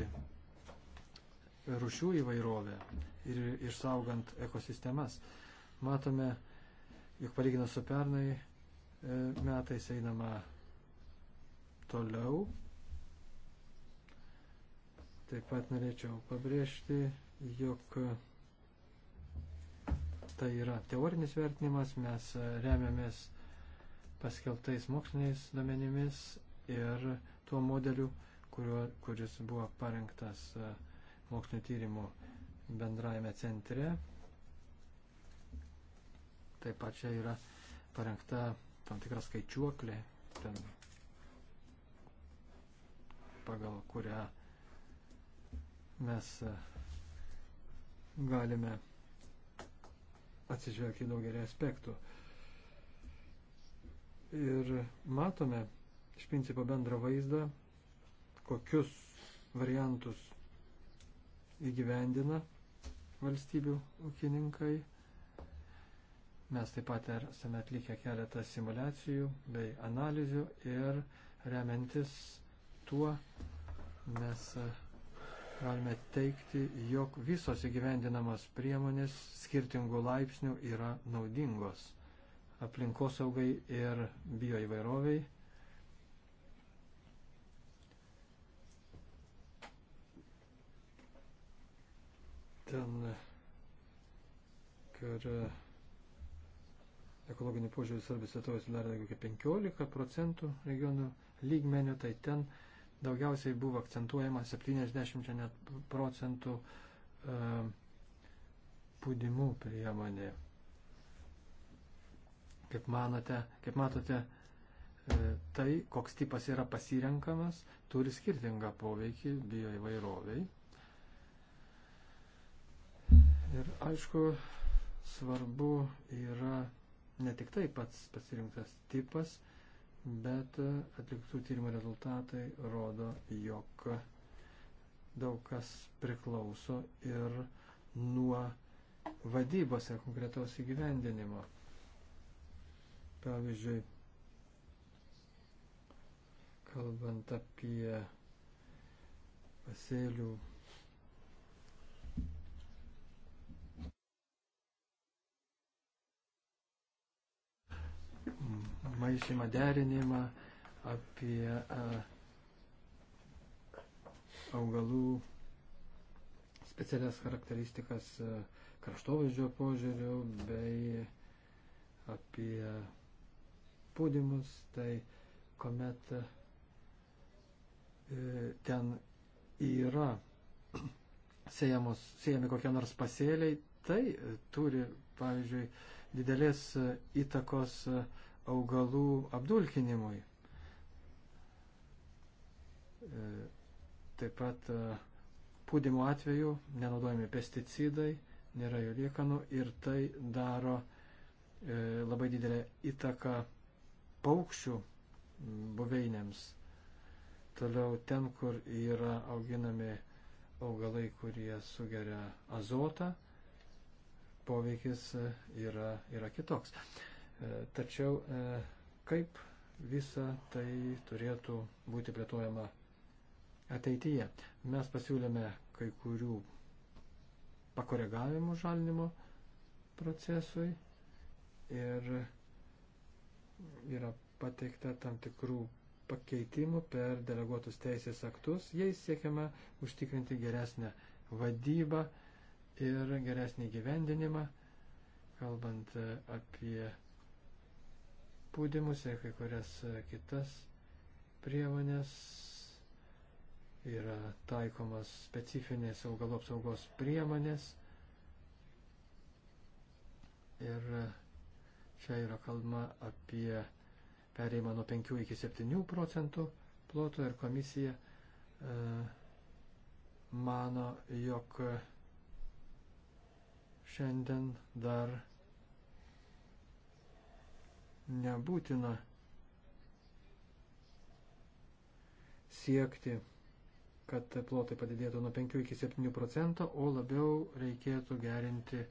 rušių įvairovę ir išsaugant ekosistemas. Matome, jog palyginus su pernai e, metais einama toliau. Taip pat norėčiau pabrėžti, jog Tai yra teorinis vertinimas, mes remiamės paskeltais moksliniais duomenimis ir tuo modeliu, kurio, kuris buvo parengtas e, mokslinio tyrimų bendrajame centre. Taip pat čia yra parengta tam tikra skaičiuoklė, ten, pagal kurią mes e, galime atsižvelgti daugelį aspektų. Ir matome iš principo bendrą vaizdą, kokius variantus įgyvendina valstybių ūkininkai. Mes taip pat esame atlikę keletą simulacijų bei analizių ir remiantis tuo mes. Uh, galime teikti, jog visos įgyvendinamos priemonės skirtingų laipsnių yra naudingos aplinkosaugai ir bioįvairoviai. Ten, kur e, ekologinį požiūrį svarbi situacija dar negu 15 procentų regionų lygmenio, tai ten uh, daugiausiai buvo akcentuojama 70 net procentų e, pūdimų priemonė. Kaip, manote, kaip matote, e, tai, koks tipas yra pasirenkamas, turi skirtingą poveikį bioįvairoviai. Ir aišku, svarbu yra ne tik tai pats pasirinktas tipas, bet atliktų tyrimų rezultatai rodo, jog daug kas priklauso ir nuo vadybose konkretaus įgyvendinimo. Pavyzdžiui, kalbant apie pasėlių maišymą derinimą, apie augalų specialias charakteristikas kraštovaizdžio požiūrių bei apie pūdimus, tai kuomet ten yra siejamos, siejami kokie nors pasėliai, tai turi, pavyzdžiui, didelės įtakos uh, augalų apdulkinimui. E, taip pat e, pūdimo atveju nenaudojami pesticidai, nėra jų liekanų ir tai daro e, labai didelę įtaką paukščių buveinėms. Toliau ten, kur yra auginami augalai, kurie sugeria azotą, poveikis yra, yra kitoks. E, tačiau e, kaip visa tai turėtų būti plėtojama ateityje. Mes pasiūlėme kai kurių pakoregavimų žalinimo procesui ir yra pateikta tam tikrų pakeitimų per deleguotus teisės aktus. Jais siekiama užtikrinti geresnę vadybą ir geresnį gyvendinimą, kalbant e, apie spūdimus ir kai kurias e, kitas priemonės. Yra taikomas specifinės augalų apsaugos priemonės. Ir e, čia yra kalba apie perėjimą nuo 5 iki 7 procentų ploto ir komisija e, mano, jog e, šiandien dar nebūtina siekti, kad plotai padidėtų nuo 5 iki 7 procentų, o labiau reikėtų gerinti e,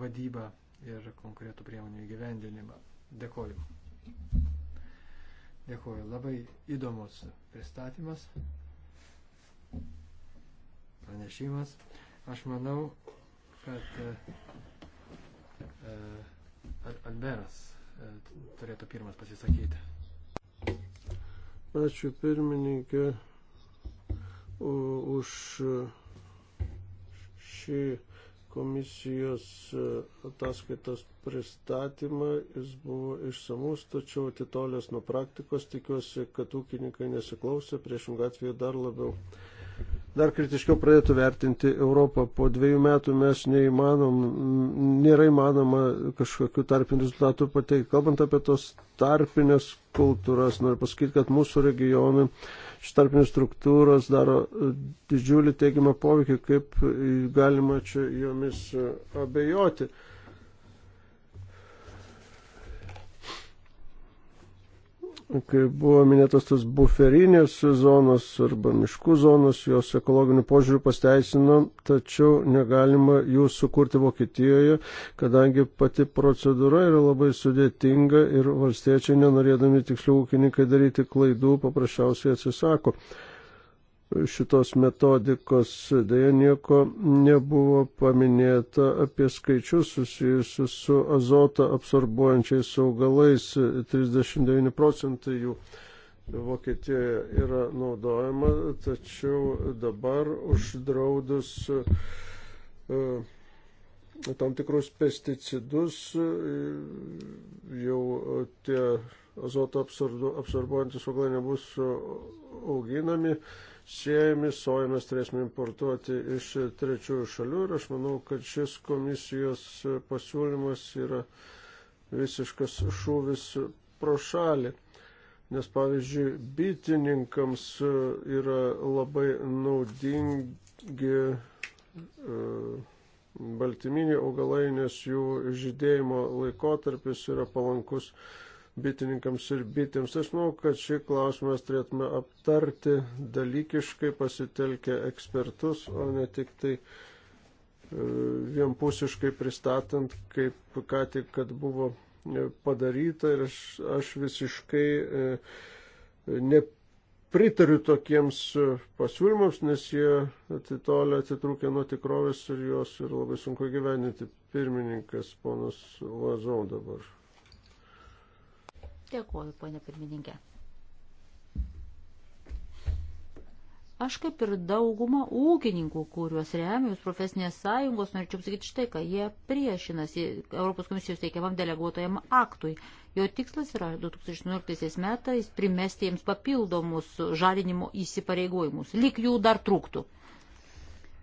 vadybą ir konkretų priemonių įgyvendinimą. Dėkoju. Dėkoju. Labai įdomus pristatymas, pranešimas. Aš manau, kad e, e, Alberas e, turėtų pirmas pasisakyti. Ačiū pirmininkė už šį komisijos e, ataskaitos pristatymą. Jis buvo išsamus, tačiau atitolęs nuo praktikos. Tikiuosi, kad ūkininkai nesiklausė, priešingą atveju dar labiau dar kritiškiau pradėtų vertinti Europą. Po dviejų metų mes neįmanom, nėra įmanoma kažkokių tarpinių rezultatų pateikti. Kalbant apie tos tarpinės kultūras, noriu pasakyti, kad mūsų regionai šitarpinės struktūros daro didžiulį teigiamą poveikį, kaip galima čia jomis abejoti. kai buvo minėtos tos buferinės zonos arba miškų zonos, jos ekologinių požiūrių pasteisino, tačiau negalima jų sukurti Vokietijoje, kadangi pati procedūra yra labai sudėtinga ir valstiečiai, nenorėdami tiksliau ūkininkai daryti klaidų, paprasčiausiai atsisako šitos metodikos dėja nieko nebuvo paminėta apie skaičius susijusius su azotą absorbuojančiais augalais. 39 procentai jų Vokietijoje yra naudojama, tačiau dabar uždraudus e, tam tikrus pesticidus e, jau tie azoto absorbuojantis augalai nebus auginami siejami, soją mes turėsime importuoti iš trečiųjų šalių ir aš manau, kad šis komisijos pasiūlymas yra visiškas šūvis pro šalį. Nes pavyzdžiui, bitininkams yra labai naudingi e, baltyminiai augalai, nes jų žydėjimo laikotarpis yra palankus bitininkams ir bitėms. Aš manau, kad šį klausimą turėtume aptarti dalykiškai pasitelkę ekspertus, o ne tik tai e, vienpusiškai pristatant, kaip ką tik, kad buvo e, padaryta ir aš, aš visiškai e, nepritariu tokiems pasiūlymams, nes jie atitolė, atitrūkė nuo tikrovės ir jos yra labai sunku gyveninti. Pirmininkas ponas Lazon dabar. Dėkuoju, ponė pirmininkė. Aš kaip ir dauguma ūkininkų, kuriuos remius profesinės sąjungos, norėčiau pasakyti štai, kad jie priešinasi Europos komisijos teikiamam deleguotojam aktui. Jo tikslas yra 2019 metais primesti jiems papildomus žalinimo įsipareigojimus, lik jų dar trūktų.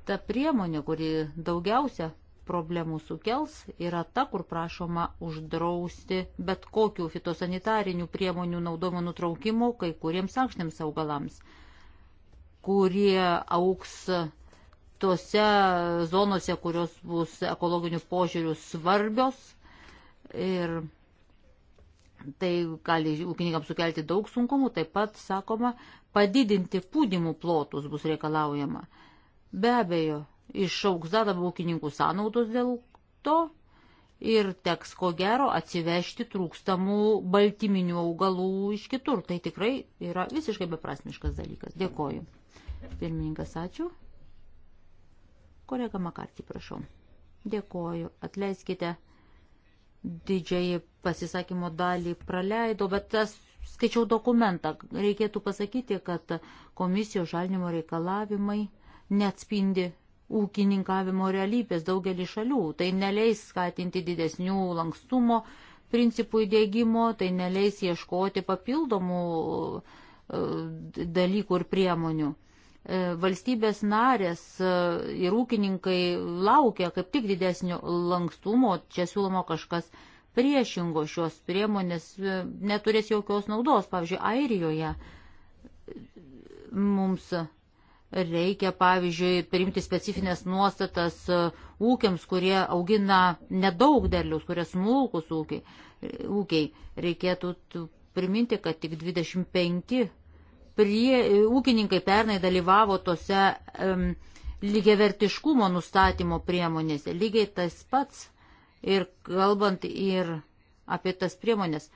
Ta priemonė, kuri daugiausia problemų sukels, yra ta, kur prašoma uždrausti bet kokių fitosanitarinių priemonių naudojimo nutraukimo kai kuriems ankštiniams augalams, kurie auks tose zonose, kurios bus ekologinių požiūrių svarbios. Ir tai gali ūkininkams sukelti daug sunkumų, taip pat, sakoma, padidinti pūdimų plotus bus reikalaujama. Be abejo, išauks dar labiau ūkininkų sąnaudos dėl to ir teks ko gero atsivežti trūkstamų baltyminių augalų iš kitur. Tai tikrai yra visiškai beprasmiškas dalykas. Dėkoju. Pirmininkas, ačiū. Kolega Makartį, prašau. Dėkoju. Atleiskite didžiai pasisakymo dalį praleido, bet tas skaičiau dokumentą. Reikėtų pasakyti, kad komisijos žalinimo reikalavimai neatspindi ūkininkavimo realybės daugelį šalių. Tai neleis skatinti didesnių lankstumo principų įdėgymo, tai neleis ieškoti papildomų e, dalykų ir priemonių. E, valstybės narės e, ir ūkininkai laukia kaip tik didesnio lankstumo, čia siūloma kažkas priešingo šios priemonės neturės jokios naudos. Pavyzdžiui, Airijoje mums reikia, pavyzdžiui, priimti specifines nuostatas e, ūkiams, kurie augina nedaug derlius, kurie smulkus ūkiai. ūkiai. Reikėtų priminti, kad tik 25 prie, e, ūkininkai pernai dalyvavo tose um, lygiavertiškumo nustatymo priemonėse. Lygiai tas pats ir kalbant ir apie tas priemonės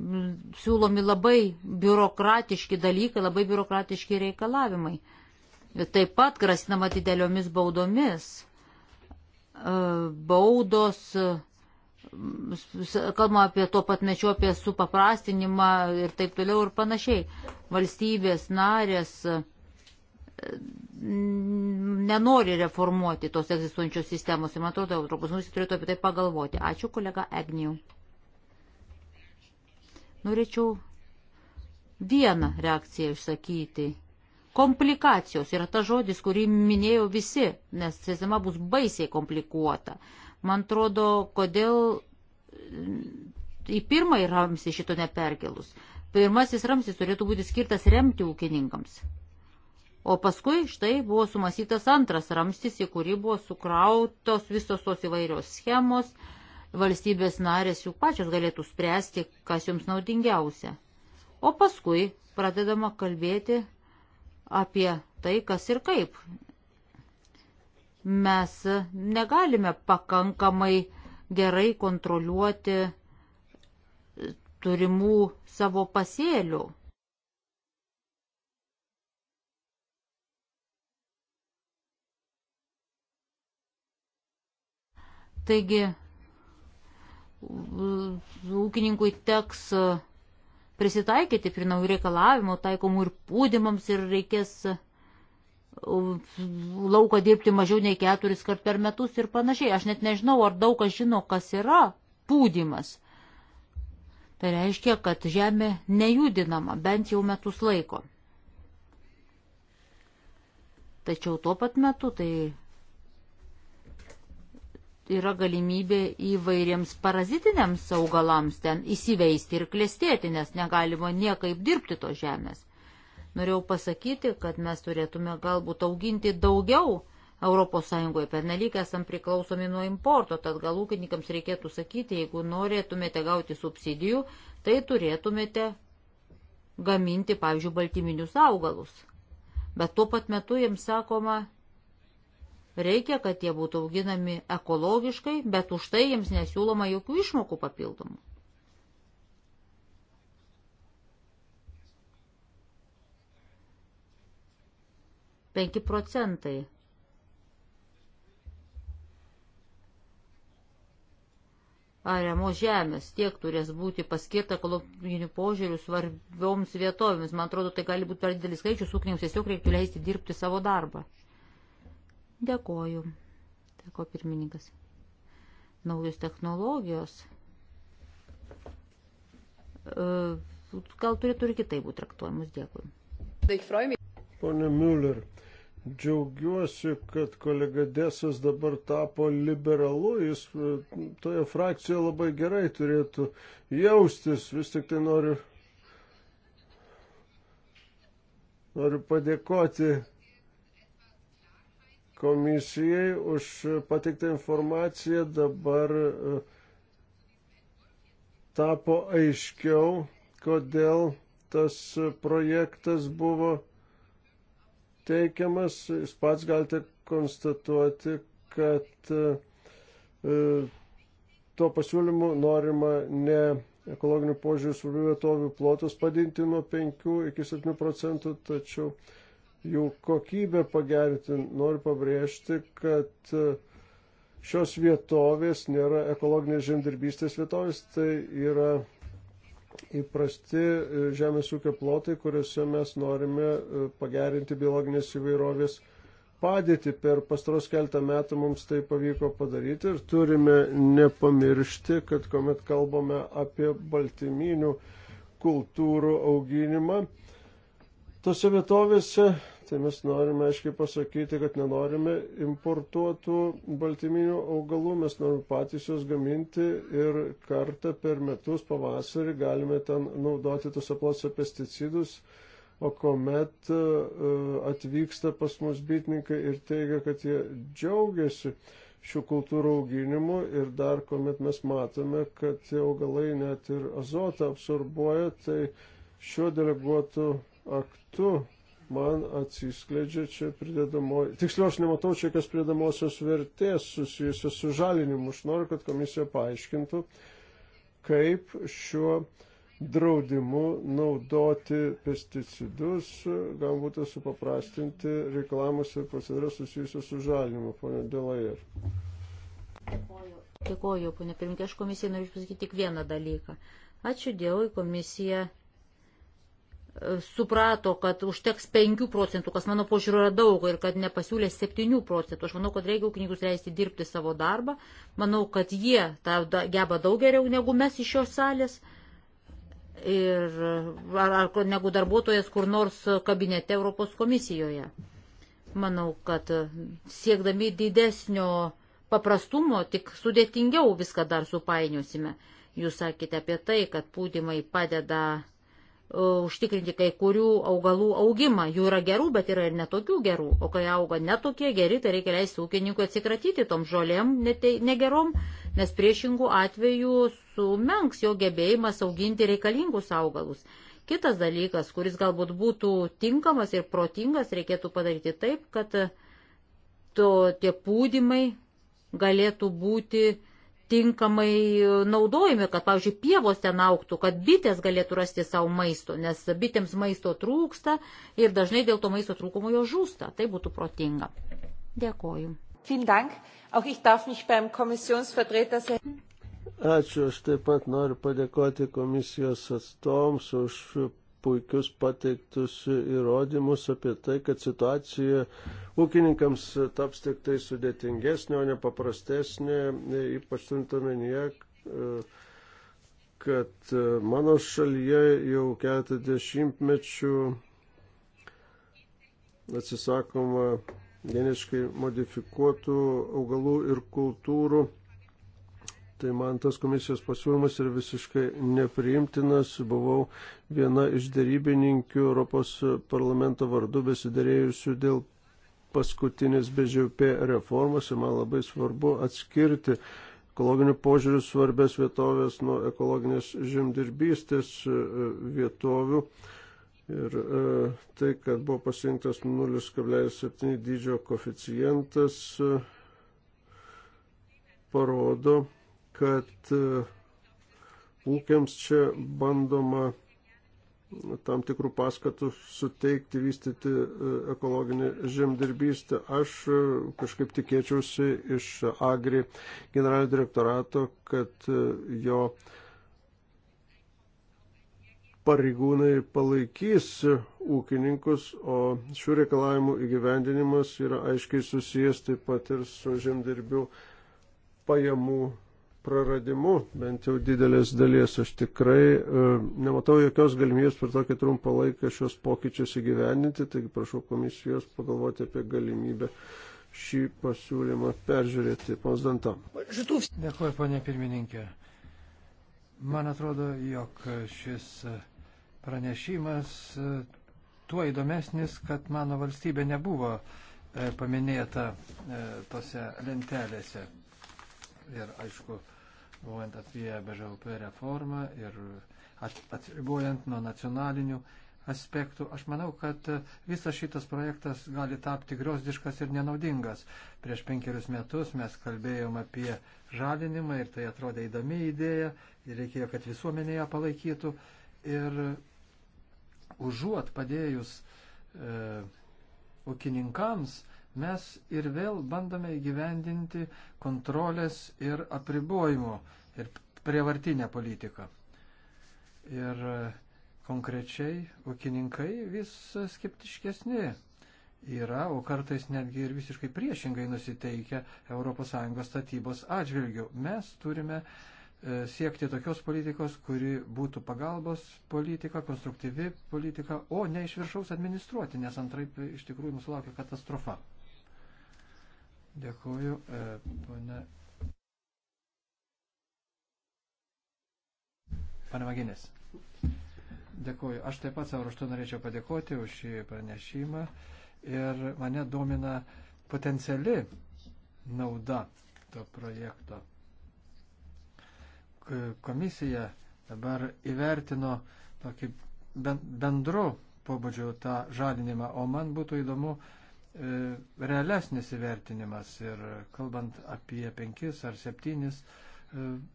siūlomi labai biurokratiški dalykai, labai biurokratiški reikalavimai. Taip pat grasinama dideliomis baudomis. E, baudos, e, kalbama apie to pat mečio, apie supaprastinimą ir taip toliau ir panašiai. Valstybės narės e, nenori reformuoti tos egzistuojančios sistemos ir man atrodo, Europos komisija turėtų apie tai pagalvoti. Ačiū kolega Egniu. Norėčiau vieną reakciją išsakyti. Komplikacijos yra ta žodis, kurį minėjo visi, nes sistema bus baisiai komplikuota. Man atrodo, kodėl mm, į pirmąjį ramsį šito neperkelus. Pirmasis ramsis turėtų būti skirtas remti ūkininkams. O paskui štai buvo sumasytas antras ramstis, į kurį buvo sukrautos visos tos įvairios schemos, uh, valstybės narės juk pačios galėtų spręsti, kas jums naudingiausia. O paskui pradedama kalbėti apie tai, kas ir kaip. Mes negalime pakankamai gerai kontroliuoti turimų savo pasėlių. Taigi, ūkininkui teks e, prisitaikyti prie naujų reikalavimų, taikomų ir pūdimams ir reikės e, lauko dirbti mažiau nei keturis kart per metus ir panašiai. Aš net nežinau, ar daug kas žino, kas yra pūdimas. Tai reiškia, kad žemė nejudinama bent jau metus laiko. Tačiau tuo pat metu tai yra galimybė įvairiems parazitiniams augalams ten įsiveisti ir klestėti, nes negalima niekaip dirbti to žemės. Norėjau pasakyti, kad mes turėtume galbūt auginti daugiau ES, pernelyg esam priklausomi nuo importo, tad gal ūkininkams reikėtų sakyti, jeigu norėtumėte gauti subsidijų, tai turėtumėte gaminti, pavyzdžiui, baltyminius augalus. Bet tuo pat metu jiems sakoma, Reikia, kad jie būtų auginami ekologiškai, bet už tai jiems nesiūloma jokių išmokų papildomų. Penki procentai ariamos žemės, tiek turės būti paskirta ekologinių požiūrių svarbioms vietovėms. Man atrodo, tai gali būti per didelis skaičius, ūkininkams tiesiog reiktų leisti dirbti savo darbą. Dėkoju, teko pirmininkas. Naujos technologijos. E, gal turėtų ir kitai būti traktuojamus. Dėkui. Pone Müller, džiaugiuosi, kad kolega Desas dabar tapo liberalu. Jis e, toje frakcijoje labai gerai turėtų jaustis. Vis tik tai noriu, noriu padėkoti komisijai už pateiktą informaciją dabar e, tapo aiškiau, kodėl tas projektas buvo teikiamas. Jūs pats galite konstatuoti, kad e, tuo pasiūlymu norima ne ekologinių požiūrių svarbių vietovių plotus padinti nuo 5 iki 7 procentų, tačiau jų kokybę pagerinti. Noriu pabrėžti, kad e, šios vietovės nėra ekologinės žemdirbystės vietovės, tai yra įprasti e, žemės ūkio plotai, kuriuose mes norime e, pagerinti biologinės įvairovės padėtį. Per pastaros keltą metų mums tai pavyko padaryti ir turime nepamiršti, kad kuomet kalbame apie baltyminių kultūrų auginimą, tose vietovėse, tai mes norime aiškiai pasakyti, kad nenorime importuotų baltyminių augalų, mes norime patys juos gaminti ir kartą per metus pavasarį galime ten naudoti tuose plose pesticidus. O kuomet e, atvyksta pas mus bitininkai ir teigia, kad jie džiaugiasi šių kultūrų auginimu ir dar kuomet mes matome, kad tie augalai net ir azotą absorbuoja, tai šiuo deleguotų aktu man atsiskleidžia čia pridedamoji, tiksliau aš nematau čia jokios pridedamosios vertės susijusios su žalinimu. Aš noriu, kad komisija paaiškintų, kaip šiuo draudimu naudoti pesticidus, galbūt supaprastinti reklamus ir procedūras susijusios su žalinimu, ponė Delajer. Dėkuoju. Dėkuoju, ponė pirmininkė, aš komisijai noriu pasakyti tik vieną dalyką. Ačiū Dievui, komisija suprato, kad užteks 5 procentų, kas mano požiūriu yra daug ir kad nepasiūlė 7 procentų. Aš manau, kad reikia ūkininkus leisti dirbti savo darbą. Manau, kad jie tą geba daug geriau negu mes iš šios salės. Ir, ar, ar negu darbuotojas kur nors kabinete Europos komisijoje. Manau, kad siekdami didesnio paprastumo tik sudėtingiau viską dar supainiosime. Jūs sakėte apie tai, kad pūdymai padeda uh, E, užtikrinti kai kurių augalų augimą. Jų yra gerų, bet yra ir netokių gerų. O kai auga netokie geri, tai reikia leisti ūkininkui atsikratyti tom žolėm negerom, nes priešingų atveju sumenks jo gebėjimas auginti reikalingus augalus. Kitas dalykas, kuris galbūt būtų tinkamas ir protingas, reikėtų padaryti taip, kad to, tie pūdymai galėtų būti tinkamai e, naudojami, kad, pavyzdžiui, pievos ten auktų, kad bitės galėtų rasti savo maisto, nes bitėms maisto trūksta ir dažnai dėl to maisto trūkumo jo žūsta. Tai būtų protinga. Dėkoju. Ačiū, aš taip pat noriu padėkoti komisijos atstovams už puikius pateiktus įrodymus apie tai, kad situacija ūkininkams taps tik tai sudėtingesnė, o ne paprastesnė, ypač turintomenyje, kad e, mano šalyje jau keletą dešimtmečių atsisakoma geniškai modifikuotų augalų ir kultūrų Tai man tas komisijos pasiūlymas yra visiškai nepriimtinas. Buvau viena iš dėrybininkių Europos parlamento vardu besidarėjusių dėl paskutinės BŽP reformos ir man labai svarbu atskirti ekologinių požiūrių svarbės vietovės nuo ekologinės žemdirbystės e, vietovių. Ir e, tai, kad buvo pasirinktas 0,7 dydžio koficijantas, e, parodo, kad e, ūkiams čia bandoma tam tikrų paskatų suteikti, vystyti e, ekologinį žemdirbystę. Aš e, kažkaip tikėčiausi iš Agri generalinio direktorato, kad jo pareigūnai palaikys ūkininkus, o šių reikalavimų įgyvendinimas yra aiškiai susijęs taip pat ir su žemdirbių pajamų praradimu, bent jau didelės dalies. Aš tikrai e, nematau jokios galimybės per tokį trumpą laiką šios pokyčius įgyvendinti, taigi prašau komisijos pagalvoti apie galimybę šį pasiūlymą peržiūrėti. Pons Dantam. Dėkuoju, ponė pirmininkė. Man atrodo, jog šis pranešimas e, tuo įdomesnis, kad mano valstybė nebuvo e, paminėta tose lentelėse. Ir aišku, galvojant apie BŽUP reformą ir atsiribojant nuo nacionalinių aspektų. Aš manau, kad visas šitas projektas gali tapti griozdiškas ir nenaudingas. Prieš penkerius metus mes kalbėjom apie žalinimą ir tai atrodė įdomi idėja ir reikėjo, kad visuomenė ją palaikytų. Ir užuot padėjus e, ūkininkams, e, mes ir vėl bandome įgyvendinti kontrolės ir apribojimo ir prievartinę politiką. Ir konkrečiai ūkininkai vis skeptiškesni yra, o kartais netgi ir visiškai priešingai nusiteikę ES statybos atžvilgių. Mes turime e, siekti tokios politikos, kuri būtų pagalbos politika, konstruktyvi politika, o ne iš viršaus administruoti, nes antraip iš tikrųjų mūsų laukia katastrofa. Dėkuoju, e, ponė. Pane Maginės. Dėkuoju. Aš taip pat savo ruštu norėčiau padėkoti už šį pranešimą ir mane domina potenciali nauda to projekto. Komisija dabar įvertino tokį bendru pobūdžio tą žalinimą, o man būtų įdomu uh, E, realesnis įvertinimas ir kalbant apie 5 ar 7 e,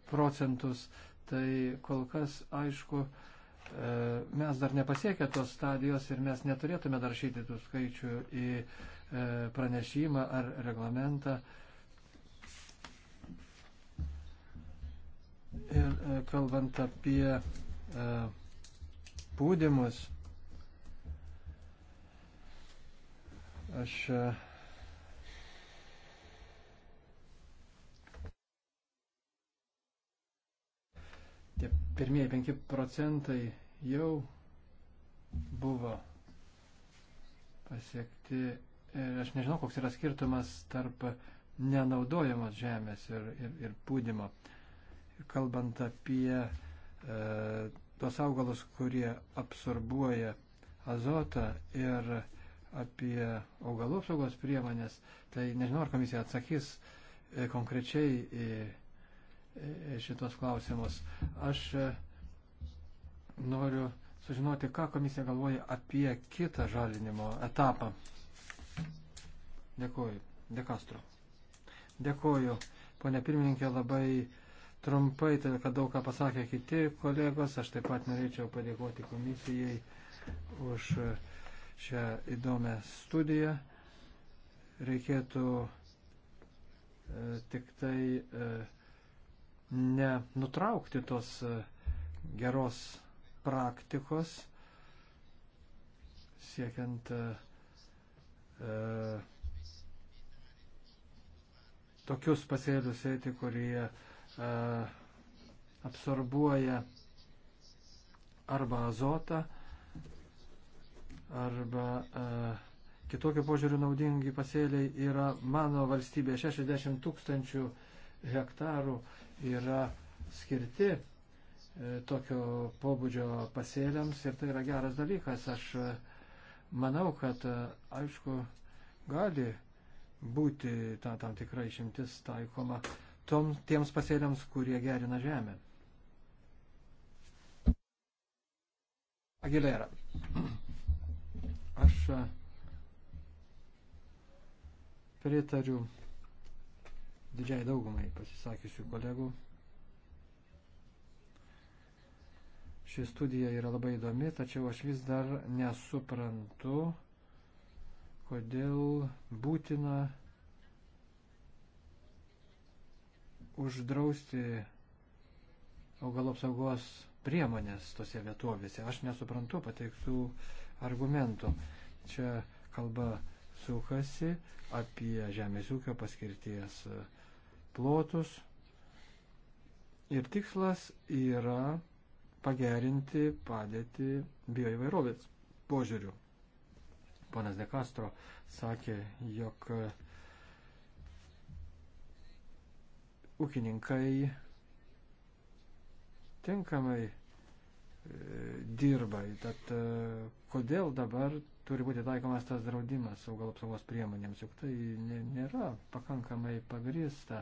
procentus, tai kol kas aišku, e, mes dar nepasiekę tos stadijos ir mes neturėtume dar šyti tų skaičių į pranešimą ar reglamentą. Ir kalbant apie pūdimus, Aš e, tie pirmieji 5 procentai jau buvo pasiekti ir aš nežinau, koks yra skirtumas tarp nenaudojamos žemės ir, ir, ir pūdymo. Kalbant apie e, tos augalus, kurie absorbuoja azotą ir apie augalų apsaugos priemonės, tai nežinau, ar komisija atsakys e, konkrečiai į, į šitos klausimus. Aš e, noriu sužinoti, ką komisija galvoja apie kitą žalinimo etapą. Dėkuoju. Dekastro. Dėkuoju. Pone pirmininkė, labai trumpai, tai kad daug ką pasakė kiti kolegos, aš taip pat norėčiau padėkoti komisijai už. Uh, šią įdomią studiją. Reikėtų e, tik tai e, nenutraukti tos e, geros praktikos, siekiant e, e tokius pasėlius eiti, kurie e, absorbuoja arba azotą, arba e, kitokio požiūrių naudingi pasėliai yra mano valstybė 60 tūkstančių hektarų yra skirti e, tokio pobūdžio pasėliams ir tai yra geras dalykas. Aš e, manau, kad e, aišku gali būti ta, tam tikra išimtis taikoma tom, tiems pasėliams, kurie gerina žemę. Aguilera. Aš e, pritariu didžiai daugumai pasisakysiu kolegų. Ši studija yra labai įdomi, tačiau aš vis dar nesuprantu, kodėl būtina uždrausti augalų apsaugos priemonės tose vietovėse. Aš nesuprantu, pateiksiu uh, argumentų. Čia kalba sukasi apie žemės ūkio paskirties e, plotus. Ir tikslas yra pagerinti padėtį bioįvairovės požiūrių. Ponas De Castro sakė, jog e, ūkininkai tinkamai e, dirba, tad kodėl dabar turi būti taikomas tas draudimas augalų apsaugos priemonėms, juk tai nėra pakankamai pagrįsta,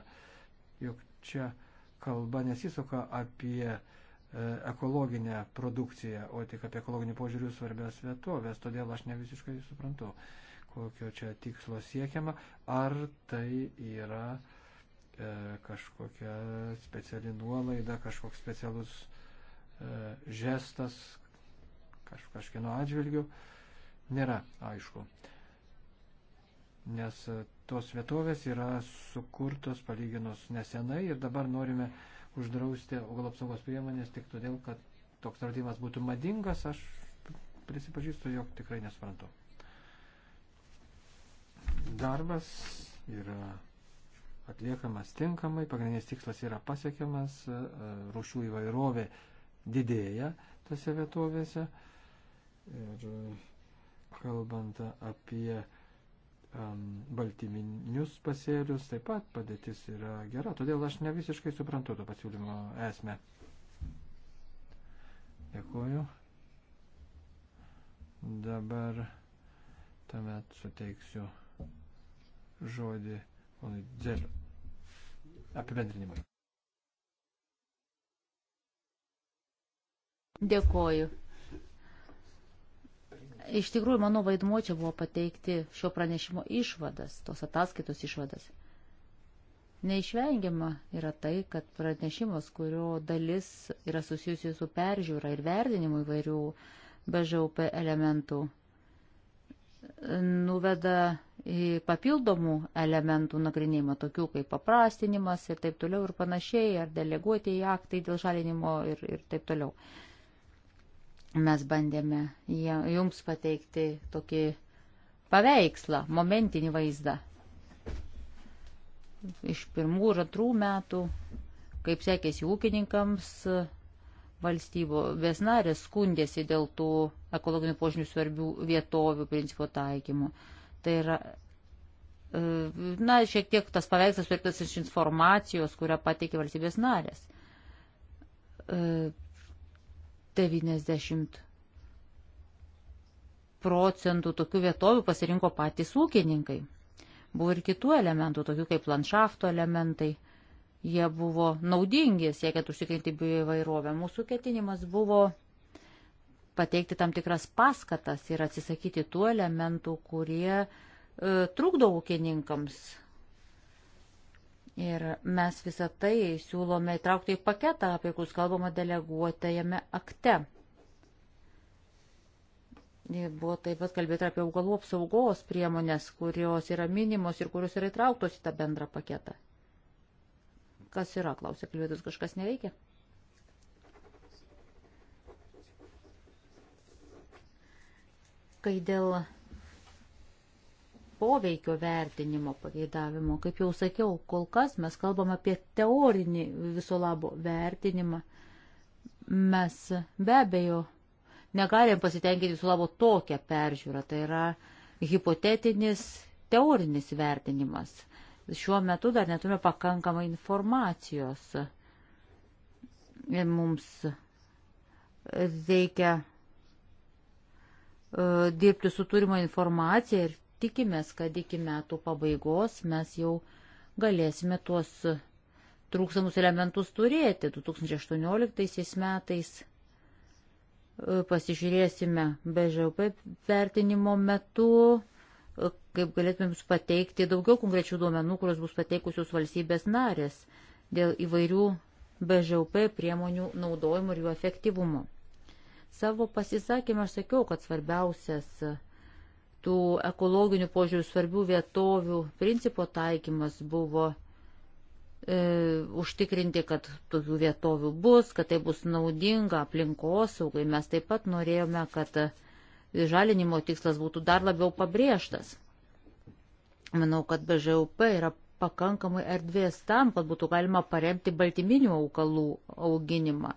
juk čia kalba nesisuka apie e, ekologinę produkciją, o tik apie ekologinį požiūrių svarbias vietovės, todėl aš ne visiškai suprantu, kokio čia tikslo siekiama, ar tai yra e, kažkokia speciali nuolaida, kažkoks specialus e, žestas, kaž, kažkieno atžvilgių, nėra aišku. Nes e, tos vietovės yra sukurtos palyginus nesenai ir dabar norime uždrausti augalų apsaugos priemonės tik todėl, kad toks radimas būtų madingas, aš prisipažįstu, jog tikrai nesuprantu. Darbas yra atliekamas tinkamai, pagrindinis tikslas yra pasiekiamas, e, e, rūšių įvairovė didėja tose vietovėse. Ir e, kalbant apie um, baltyminius pasėlius, taip pat padėtis yra gera. Todėl aš ne visiškai suprantu to pasiūlymo esmę. Dėkuoju. Dabar tuomet suteiksiu žodį ponui Dzeliu apibendrinimui. Dėkoju. Iš tikrųjų, mano vaidmuo čia buvo pateikti šio pranešimo išvadas, tos ataskaitos išvadas. Neišvengiama yra tai, kad pranešimas, kurio dalis yra susijusi su peržiūra ir vertinimu įvairių BŽUP elementų, nuveda į papildomų elementų nagrinėjimą, tokių kaip paprastinimas ir taip toliau ir panašiai, ar deleguoti į aktai dėl žalinimo ir, ir taip toliau. Mes bandėme jums pateikti tokį paveikslą, momentinį vaizdą. Iš pirmų ir antrų metų, kaip sekėsi ūkininkams, valstybės narės skundėsi dėl tų ekologinių požinių svarbių vietovių principo taikymų. Tai yra, e, na, šiek tiek tas paveikslas pirktas iš informacijos, kurią pateikė valstybės narės. E, 90 procentų tokių vietovių pasirinko patys ūkininkai. Buvo ir kitų elementų, tokių kaip landšafto elementai. Jie buvo naudingi, siekiant užtikrinti bioįvairovę. Mūsų ketinimas buvo pateikti tam tikras paskatas ir atsisakyti tų elementų, kurie e, trukdo ūkininkams Ir mes visą tai siūlome įtraukti į paketą, apie kurį kalbama deleguotajame akte. Buvo taip pat kalbėta apie augalų apsaugos priemonės, kurios yra minimos ir kurios yra įtrauktos į tą bendrą paketą. Kas yra, klausė kalbėtas, kažkas neveikia? Kai dėl poveikio vertinimo pageidavimo. Kaip jau sakiau, kol kas mes kalbam apie teorinį viso labo vertinimą. Mes be abejo negalim pasitenkinti viso labo tokią peržiūrą. Tai yra hipotetinis teorinis vertinimas. Šiuo metu dar neturime pakankamai informacijos. Ir mums reikia e, dirbti su turimo informacija ir Tikimės, kad iki metų pabaigos mes jau galėsime tuos trūksamus elementus turėti. 2018 metais e, pasižiūrėsime BŽP vertinimo metu, e, kaip galėtume jums pateikti daugiau konkrečių duomenų, kurios bus pateikusios valstybės narės dėl įvairių BŽP priemonių naudojimo ir jų efektyvumo. Savo pasisakymą aš sakiau, kad svarbiausias tų ekologinių požiūrių svarbių vietovių principo taikymas buvo e, užtikrinti, kad tokių vietovių bus, kad tai bus naudinga aplinkosaugai. Mes taip pat norėjome, kad žalinimo tikslas būtų dar labiau pabrėžtas. Manau, kad BŽUP yra pakankamai erdvės tam, kad būtų galima paremti baltyminių aukalų auginimą.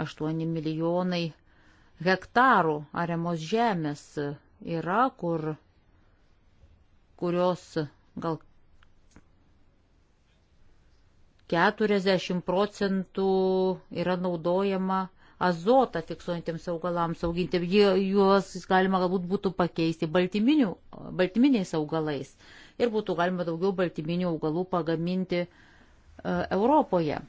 8 milijonai hektarų ariamos žemės yra, kur, kurios gal 40 procentų yra naudojama azotą fiksuojantiems augalams auginti. Juos galima galbūt būtų pakeisti baltyminiais augalais ir būtų galima daugiau baltyminių augalų pagaminti e, Europoje.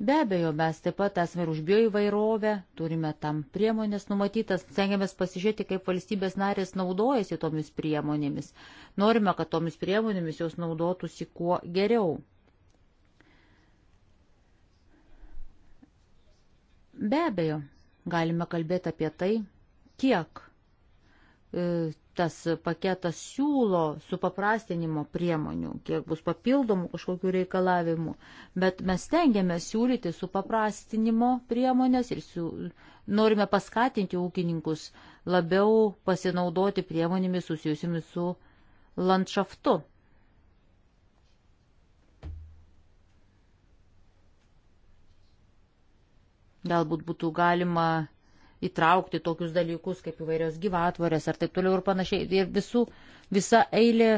Be abejo, mes taip pat esame ir už bioįvairovę, turime tam priemonės numatytas, stengiamės pasižiūrėti, kaip valstybės narės naudojasi tomis priemonėmis. Norime, kad tomis priemonėmis jos naudotųsi kuo geriau. Be abejo, galime kalbėti apie tai, kiek e, tas paketas siūlo supaprastinimo priemonių, kiek bus papildomų kažkokių reikalavimų, bet mes tengiamės siūlyti supaprastinimo priemonės ir siū... norime paskatinti ūkininkus labiau pasinaudoti priemonėmis susijusiamis su landšaftu. Galbūt būtų galima įtraukti tokius dalykus kaip įvairios gyvatvorės ar taip toliau ir panašiai. Ir visų, visa eilė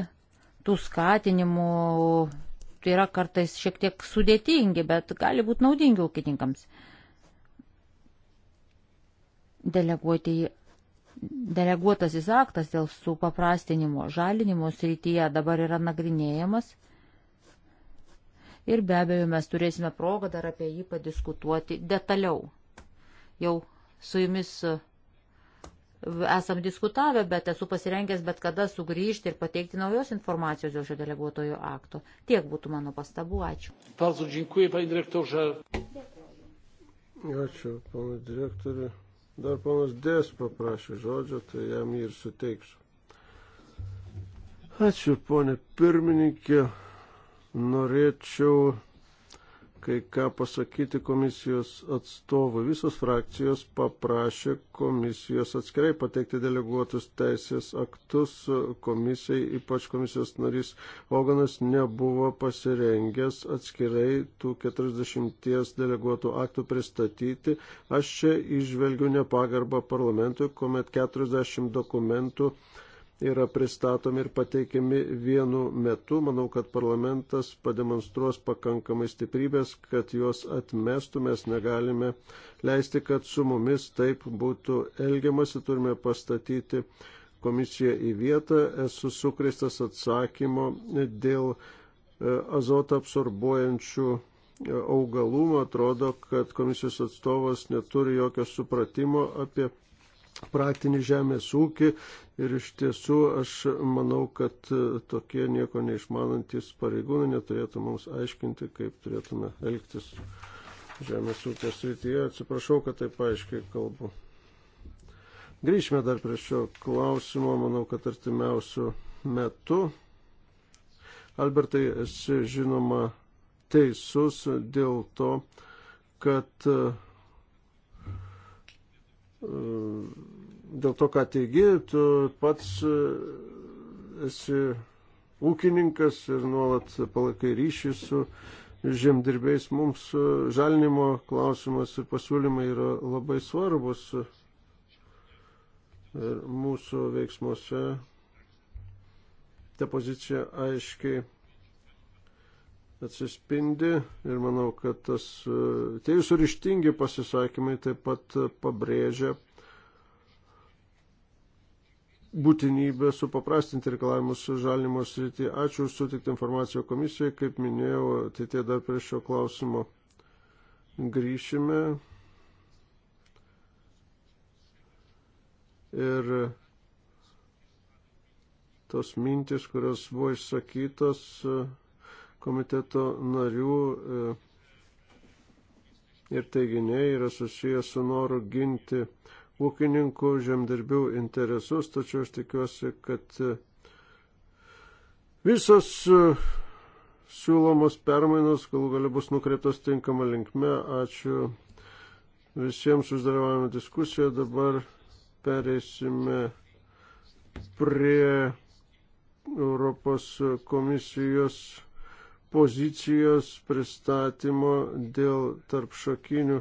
tų skatinimų tai yra kartais šiek tiek sudėtingi, bet gali būti naudingi ūkininkams. Deleguoti į deleguotasis aktas dėl supaprastinimo žalinimo srityje dabar yra nagrinėjamas. Ir be abejo mes turėsime progą dar apie jį padiskutuoti detaliau. Jau su jumis e, esam diskutavę, bet esu pasirengęs bet kada sugrįžti ir pateikti naujos informacijos dėl šio deleguotojo akto. Tiek būtų mano pastabų. Ačiū. Bardzo dziękuję, panie direktorze. Ačiū, pana direktorė. Dar panas Dės paprašė žodžio, tai jam jį ir suteiksiu. Ačiū, ponė pirmininkė. Norėčiau kai ką pasakyti komisijos atstovų. Visos frakcijos paprašė komisijos atskirai pateikti deleguotus teisės aktus komisijai, ypač komisijos narys Oganas nebuvo pasirengęs atskirai tų 40 deleguotų aktų pristatyti. Aš čia išvelgiu nepagarbą parlamentui, kuomet 40 dokumentų yra pristatomi ir pateikiami vienu metu. Manau, kad parlamentas pademonstruos pakankamai stiprybės, kad juos atmestų. Mes negalime leisti, kad su mumis taip būtų elgiamasi. Turime pastatyti komisiją į vietą. Esu sukristas atsakymo dėl e, azotą absorbuojančių e, augalų. Man atrodo, kad komisijos atstovas neturi jokio supratimo apie praktinį žemės ūkį ir iš tiesų aš manau, kad e, tokie nieko neišmanantis pareigūnai neturėtų mums aiškinti, kaip turėtume elgtis žemės ūkio srityje. Atsiprašau, kad taip aiškiai kalbu. Grįžime dar prie šio klausimo, manau, kad artimiausių metų. Albertai, esi žinoma teisus dėl to, kad uh, Ehm, dėl to, ką teigi, tu pats e, esi ūkininkas ir nuolat palaikai ryšį su žemdirbiais. Mums e, žalinimo klausimas ir pasiūlymai yra labai svarbus ir e, mūsų veiksmuose ta pozicija aiškiai atsispindi ir manau, kad tas e, tie jūsų ryštingi pasisakymai taip pat pabrėžia būtinybę supaprastinti reikalavimus žalinimo srity. Ačiū už sutiktą informaciją komisijai. Kaip minėjau, tai tie dar prie šio klausimo grįšime. Ir tos mintis, kurios buvo išsakytos, komiteto narių e, ir teiginiai yra susijęs su noru ginti ūkininkų žemdirbių interesus, tačiau aš tikiuosi, kad e, visos e, siūlomos permainos galų gali bus nukreiptos tinkama linkme. Ačiū visiems už dalyvavimą diskusiją. Dabar pereisime prie Europos komisijos pozicijos pristatymo dėl tarpšakinių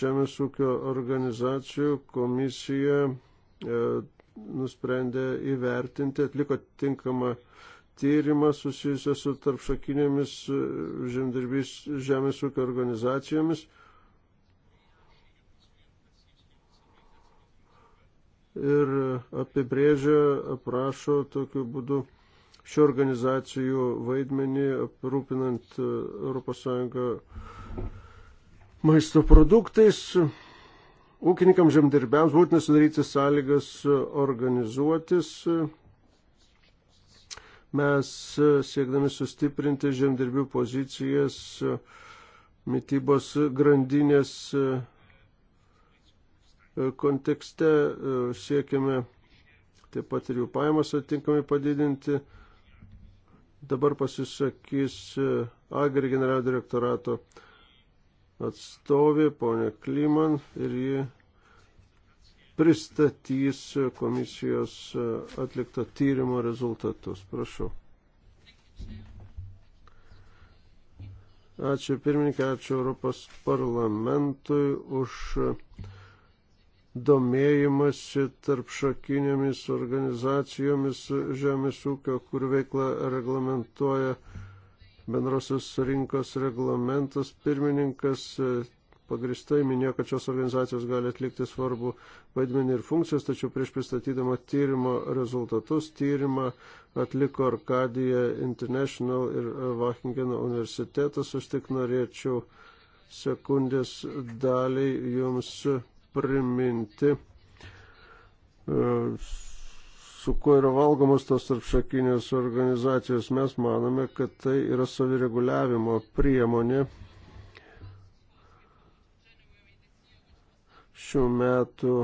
žemės ūkio organizacijų komisija e, nusprendė įvertinti, atliko tinkamą tyrimą susijusią su tarpšakinėmis e, žemdirbys žemės ūkio organizacijomis. Ir apibrėžia, aprašo tokiu būdu šių organizacijų vaidmenį, aprūpinant ES maisto produktais. Ūkininkams žemdirbiams būtina sudaryti sąlygas e, organizuotis. Mes e, siekdami sustiprinti žemdirbių pozicijas e, mytybos grandinės kontekste siekiame taip pat ir jų pajamas atitinkamai padidinti. Dabar pasisakys e, Agri generalinio direktorato atstovė, ponė Kliman, ir ji pristatys komisijos e, atlikto tyrimo rezultatus. Prašau. Ačiū pirmininkė, ačiū Europos parlamentui už domėjimasi tarp šakinėmis organizacijomis žemės ūkio, kur veikla reglamentuoja bendrosios rinkos reglamentas. Pirmininkas e, pagristai minėjo, kad šios organizacijos gali atlikti svarbu vaidmenį ir funkcijas, tačiau prieš pristatydama tyrimo rezultatus tyrimą atliko Arkadija International ir Vachingeno universitetas. Aš tik norėčiau sekundės daliai jums priminti, e, su kuo yra valgomos tos tarpšakinės organizacijos. Mes manome, kad tai yra savireguliavimo priemonė. Šių metų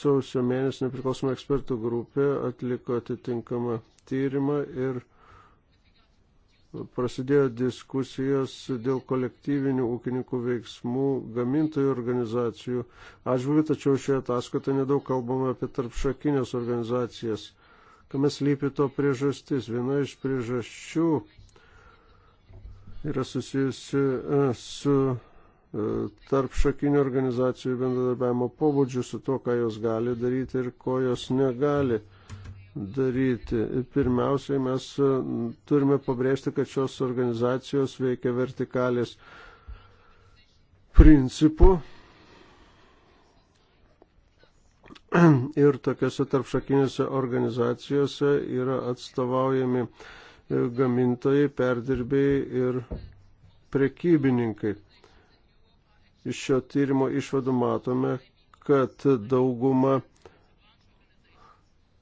sausio mėnesį nepriklausoma ekspertų grupė atliko atitinkamą tyrimą ir prasidėjo diskusijos dėl kolektyvinių ūkininkų veiksmų gamintojų organizacijų atžvilgių, tačiau šioje ataskaitoje nedaug kalbama apie tarpšakinės organizacijas. Kame slypi to priežastis? Viena iš priežasčių yra susijusi e, su e, tarpšakinių organizacijų bendradarbiavimo pobūdžiu, su to, ką jos gali daryti ir ko jos negali daryti. Pirmiausiai mes e, turime pabrėžti, kad šios organizacijos veikia vertikalės principų ir tokiuose tarpšakinėse organizacijose yra atstovaujami e, gamintojai, perdirbėjai ir prekybininkai. Iš šio tyrimo išvadų matome, kad dauguma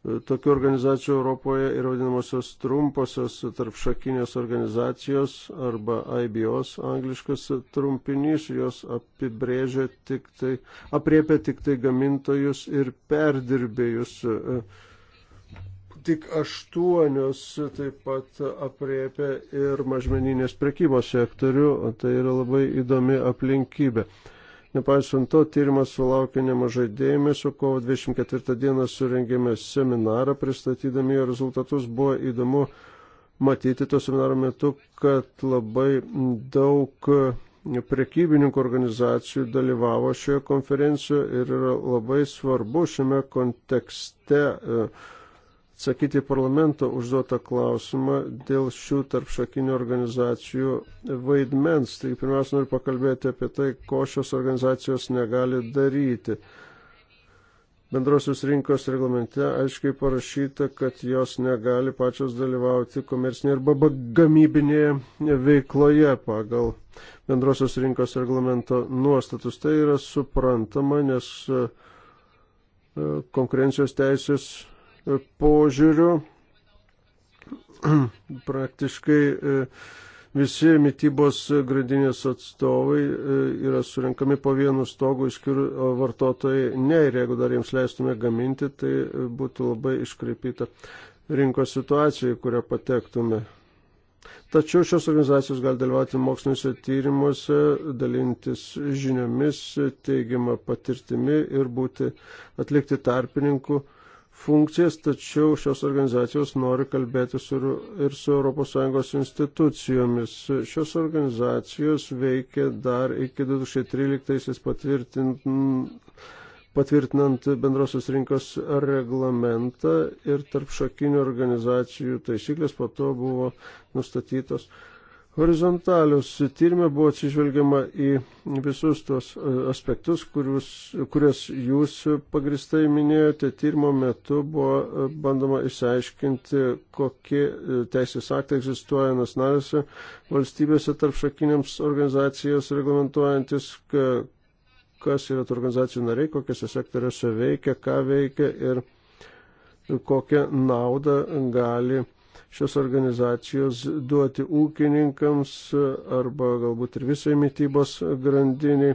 E, tokių organizacijų Europoje ir vadinamosios trumposios tarpšakinės organizacijos arba IBOs angliškas trumpinys, jos apibrėžia tik tai, apriepia tik tai gamintojus ir perdirbėjus. E, tik aštuonios taip pat apriepia ir mažmeninės prekybos sektorių, tai yra labai įdomi aplinkybė. Nepaisant to, tyrimas sulaukė nemažai dėmesio. Kovo 24 dieną surengėme seminarą, pristatydami jo rezultatus. Buvo įdomu matyti to seminaro metu, kad labai daug prekybininkų organizacijų dalyvavo šioje konferencijoje ir yra labai svarbu šiame kontekste. E, atsakyti parlamento užduotą klausimą dėl šių tarpšakinių organizacijų vaidmens. Tai pirmiausia, noriu pakalbėti apie tai, ko šios organizacijos negali daryti. Bendrosios rinkos reglamente aiškiai parašyta, kad jos negali pačios dalyvauti komercinėje arba gamybinėje veikloje pagal bendrosios rinkos reglamento nuostatus. Tai yra suprantama, nes e, konkurencijos teisės požiūriu praktiškai e, visi mytybos gradinės atstovai e, yra surinkami po vienu stogu, išskiriu vartotojai ne, ir jeigu dar jiems leistume gaminti, tai būtų labai iškreipyta rinkos situacija, į kurią patektume. Tačiau šios organizacijos gali dalyvauti moksliniuose tyrimuose, dalintis žiniomis, teigiamą patirtimi ir būti atlikti tarpininkų funkcijas, tačiau šios organizacijos nori kalbėti su, ir su ES institucijomis. Šios organizacijos veikia dar iki 2013 patvirtint, patvirtinant bendrosios rinkos reglamentą ir tarp šakinių organizacijų taisyklės po to buvo nustatytos horizontalios. Tyrime buvo atsižvelgiama į visus tuos e, aspektus, kurius, kurias jūs pagristai minėjote. Tyrimo metu buvo e, bandoma išsiaiškinti, kokie e, teisės aktai egzistuoja nacionalinėse valstybėse tarp šakiniams organizacijos reglamentuojantis, kas yra tų organizacijų nariai, kokiuose sektoriuose veikia, ką veikia ir kokią naudą gali šios organizacijos duoti ūkininkams arba galbūt ir visai mytybos grandiniai.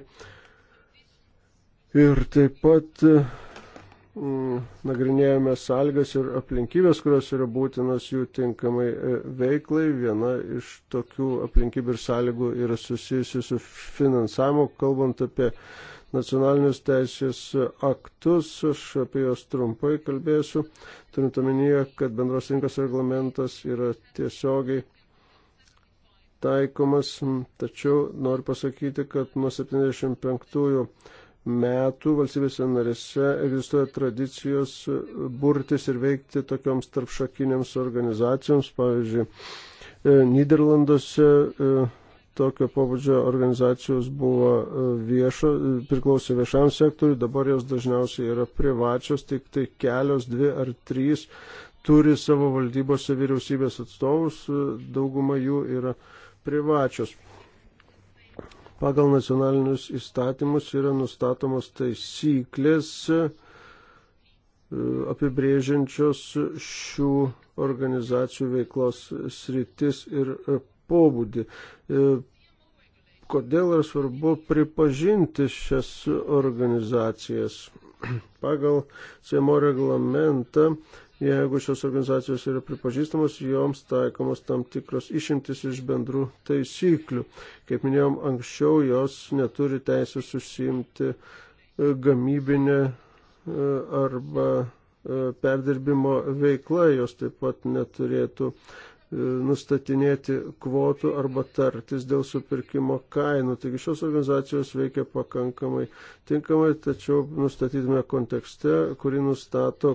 Ir taip pat mm, nagrinėjome sąlygas ir aplinkybės, kurios yra būtinas jų tinkamai e, veiklai. Viena iš tokių aplinkybių ir sąlygų yra susijusi su finansavimu, kalbant apie nacionalinius teisės aktus, aš apie juos trumpai kalbėsiu, turint omenyje, kad bendros rinkos reglamentas yra tiesiogiai taikomas, tačiau noriu pasakyti, kad nuo 75 metų valstybėse narėse egzistuoja tradicijos burtis ir veikti tokioms tarpšakiniams organizacijoms. Pavyzdžiui, Niderlanduose tokio pobūdžio organizacijos buvo e, viešo, e, priklausė viešam sektoriui, dabar jos dažniausiai yra privačios, tik tai kelios, dvi ar trys turi savo valdybose vyriausybės atstovus, e, dauguma jų yra privačios. Pagal nacionalinius įstatymus yra nustatomos taisyklės apibrėžiančios šių organizacijų veiklos sritis ir pobūdį. E, kodėl yra svarbu pripažinti šias organizacijas? Pagal Seimo reglamentą, jeigu šios organizacijos yra pripažįstamos, joms taikomos tam tikros išimtis iš bendrų taisyklių. Kaip minėjom anksčiau, jos neturi teisės susimti e, gamybinę e, arba perdirbimo veikla, jos taip pat neturėtų nustatinėti kvotų arba tartis dėl supirkimo kainų. Taigi šios organizacijos veikia pakankamai tinkamai, tačiau nustatytume kontekste, kurį nustato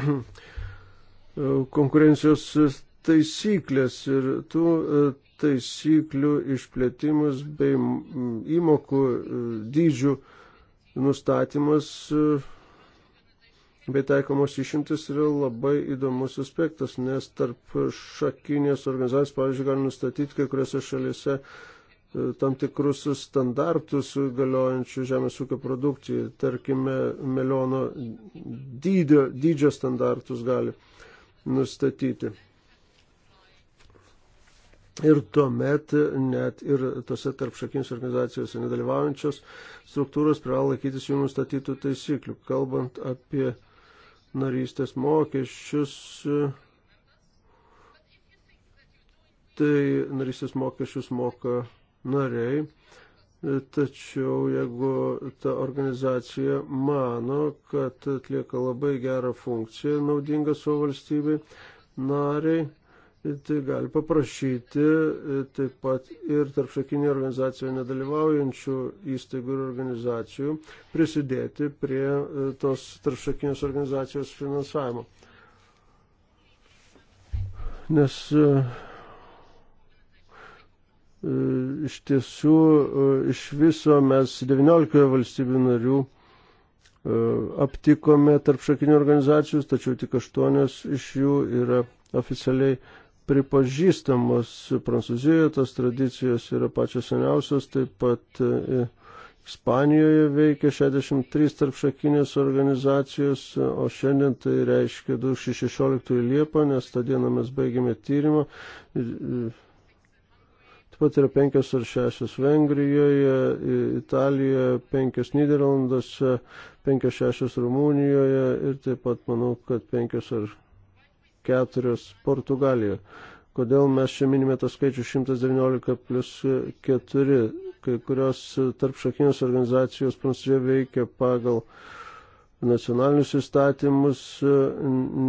konkurencijos taisyklės ir tų e, taisyklių išplėtimas bei įmokų e, dydžių nustatymas e, bei taikomos išimtis yra labai įdomus aspektas, nes tarp šakinės organizacijos, pavyzdžiui, gali nustatyti kai kuriuose šalyse e, tam tikrus standartus galiojančių žemės ūkio produkcijai, tarkime, meliono dydžio, dydžio standartus gali nustatyti. Ir tuomet net ir tose tarpšakinės organizacijose nedalyvaujančios struktūros privalo laikytis jų nustatytų taisyklių. Kalbant apie narystės mokesčius, tai narystės mokesčius moka nariai. Tačiau jeigu ta organizacija mano, kad atlieka labai gerą funkciją, naudingą savo valstybei, nariai, tai gali paprašyti e, taip pat ir tarp šakinių organizacijų nedalyvaujančių įstaigų ir organizacijų prisidėti prie e, tos tarp šakinės organizacijos finansavimo. Nes e, iš tiesų iš viso mes 19 valstybių narių aptikome tarp šakinių organizacijų, tačiau tik aštuonios iš jų yra oficialiai pripažįstamos Prancūzijoje, tos tradicijos yra pačios seniausios, taip pat e, Ispanijoje veikia 63 tarpšakinės organizacijos, o šiandien tai reiškia 2016 Liepą, nes tą dieną mes baigėme tyrimą. E, e, taip pat yra penkios ar šešios Vengrijoje, Italijoje, penkios Niderlanduose, penkios šešios Rumunijoje ir taip pat manau, kad penkios ar keturios Portugalijoje. Kodėl mes čia minime tą skaičių 119 plus 4, kai kurios tarp šakinės organizacijos Prancūzijoje veikia pagal nacionalinius įstatymus,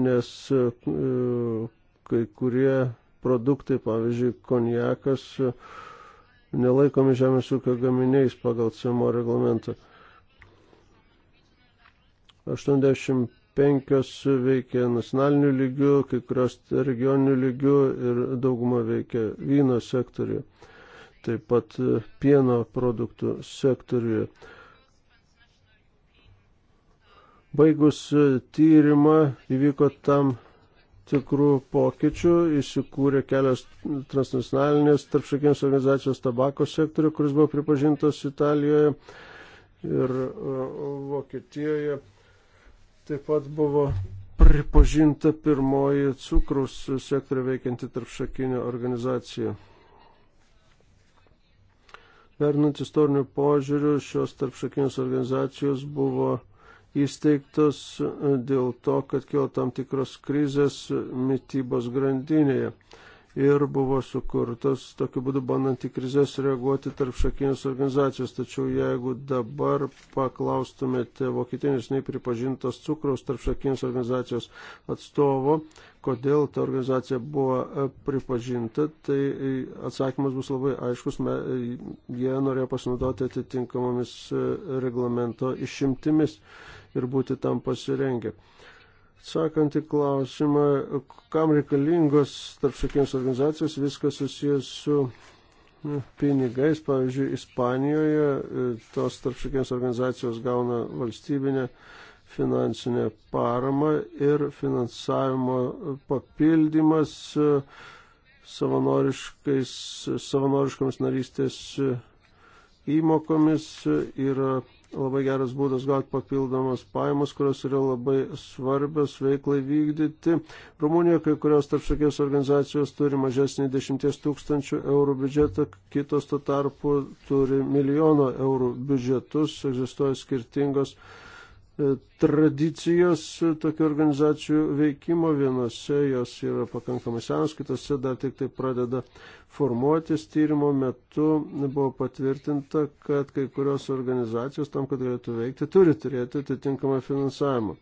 nes e, kai kurie produktai, pavyzdžiui, konjakas, e, nelaikomi žemės ūkio gaminiais pagal CMO reglamentą. 85 penkios veikia nacionaliniu lygiu, kai kurios regioniniu lygiu ir dauguma veikia vyno sektoriuje, taip pat pieno produktų sektoriuje. Baigus tyrimą įvyko tam tikrų pokyčių, įsikūrė kelios transnacionalinės tarpšakinės organizacijos tabako sektorių, kuris buvo pripažintas Italijoje ir e, Vokietijoje Taip pat buvo pripažinta pirmoji cukrus sektorių veikianti tarpšakinė organizacija. Vernant istorinių požiūrių, šios tarpšakinės organizacijos buvo įsteigtos e, dėl to, kad kilo tam tikros krizės mytybos grandinėje ir buvo sukurtas tokiu būdu bandant į krizės reaguoti tarp šakinės organizacijos. Tačiau jeigu dabar paklaustumėte Vokietijos nepripažintos cukraus tarp šakinės organizacijos atstovo, kodėl ta organizacija buvo e, pripažinta, tai e, atsakymas bus labai aiškus. E, jie norėjo pasinaudoti atitinkamomis reglamento išimtimis ir būti tam pasirengę. Sakant į klausimą, kam reikalingos tarpšakinės organizacijos, viskas susijęs su pinigais. Pavyzdžiui, Ispanijoje e, tos tarpšakinės organizacijos gauna valstybinę finansinę paramą ir finansavimo papildymas e, savanoriškomis narystės e, įmokomis yra labai geras būdas gauti papildomas pajamas, kurios yra labai svarbios veiklai vykdyti. Rumunijoje kai kurios tarpšakės organizacijos turi mažesnį 10 tūkstančių eurų biudžetą, kitos tuo tarpu turi milijono eurų biudžetus, egzistuoja skirtingos tradicijos tokių organizacijų veikimo. Vienose jos yra pakankamai senos, kitose dar tik tai pradeda formuotis. Tyrimo metu buvo patvirtinta, kad kai kurios organizacijos tam, kad galėtų veikti, turi turėti atitinkamą finansavimą.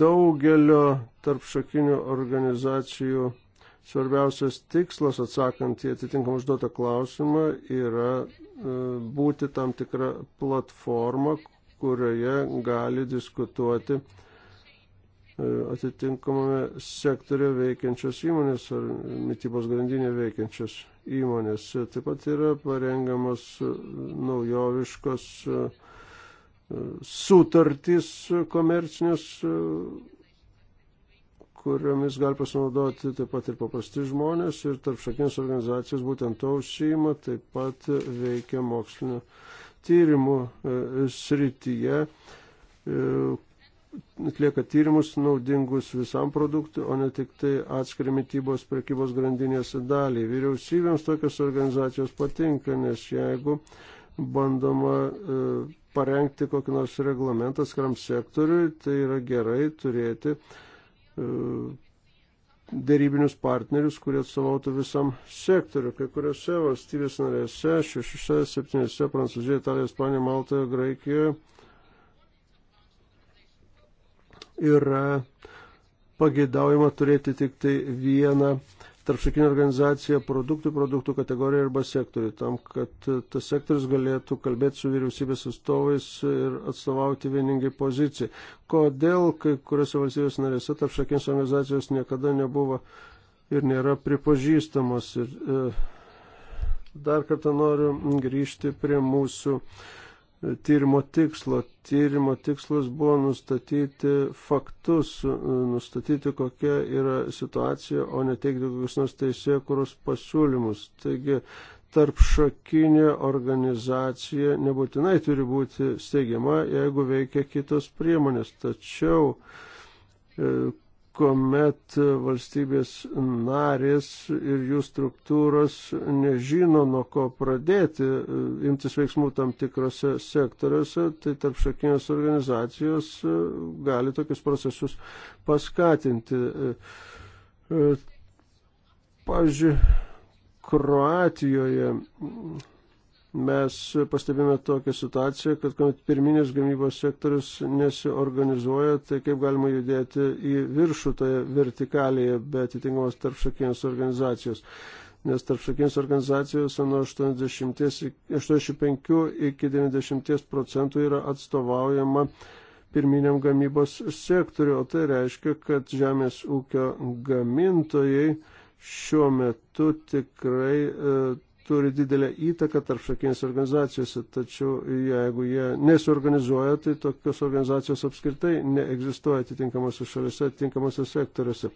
Daugelio tarpšakinių organizacijų Svarbiausias tikslas, atsakant į atitinkamą užduotą klausimą, yra e, būti tam tikra platforma, kurioje gali diskutuoti e, atitinkamame sektorė veikiančios įmonės ar mytybos grandinė veikiančios įmonės. Taip pat yra parengiamas naujoviškos e, sutartys komercinės kuriomis gali pasinaudoti taip pat ir paprasti žmonės ir tarp šakinės organizacijos būtent to užsijima, taip pat veikia mokslinio tyrimų e, srityje, e, atlieka tyrimus naudingus visam produktui, o ne tik tai atskiri mytybos prekybos grandinės dalį. Vyriausybėms tokios organizacijos patinka, nes jeigu bandoma e, parengti kokį nors reglamentą skram sektoriui, tai yra gerai turėti uh, E, dėrybinius partnerius, kurie atstovautų visam sektoriu. Kai kuriuose valstybės narėse, šešiuose, septyniuose, Prancūzijoje, Italijoje, Ispanijoje, Maltoje, Graikijoje yra pageidaujama turėti tik tai vieną tarpšakinė organizacija produktų, produktų kategorijai arba sektoriui, tam, kad e, tas sektorius galėtų kalbėti su vyriausybės atstovais ir atstovauti vieningai poziciją. Kodėl kai kuriuose valstybės narėse tarpšakinės organizacijos niekada nebuvo ir nėra pripažįstamos. Ir, e, dar kartą noriu grįžti prie mūsų tyrimo tikslo. Tyrimo tikslas buvo nustatyti faktus, nustatyti kokia yra situacija, o ne teikti kokius nors teisėkurus pasiūlymus. Taigi tarp šakinė organizacija nebūtinai turi būti steigiama, jeigu veikia kitos priemonės. Tačiau e, kuomet valstybės narės ir jų struktūros nežino, nuo ko pradėti e, imtis veiksmų tam tikrose sektoriuose, tai tarp šakinės organizacijos e, gali tokius procesus paskatinti. E, pavyzdžiui, Kroatijoje mes pastebime tokią situaciją, kad kuomet pirminis gamybos sektorius nesiorganizuoja, tai kaip galima judėti į viršų toje vertikalėje be atitinkamos tarpšakinės organizacijos. Nes tarpšakinės organizacijos nuo 80, 85 iki 90 procentų yra atstovaujama pirminiam gamybos sektoriu, o tai reiškia, kad žemės ūkio gamintojai šiuo metu tikrai e, turi didelę įtaką tarp šakinės organizacijose, tačiau jeigu jie nesuorganizuoja, tai tokios organizacijos apskritai neegzistuoja atitinkamosios šalise, atitinkamosios sektoriuose.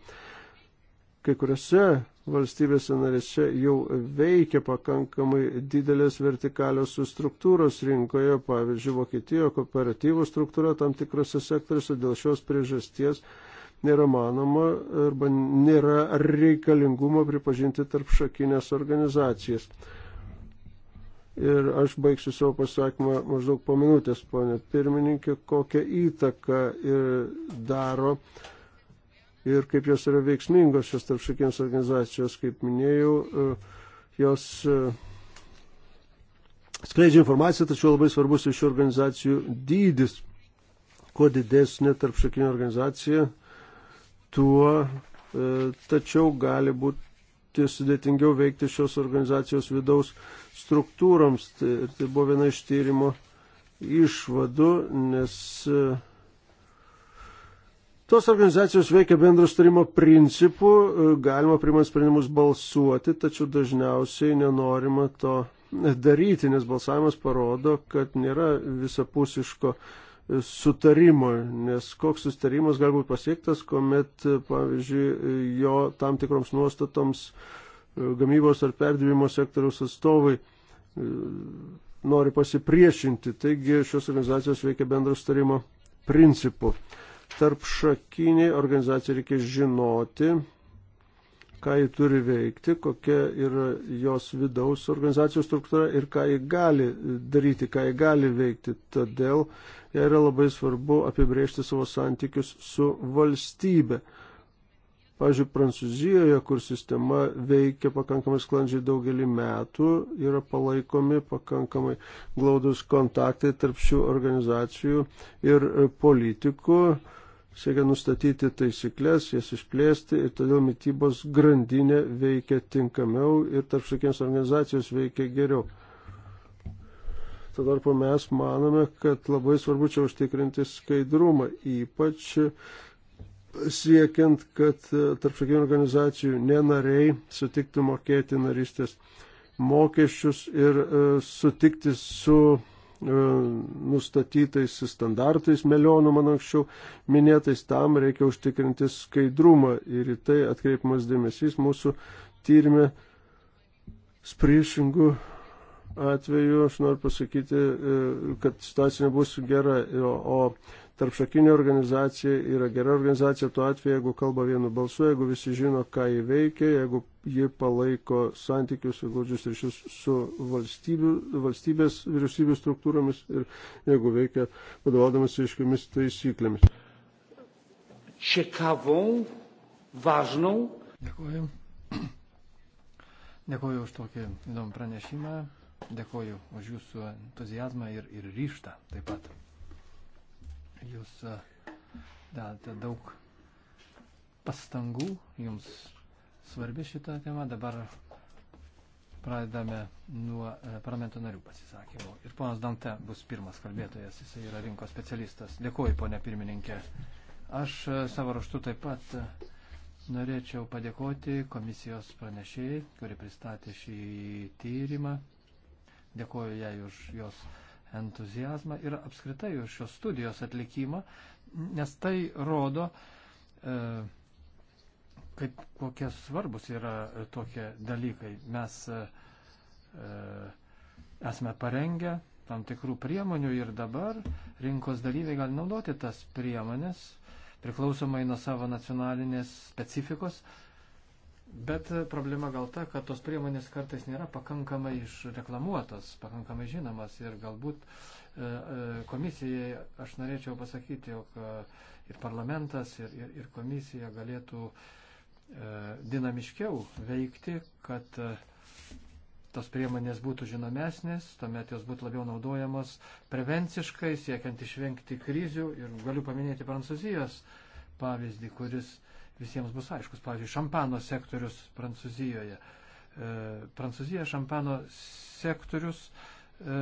Kai kuriuose valstybėse narėse jau veikia pakankamai didelės vertikalios struktūros rinkoje, pavyzdžiui, Vokietijoje kooperatyvų struktūra tam tikrose sektoriuose dėl šios priežasties nėra manoma arba nėra reikalingumo pripažinti tarp šakinės organizacijas. Ir aš baigsiu savo pasakymą maždaug po minutės, ponė pirmininkė, kokią įtaką daro ir kaip jos yra veiksmingos šios tarp šakinės organizacijos, kaip minėjau, e, jos e, skleidžia informaciją, tačiau labai svarbus iš šių organizacijų dydis. Kuo didesnė tarp šakinė organizacija, tuo, e, tačiau gali būti sudėtingiau veikti šios organizacijos vidaus struktūroms. Tai, tai buvo viena iš tyrimo išvadų, nes e, Tos organizacijos veikia bendro starimo principų, e, galima primant sprendimus balsuoti, tačiau dažniausiai nenorima to daryti, nes balsavimas parodo, kad nėra visapusiško sutarimo, nes koks sutarimas gali būti pasiektas, kuomet, pavyzdžiui, jo tam tikroms nuostatoms e, gamybos ar perdavimo sektoriaus atstovai e, nori pasipriešinti. Taigi šios organizacijos veikia bendro sutarimo principu. Tarp šakiniai organizacijai reikia žinoti, ką jį turi veikti, kokia yra jos vidaus organizacijos struktūra ir ką jį gali daryti, ką jį gali veikti. Todėl uh, jai yra labai svarbu apibrėžti savo santykius su valstybe. Pavyzdžiui, Prancūzijoje, kur sistema veikia pakankamai sklandžiai daugelį metų, yra palaikomi pakankamai glaudus kontaktai tarp šių organizacijų ir politikų, siekia nustatyti taisyklės, jas išplėsti ir todėl mytybos grandinė veikia tinkamiau ir tarp šakiems organizacijos veikia geriau. Tuo tarpu mes manome, kad labai svarbu čia užtikrinti skaidrumą, ypač siekiant, kad tarpšakinių organizacijų nenariai sutiktų mokėti narystės mokesčius ir e, sutikti su e, nustatytais standartais melionų, man anksčiau minėtais, tam reikia užtikrinti skaidrumą ir į tai atkreipimas dėmesys mūsų tyrimė priešingų atveju aš noriu pasakyti, e, kad situacija nebus gera, o tarp šakinė organizacija yra gera organizacija tuo atveju, jeigu kalba vienu balsu, jeigu visi žino, ką jį veikia, jeigu ji palaiko santykius ir glaudžius ryšius su valstybės vyriausybės struktūromis ir jeigu veikia vadovaudamas aiškiamis taisyklėmis. Ciekawą, ważną. Dėkuoju. Dėkuoju už tokį įdomų pranešimą. Dėkoju už jūsų entuzijazmą ir, ir ryštą taip pat. Jūs e, dedate daug pastangų, jums svarbi šita tema. Dabar pradedame nuo e, parlamento narių pasisakymų. Ir ponas Dante bus pirmas kalbėtojas, jisai yra rinkos specialistas. Dėkuoju, ponė pirmininkė. Aš e, savo raštu taip pat norėčiau padėkoti komisijos pranešėjai, kuri pristatė šį tyrimą. Dėkuoju jai už jos entuzijazmą ir apskritai už šios studijos atlikimą, nes tai rodo, e, kaip kokie svarbus yra tokie dalykai. Mes e, e, esame parengę tam tikrų priemonių ir dabar rinkos dalyviai gali naudoti tas priemonės priklausomai nuo savo nacionalinės specifikos, Bet problema gal ta, kad tos priemonės kartais nėra pakankamai išreklamuotos, pakankamai žinomas ir galbūt e, e, komisijai aš norėčiau pasakyti, jog e, ir parlamentas, ir, ir, ir komisija galėtų dinamiškiau veikti, kad tos priemonės būtų žinomesnės, tuomet jos būtų labiau naudojamos prevenciškai, siekiant išvengti krizių ir galiu paminėti Prancūzijos pavyzdį, kuris visiems bus aiškus. Pavyzdžiui, šampano sektorius Prancūzijoje. E, Prancūzija šampano sektorius e,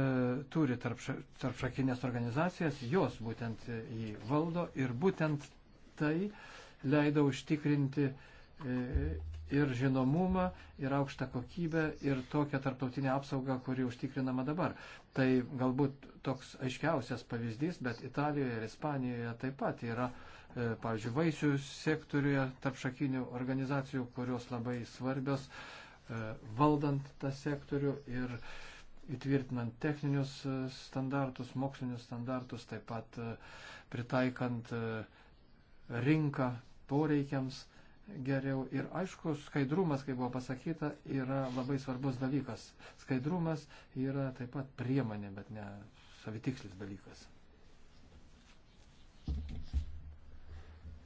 turi tarpšakinės tarp organizacijas, jos būtent jį valdo ir būtent tai leido užtikrinti e, ir žinomumą, ir aukštą kokybę, ir tokią tarptautinę apsaugą, kuri užtikrinama dabar. Tai galbūt toks aiškiausias pavyzdys, bet Italijoje ir Ispanijoje taip pat yra E, pavyzdžiui, vaisių sektoriuje tarp šakinių organizacijų, kurios labai svarbios e, valdant tą sektorių ir įtvirtinant techninius e, standartus, mokslinius standartus, taip pat pritaikant rinką poreikiams geriau. Ir aišku, skaidrumas, kaip buvo pasakyta, yra labai svarbus dalykas. Skaidrumas yra taip pat priemonė, bet ne savitikslis dalykas.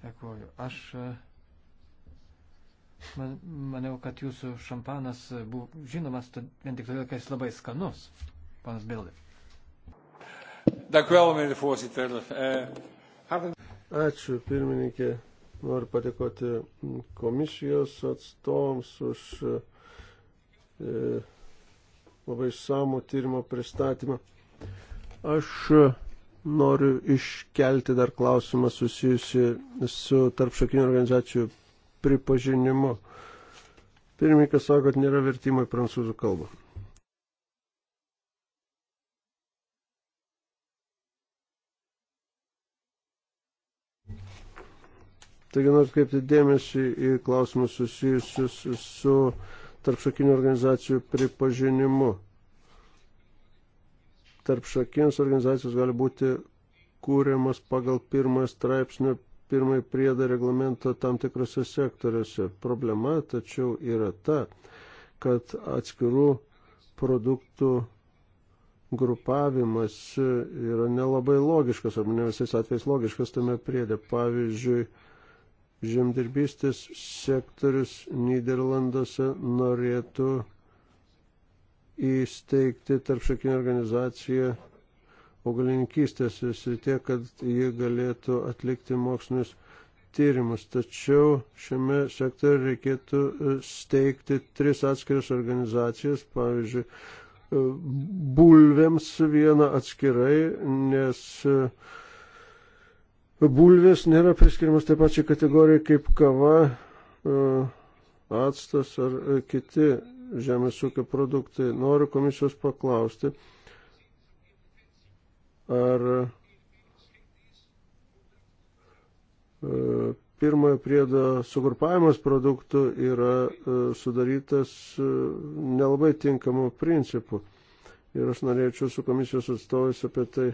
Dėkuoju. Aš e, man, maniau, kad jūsų šampanas e, buvo žinomas vien tik todėl, kad jis labai skanus, panas Bildė. E, Ačiū, pirmininkė. Noriu padėkoti komisijos atstovams už e, labai samų tyrimo pristatymą. Aš noriu iškelti dar klausimą susijusi su tarpšakinių organizacijų pripažinimu. Pirmininkas sako, kad nėra vertimo į prancūzų kalbą. Taigi noriu kreipti dėmesį į klausimus susijusius su tarpšakinių organizacijų pripažinimu tarp šakinės organizacijos gali būti kūriamas pagal pirmąją straipsnio pirmąjį priedą reglamento tam tikrose sektoriuose. Problema tačiau yra ta, kad atskirų produktų grupavimas yra nelabai logiškas, arba ne visais atvejais logiškas tame priedė. Pavyzdžiui, žemdirbystės sektorius Niderlanduose norėtų įsteigti tarpšakinę organizaciją augalininkystės srityje, kad ji galėtų atlikti mokslinius tyrimus. Tačiau šiame sektoriu reikėtų e, steigti tris atskiras organizacijas, pavyzdžiui, e, bulvėms vieną atskirai, nes e, bulvės nėra priskirimas taip pačiai kategorijai kaip kava, actas ar kiti žemės ūkio produktai. Noriu komisijos paklausti, ar e, pirmojo priedo sugrupavimas produktų yra e, sudarytas e, nelabai tinkamų principų. Ir aš norėčiau su komisijos atstovais apie tai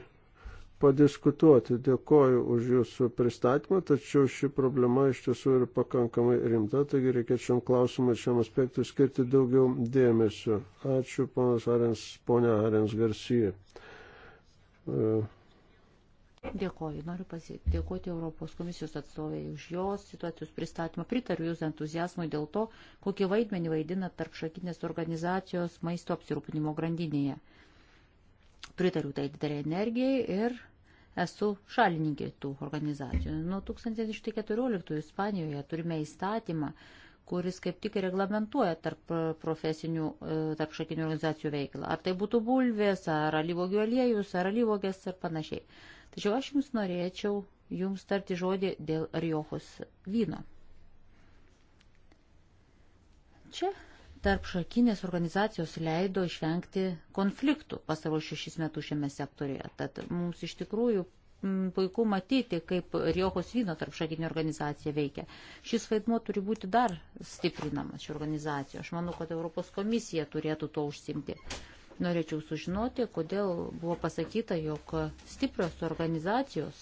padiskutuoti. Dėkoju už jūsų pristatymą, tačiau ši problema iš tiesų yra pakankamai rimta, taigi reikėtų šiam klausimui, šiam aspektui skirti daugiau dėmesio. Ačiū, ponas Arens, ponia Arens Garcija. E. Dėkoju, noriu pasidėkoti Europos komisijos atstoviai už jos situacijos pristatymą. Pritariu jūsų entuzijasmui dėl to, kokį vaidmenį vaidina tarpšakinės organizacijos maisto apsirūpinimo grandinėje pritariu tai didelį energijai ir esu šalininkė tų organizacijų. Nuo 1914 Ispanijoje turime įstatymą, kuris kaip tik reglamentuoja tarp profesinių, e, tarp šakinių organizacijų veiklą. Ar tai būtų bulvės, ar alyvogių aliejus, ar alyvogės ir panašiai. Tačiau aš jums norėčiau jums tarti žodį dėl Riohos vyno. Čia Tarp šakinės organizacijos leido išvengti konfliktų pasaro šešis metus šiame sektorėje. Tad mums iš tikrųjų puiku matyti, kaip Riojos vyno tarp šakinė organizacija veikia. Šis vaidmo turi būti dar stiprinamas šio organizacijos. Aš manau, kad Europos komisija turėtų to užsimti. Norėčiau sužinoti, kodėl buvo pasakyta, jog stiprios organizacijos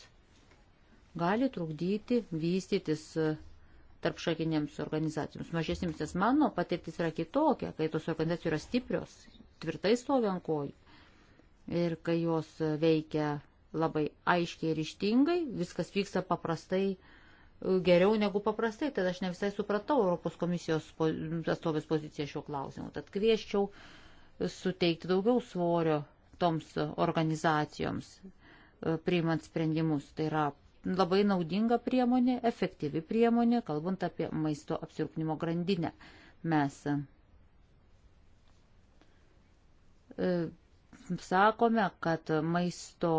gali trukdyti vystytis tarp šakinėms organizacijoms. Mažesnėms, nes mano patirtis yra kitokia, kai tos organizacijos yra stiprios, tvirtai stovi ant kojų. Ir kai jos veikia labai aiškiai ir ištingai, viskas vyksta paprastai, geriau negu paprastai, tad aš ne visai supratau Europos komisijos atstovės poziciją šiuo klausimu. Tad kvieščiau suteikti daugiau svorio toms organizacijoms priimant sprendimus. Tai yra labai naudinga priemonė, efektyvi priemonė, kalbant apie maisto apsirūpnimo grandinę. Mes e, sakome, kad maisto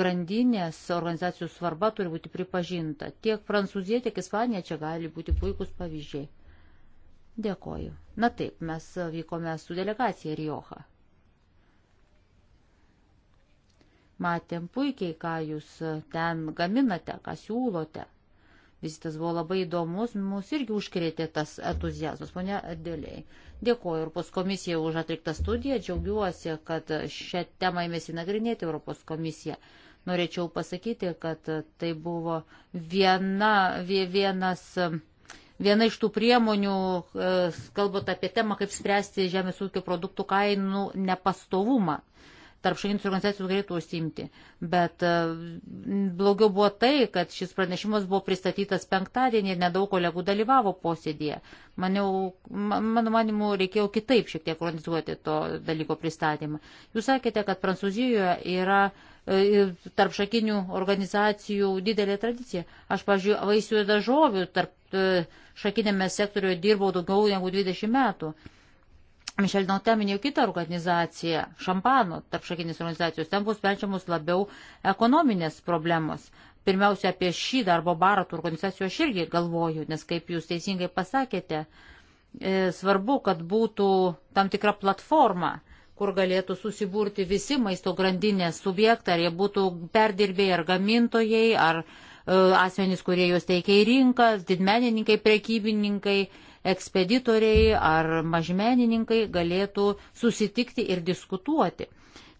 grandinės organizacijų svarba turi būti pripažinta. Tiek Prancūzija, tiek Ispanija čia gali būti puikus pavyzdžiai. Dėkoju. Na taip, mes vykome su delegacija Rioja. Matėm puikiai, ką jūs e, ten gaminate, ką siūlote. Vizitas buvo labai įdomus, mus irgi užkrėtė tas entuzijazmas, ponia Dėliai. Dėkuoju Europos komisijai už atliktą studiją, džiaugiuosi, kad šią temą ėmėsi nagrinėti Europos komisija. Norėčiau pasakyti, kad e, tai buvo viena, vienas, e, viena iš tų priemonių, kalbant apie temą, kaip spręsti žemės ūkio produktų kainų nepastovumą tarp šalinis organizacijų galėtų užsimti. Bet e, blogiau buvo tai, kad šis pranešimas buvo pristatytas penktadienį ir nedaug kolegų dalyvavo posėdėje. Maniau, mano manimu, reikėjo kitaip šiek tiek organizuoti to dalyko pristatymą. Jūs sakėte, kad Prancūzijoje yra e, tarp šakinių organizacijų didelė tradicija. Aš, pažiūrėjau, vaisių ir dažovių tarp e, šakinėme sektoriuje dirbau daugiau negu 20 metų. Mišel Dantė minėjo kitą organizaciją, Šampano tarpšakinės organizacijos, ten bus sprendžiamos labiau ekonominės problemos. Pirmiausia, apie šį darbo barą tų organizacijų aš irgi galvoju, nes kaip jūs teisingai pasakėte, e, svarbu, kad būtų tam tikra platforma, kur galėtų susiburti visi maisto grandinės subjektai, ar jie būtų perdirbėjai ar gamintojai, ar e, asmenys, kurie juos teikia į rinkas, didmenininkai, prekybininkai ekspeditoriai ar mažmenininkai galėtų susitikti ir diskutuoti.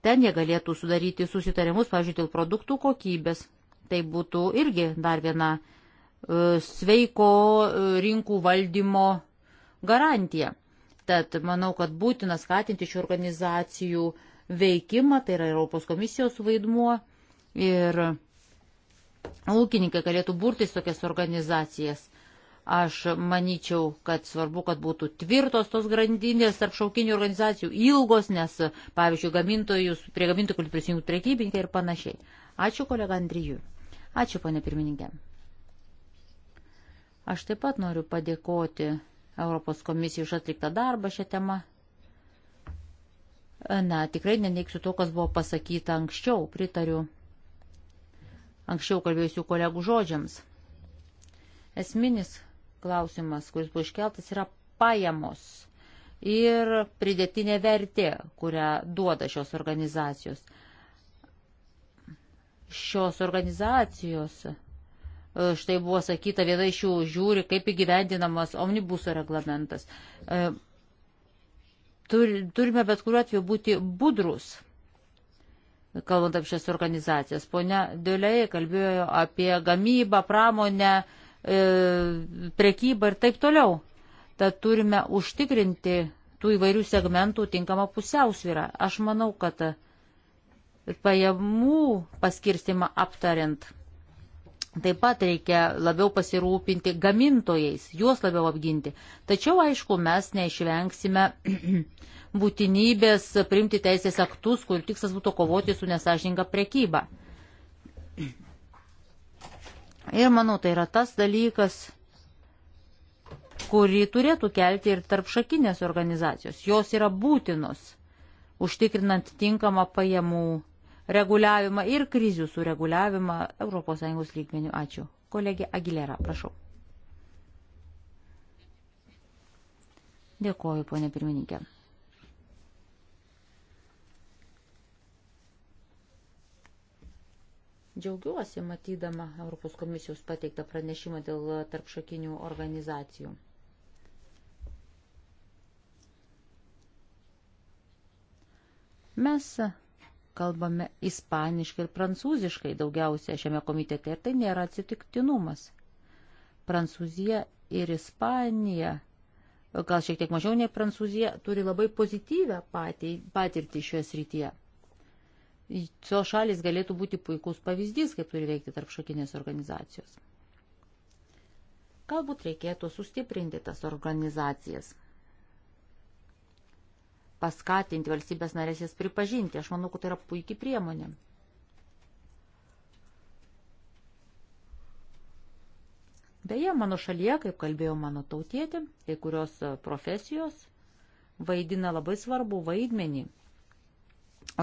Ten jie galėtų sudaryti susitarimus, pavyzdžiui, dėl produktų kokybės. Tai būtų irgi dar viena e, sveiko e, rinkų valdymo garantija. Tad manau, kad būtina skatinti šių organizacijų veikimą, tai yra Europos komisijos vaidmuo ir ūkininkai galėtų burtis tokias organizacijas Aš manyčiau, kad svarbu, kad būtų tvirtos tos grandinės tarp šaukinių organizacijų, ilgos, nes, pavyzdžiui, gamintojus, prie gamintojų, kur prisijungtų prekybininkai ir panašiai. Ačiū kolega Andrijui. Ačiū, ponė pirmininkė. Aš taip pat noriu padėkoti Europos komisijai už atliktą darbą šią temą. Na, tikrai neneiksiu to, kas buvo pasakyta anksčiau, pritariu anksčiau kalbėjusių kolegų žodžiams. Esminis klausimas, kuris buvo iškeltas, yra pajamos ir pridėtinė vertė, kurią duoda šios organizacijos. Šios organizacijos, e, štai buvo sakyta, viena iš jų žiūri, kaip įgyvendinamas omnibuso reglamentas. E, turime bet kuriuo atveju būti budrus kalbant apie šias organizacijas. Pone Dėlėje kalbėjo apie gamybą, pramonę, E, prekybą ir taip toliau. Tad turime užtikrinti tų įvairių segmentų tinkamą pusiausvyrą. Aš manau, kad pajamų paskirstimą aptariant taip pat reikia labiau pasirūpinti gamintojais, juos labiau apginti. Tačiau, aišku, mes neišvengsime būtinybės priimti teisės aktus, kur tikslas būtų kovoti su nesažininga prekyba. Ir manau, tai yra tas dalykas, kurį turėtų kelti ir tarp šakinės organizacijos. Jos yra būtinos, užtikrinant tinkamą pajamų reguliavimą ir krizių sureguliavimą ES lygmenių. Ačiū. Kolegė Agilera, prašau. Dėkoju, ponė pirmininkė. Džiaugiuosi matydama Europos komisijos pateiktą pranešimą dėl tarpšakinių organizacijų. Mes kalbame ispaniškai ir prancūziškai daugiausia šiame komitete ir tai nėra atsitiktinumas. Prancūzija ir Ispanija, gal šiek tiek mažiau nei Prancūzija, turi labai pozityvę patirtį šioje srityje to šalis galėtų būti puikus pavyzdys, kaip turi veikti tarp šakinės organizacijos. Galbūt reikėtų sustiprinti tas organizacijas, paskatinti valstybės narės jas pripažinti. Aš manau, kad tai yra puikiai priemonė. Beje, mano šalyje, kaip kalbėjo mano tautietė, kai kurios profesijos vaidina labai svarbų vaidmenį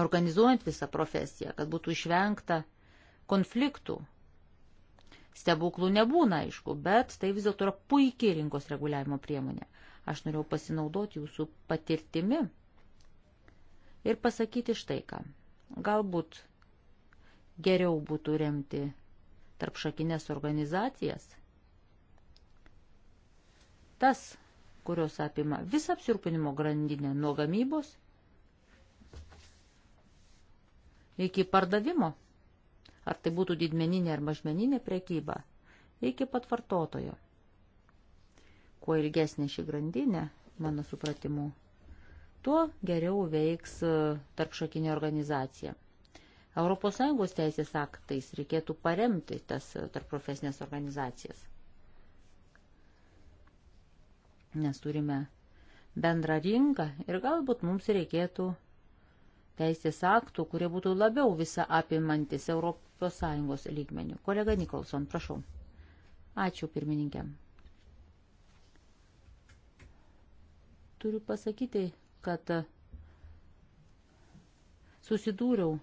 organizuojant visą profesiją, kad būtų išvengta konfliktų. Stebuklų nebūna, aišku, bet tai vis dėlto yra puikiai rinkos reguliavimo priemonė. Aš norėjau pasinaudoti jūsų patirtimi ir pasakyti štai ką. Galbūt geriau būtų remti tarp šakinės organizacijas, tas, kurios apima visą apsirūpinimo grandinę nuo gamybos iki pardavimo. Ar tai būtų didmeninė ar mažmeninė prekyba, iki pat vartotojo. Kuo ilgesnė ši grandinė, mano supratimu, tuo geriau veiks e, tarpšakinė organizacija. ES teisės aktais reikėtų paremti tas e, tarpprofesinės organizacijas. Nes turime bendrą rinką ir galbūt mums reikėtų teisės aktų, kurie būtų labiau visą apimantis ES lygmenių. Kolega Nikolson, prašau. Ačiū pirmininkė. Turiu pasakyti, kad susidūriau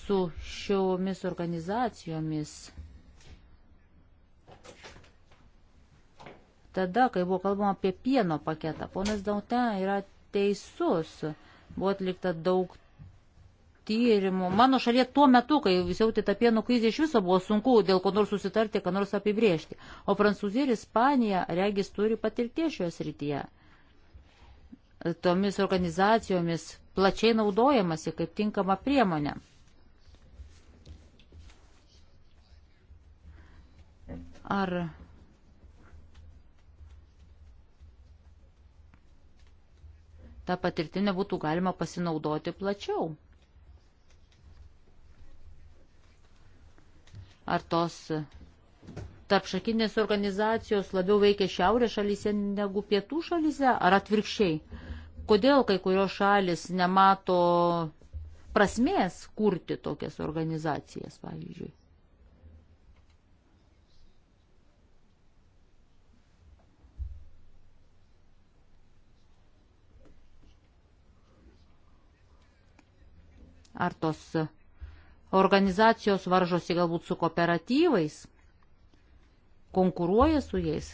su šiomis organizacijomis tada, kai buvo kalbama apie pieno paketą. Ponas Dautin yra teisus. Buvo atlikta daug tyrimų. Mano šalyje tuo metu, kai visi jautė tą pieno krizę, iš viso buvo sunku dėl ko nors susitarti, ką nors apibriežti. O Prancūzija ir Ispanija, regis, turi patirties šioje srityje. Tomis organizacijomis plačiai naudojamasi kaip tinkama priemonė. Ar tą patirtinę būtų galima pasinaudoti plačiau. Ar tos tarpšakinės organizacijos labiau veikia šiaurės šalyse negu pietų šalyse, ar atvirkščiai? Kodėl kai kurios šalis nemato prasmės kurti tokias organizacijas, pavyzdžiui? ar tos organizacijos varžosi galbūt su kooperatyvais, konkuruoja su jais.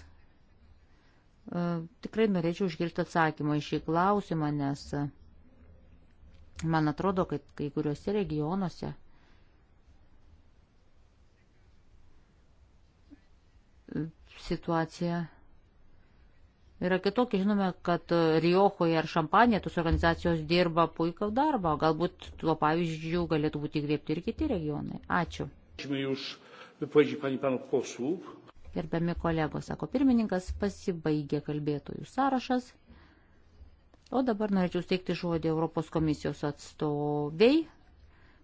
E, tikrai norėčiau išgirti atsakymą iš šį klausimą, nes e, man atrodo, kad kai kuriuose regionuose e, situacija yra kitokie. Žinome, kad Riohoje ar Šampanė tos organizacijos dirba puikų darbą. Galbūt tuo pavyzdžių galėtų būti įkvėpti ir kiti regionai. Ačiū. Gerbiami kolegos, sako pirmininkas, pasibaigė kalbėtojų sąrašas. O dabar norėčiau steigti žodį Europos komisijos atstoviai,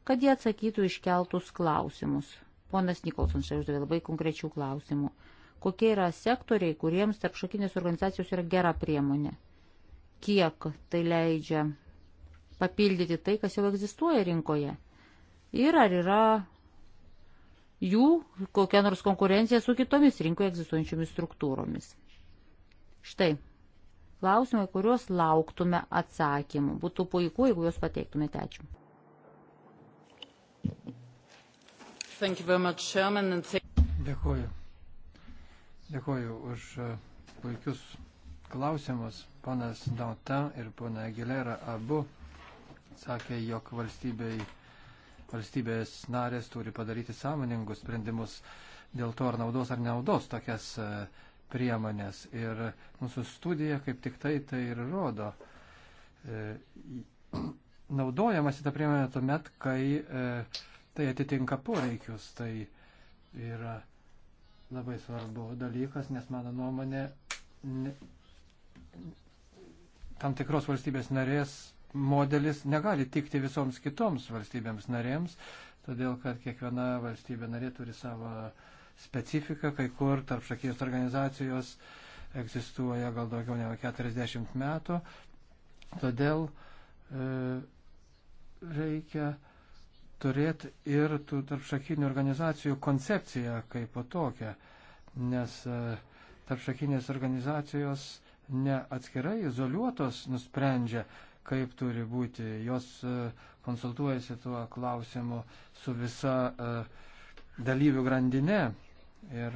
kad jie atsakytų iškeltus klausimus. Ponas Nikolson čia uždavė labai konkrečių klausimų kokie yra sektoriai, kuriems tarp šakinės organizacijos yra gera priemonė, kiek tai leidžia papildyti tai, kas jau egzistuoja rinkoje ir ar yra jų kokia nors konkurencija su kitomis rinkoje egzistuojančiomis struktūromis. Štai, klausimai, kuriuos lauktume atsakymų. Būtų puiku, jeigu juos pateiktumėte. Ačiū. Much, Chairman, and... Dėkuoju. Dėkuoju už e, puikius klausimus. Ponas Dauta ir pona Gilera abu sakė, jog valstybei, valstybės narės turi padaryti sąmoningus sprendimus dėl to, ar naudos ar naudos tokias e, priemonės. Ir mūsų studija kaip tik tai tai ir rodo. E, naudojamasi tą priemonę tuomet, kai tai atitinka poreikius. Tai yra labai svarbu dalykas, nes mano nuomonė ne, tam tikros valstybės narės modelis negali tikti visoms kitoms valstybėms narėms, todėl kad kiekviena valstybė narė turi savo specifiką, kai kur tarp šakės organizacijos egzistuoja gal daugiau negu 40 metų, todėl e, reikia e, turėti ir tų tarpšakinių organizacijų koncepciją kaip po tokią, nes e, tarpšakinės organizacijos neatskirai izoliuotos nusprendžia, kaip turi būti. Jos e, konsultuojasi tuo klausimu su visa e, dalyvių grandinė ir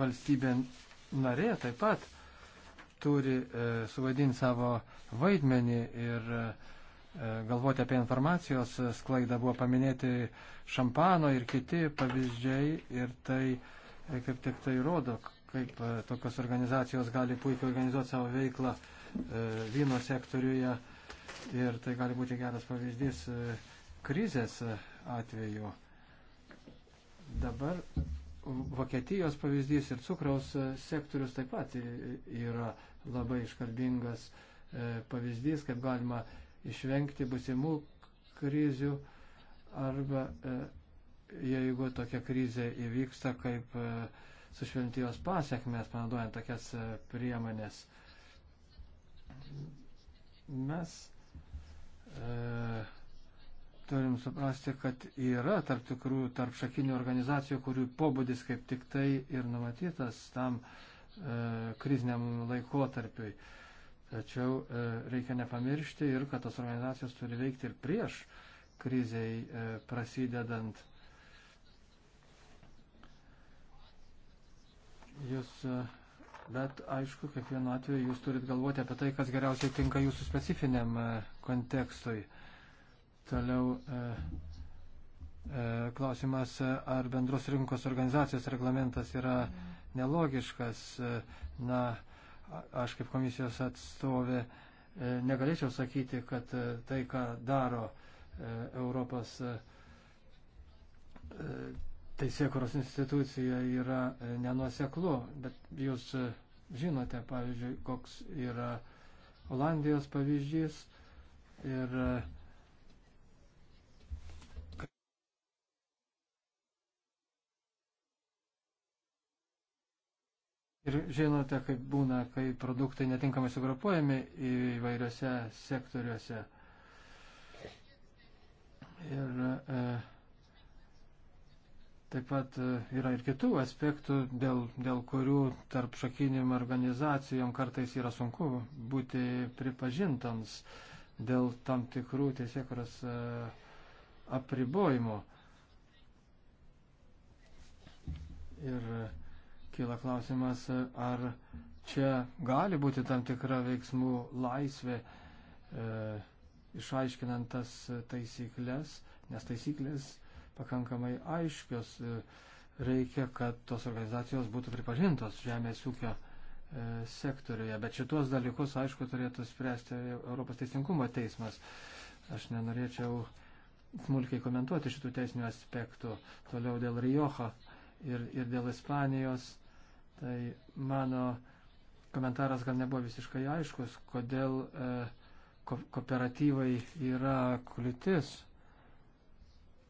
valstybė narė taip pat turi suvaidinti savo vaidmenį ir uh, E, galvoti apie informacijos sklaidą, buvo paminėti šampano ir kiti pavyzdžiai ir tai e, kaip tik tai rodo, kaip e, tokios organizacijos gali puikiai organizuoti savo veiklą vyno sektoriuje ir tai gali būti geras pavyzdys krizės atveju. Dabar Vokietijos pavyzdys ir cukraus sektorius taip pat yra labai iškalbingas pavyzdys, kaip galima uh, išvengti busimų krizių arba e, jeigu tokia krizė įvyksta kaip e, sušventijos pasiekmes, panaudojant tokias e, priemonės. Mes e, turim suprasti, kad yra tarp tikrų tarp šakinių organizacijų, kurių pobūdis kaip tik tai ir numatytas tam e, kriziniam laikotarpiui. E, Tačiau e, reikia nepamiršti ir, kad tos organizacijos turi veikti ir prieš kriziai e, prasidedant. Jūs, e, bet aišku, kiekvienu atveju jūs turit galvoti apie tai, kas geriausiai tinka jūsų specifiniam kontekstui. Toliau klausimas, ar bendros rinkos organizacijos reglamentas yra nelogiškas. Na, Aš kaip komisijos atstovė e, negalėčiau sakyti, kad e, tai, ką daro e, Europos teisėkuros institucija, yra nenuoseklu, bet jūs žinote, pavyzdžiui, koks yra Olandijos pavyzdys ir uh, Ir žinote, kaip būna, kai produktai netinkamai sugrupuojami įvairiose sektoriuose. Ir e, taip pat e, yra ir kitų aspektų, dėl, dėl kurių tarp šakinim organizacijom kartais yra sunku būti pripažintams dėl tam tikrų teisėkuros e, apribojimų. Ir e, kyla klausimas, ar čia gali būti tam tikra veiksmų laisvė, e, išaiškinant tas taisyklės, nes taisyklės pakankamai aiškios. E, reikia, kad tos organizacijos būtų pripažintos žemės ūkio e, sektoriuje, bet šitos dalykus, aišku, turėtų spręsti Europos teisingumo teismas. Aš nenorėčiau smulkiai komentuoti šitų teisinių aspektų toliau dėl Riojo ir, ir dėl Ispanijos Tai mano komentaras gal nebuvo visiškai aiškus, kodėl e, ko, kooperatyvai yra kliūtis.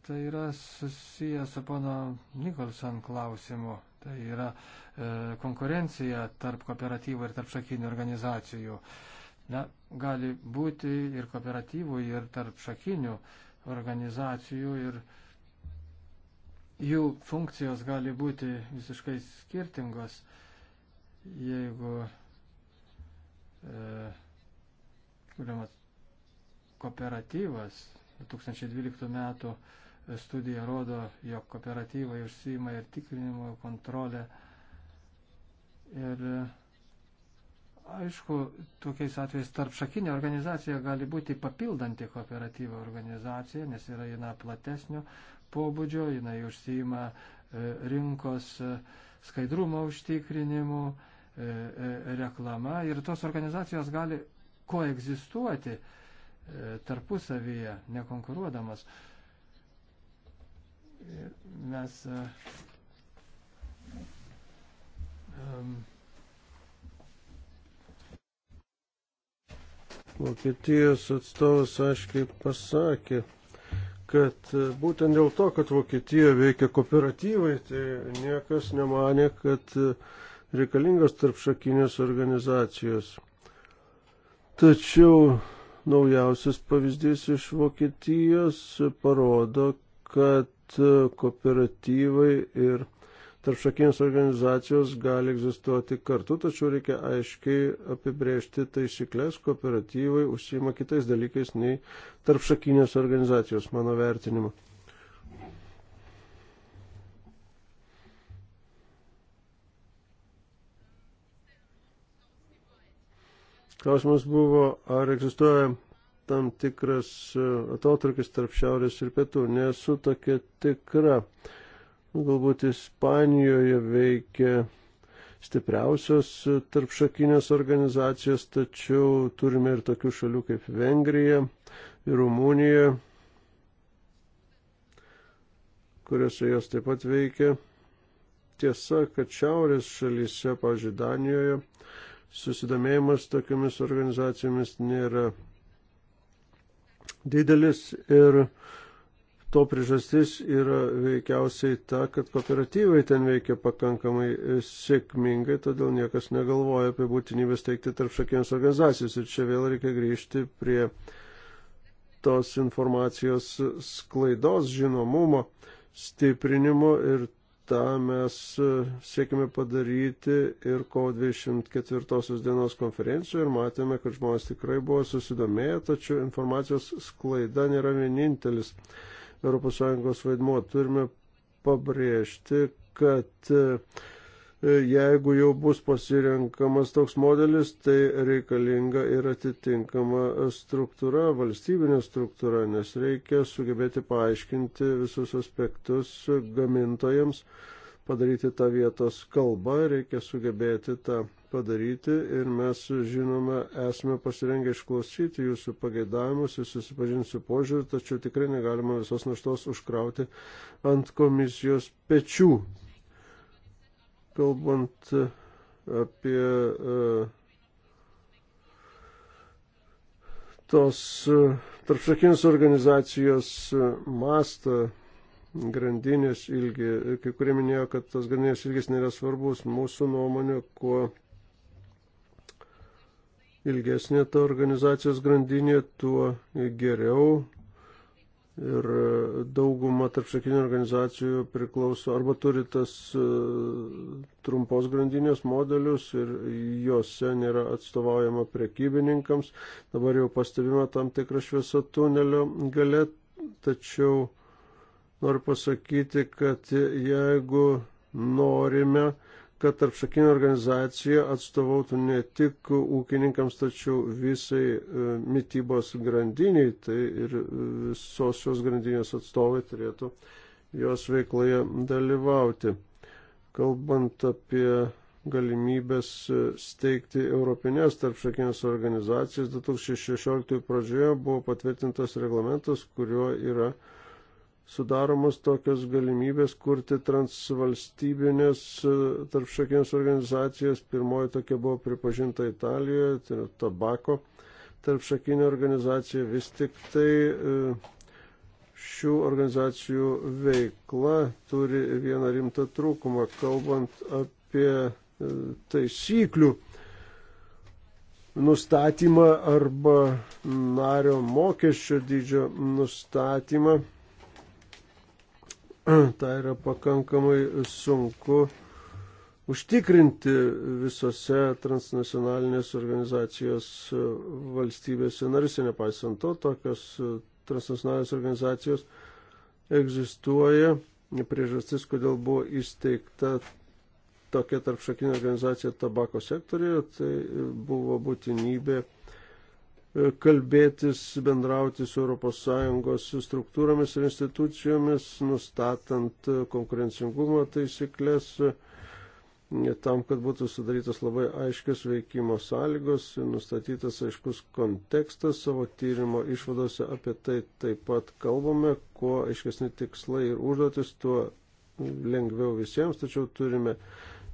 Tai yra susijęs su pono Nikolson klausimu. Tai yra e, konkurencija tarp kooperatyvų ir tarp šakinių organizacijų. Na, gali būti ir kooperatyvų, ir tarp šakinių organizacijų. Ir, e, jų funkcijos gali būti visiškai skirtingos, jeigu e, kuriamas kooperatyvas 2012 metų studija rodo, jog kooperatyvai užsima ir tikrinimo kontrolę. Ir e, aišku, tokiais atvejais tarp šakinė organizacija gali būti papildanti kooperatyvą organizaciją, nes yra viena platesnio pobūdžio, jinai užsijima e, rinkos e, skaidrumo užtikrinimu, e, reklama ir tos organizacijos gali koegzistuoti tarpusavyje, nekonkuruodamas. Mes Vokietijos atstovas aiškiai pasakė, kad būtent dėl to, kad Vokietijoje veikia kooperatyvai, tai niekas nemanė, kad reikalingos tarpšakinės organizacijos. Tačiau naujausias pavyzdys iš Vokietijos parodo, kad kooperatyvai ir tarpšakinės organizacijos gali egzistuoti kartu, tačiau reikia aiškiai apibrėžti taisyklės, kooperatyvai užsima kitais dalykais nei tarpšakinės organizacijos, mano vertinimu. Klausimas buvo, ar egzistuoja tam tikras e, atotrukis tarp šiaurės ir pietų. Nesu tokia tikra. Uh, Galbūt Ispanijoje veikia stipriausios tarpšakinės organizacijos, tačiau turime ir tokių šalių kaip Vengrija ir Rumunija, kuriuose jos taip pat veikia. Tiesa, kad šiaurės šalyse, pavyzdžiui, Danijoje, susidomėjimas tokiamis organizacijomis nėra didelis ir To priežastis yra veikiausiai ta, kad kooperatyvai ten veikia pakankamai e, sėkmingai, todėl niekas negalvoja apie būtinybę steigti tarp šakiems organizacijas. Ir čia vėl reikia grįžti prie tos informacijos sklaidos, žinomumo, stiprinimo ir tą mes e, siekime padaryti ir kovo 24 dienos konferencijoje ir matėme, kad žmonės tikrai buvo susidomėję, tačiau informacijos sklaida nėra vienintelis ES vaidmuo. Turime pabrėžti, kad e, jeigu jau bus pasirenkamas toks modelis, tai reikalinga ir atitinkama struktūra, valstybinė struktūra, nes reikia sugebėti paaiškinti visus aspektus gamintojams, padaryti tą vietos kalbą, reikia sugebėti tą padaryti ir mes, žinoma, esame pasirengę išklausyti jūsų pageidavimus ir susipažinti su požiūriu, tačiau tikrai negalima visos naštos užkrauti ant komisijos pečių. Kalbant e, apie e, tos e, tarpšakinės organizacijos mastą, grandinės ilgį. Kai kurie minėjo, kad tas grandinės ilgis nėra svarbus. Mūsų nuomonė, kuo ilgesnė ta organizacijos grandinė, tuo geriau. Ir dauguma tarpšakinių organizacijų priklauso arba turi tas e, trumpos grandinės modelius ir juose nėra atstovaujama prekybininkams. Dabar jau pastebime tam tikrą šviesą tunelio gale, tačiau noriu pasakyti, kad jeigu norime kad tarpšakinė organizacija atstovautų ne tik ūkininkams, tačiau visai e, mytybos grandiniai, tai ir visos šios grandinės atstovai turėtų jos veikloje dalyvauti. Kalbant apie galimybės e, steigti Europinės tarpšakinės organizacijas, 2016 pradžioje buvo patvirtintas reglamentas, kuriuo yra sudaromos tokios galimybės kurti transvalstybinės e, tarpšakinės organizacijas. Pirmoji tokia buvo pripažinta Italijoje, tai yra tabako tarpšakinė organizacija. Vis tik tai e, šių organizacijų veikla turi vieną rimtą trūkumą, kalbant apie e, taisyklių nustatymą arba nario mokesčio dydžio nustatymą tai yra pakankamai sunku užtikrinti visose transnacionalinės organizacijos valstybėse narise, nepaisant to, tokios transnacionalinės organizacijos egzistuoja. Priežastis, kodėl buvo įsteigta tokia tarpšakinė organizacija tabako sektorijoje, tai buvo būtinybė E, kalbėtis, bendrauti su ES struktūromis ir institucijomis, nustatant e, konkurencingumo taisyklės, e, tam, kad būtų sudarytas labai aiškios veikimo sąlygos, nustatytas aiškus kontekstas savo tyrimo išvadose, apie tai taip pat kalbame, kuo aiškesni tikslai ir užduotis, tuo lengviau visiems, tačiau turime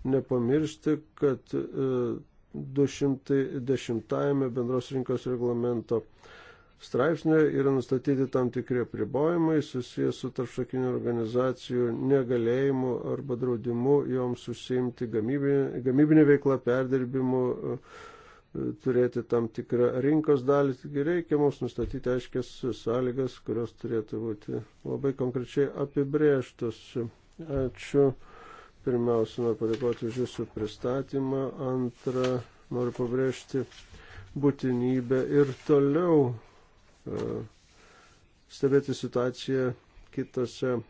nepamiršti, kad e, 210 bendros rinkos reglamento straipsnėje yra nustatyti tam tikrie pribojimai susijęs su tarpšakinių organizacijų negalėjimu arba draudimu joms užsiimti gamybinę, gamybinę veiklą, perdirbimu, e, turėti tam tikrą rinkos dalį. Taigi reikia mums nustatyti aiškias sąlygas, kurios turėtų būti labai konkrečiai apibrėžtos. Ačiū. Pirmiausia, noriu padėkoti už Jūsų pristatymą. Antra, noriu pabrėžti būtinybę ir toliau e, stebėti situaciją kitose e,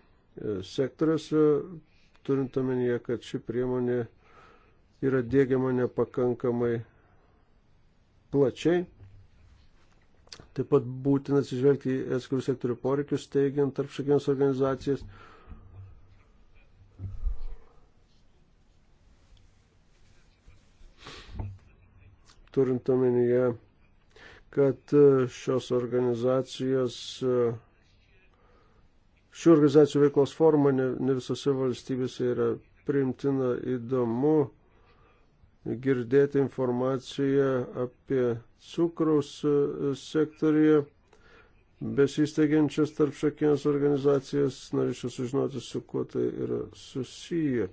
sektoriuose, turint omenyje, kad ši priemonė yra dėgiama nepakankamai plačiai. Taip pat būtina atsižvelgti į atskirų sektorių poreikius, teigiant tarp šakiems organizacijas turint omenyje, kad e, šios organizacijos, e, šių organizacijų veiklos forma ne, ne visose valstybėse yra priimtina įdomu girdėti informaciją apie cukraus e, sektoriją besisteigiančias tarpšakinės organizacijas, norėčiau sužinoti, su kuo tai yra susiję.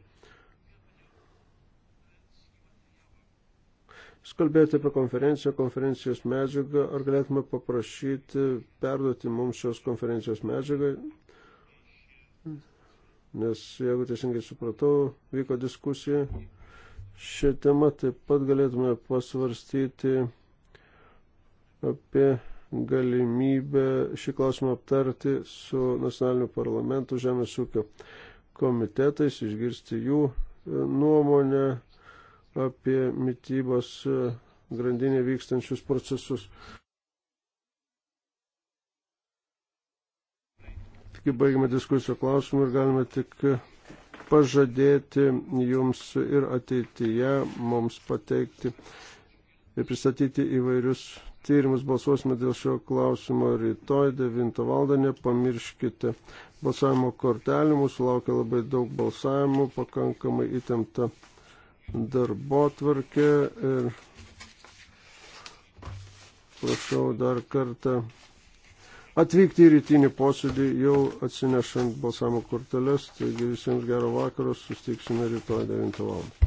Jūs kalbėjote apie konferenciją, konferencijos medžiagą, ar galėtume paprašyti perduoti mums šios konferencijos medžiagą, nes jeigu teisingai supratau, vyko diskusija šią temą, taip pat galėtume pasvarstyti apie galimybę šį klausimą aptarti su nacionaliniu parlamentu Žemės ūkio komitetais, išgirsti jų e, nuomonę apie mytybos e, grandinė vykstančius procesus. Taigi baigime diskusijų klausimą ir galime tik pažadėti jums ir ateityje mums pateikti ir pristatyti įvairius tyrimus. Balsuosime dėl šio klausimo rytoj 9 val. Nepamirškite balsavimo kortelių. Mūsų laukia labai daug balsavimų, pakankamai įtempta darbo tvarkę ir prašau dar kartą atvykti į rytinį posėdį jau atsinešant balsamo korteles. Taigi visiems gero vakaro, sustiksime rytoj 9 val.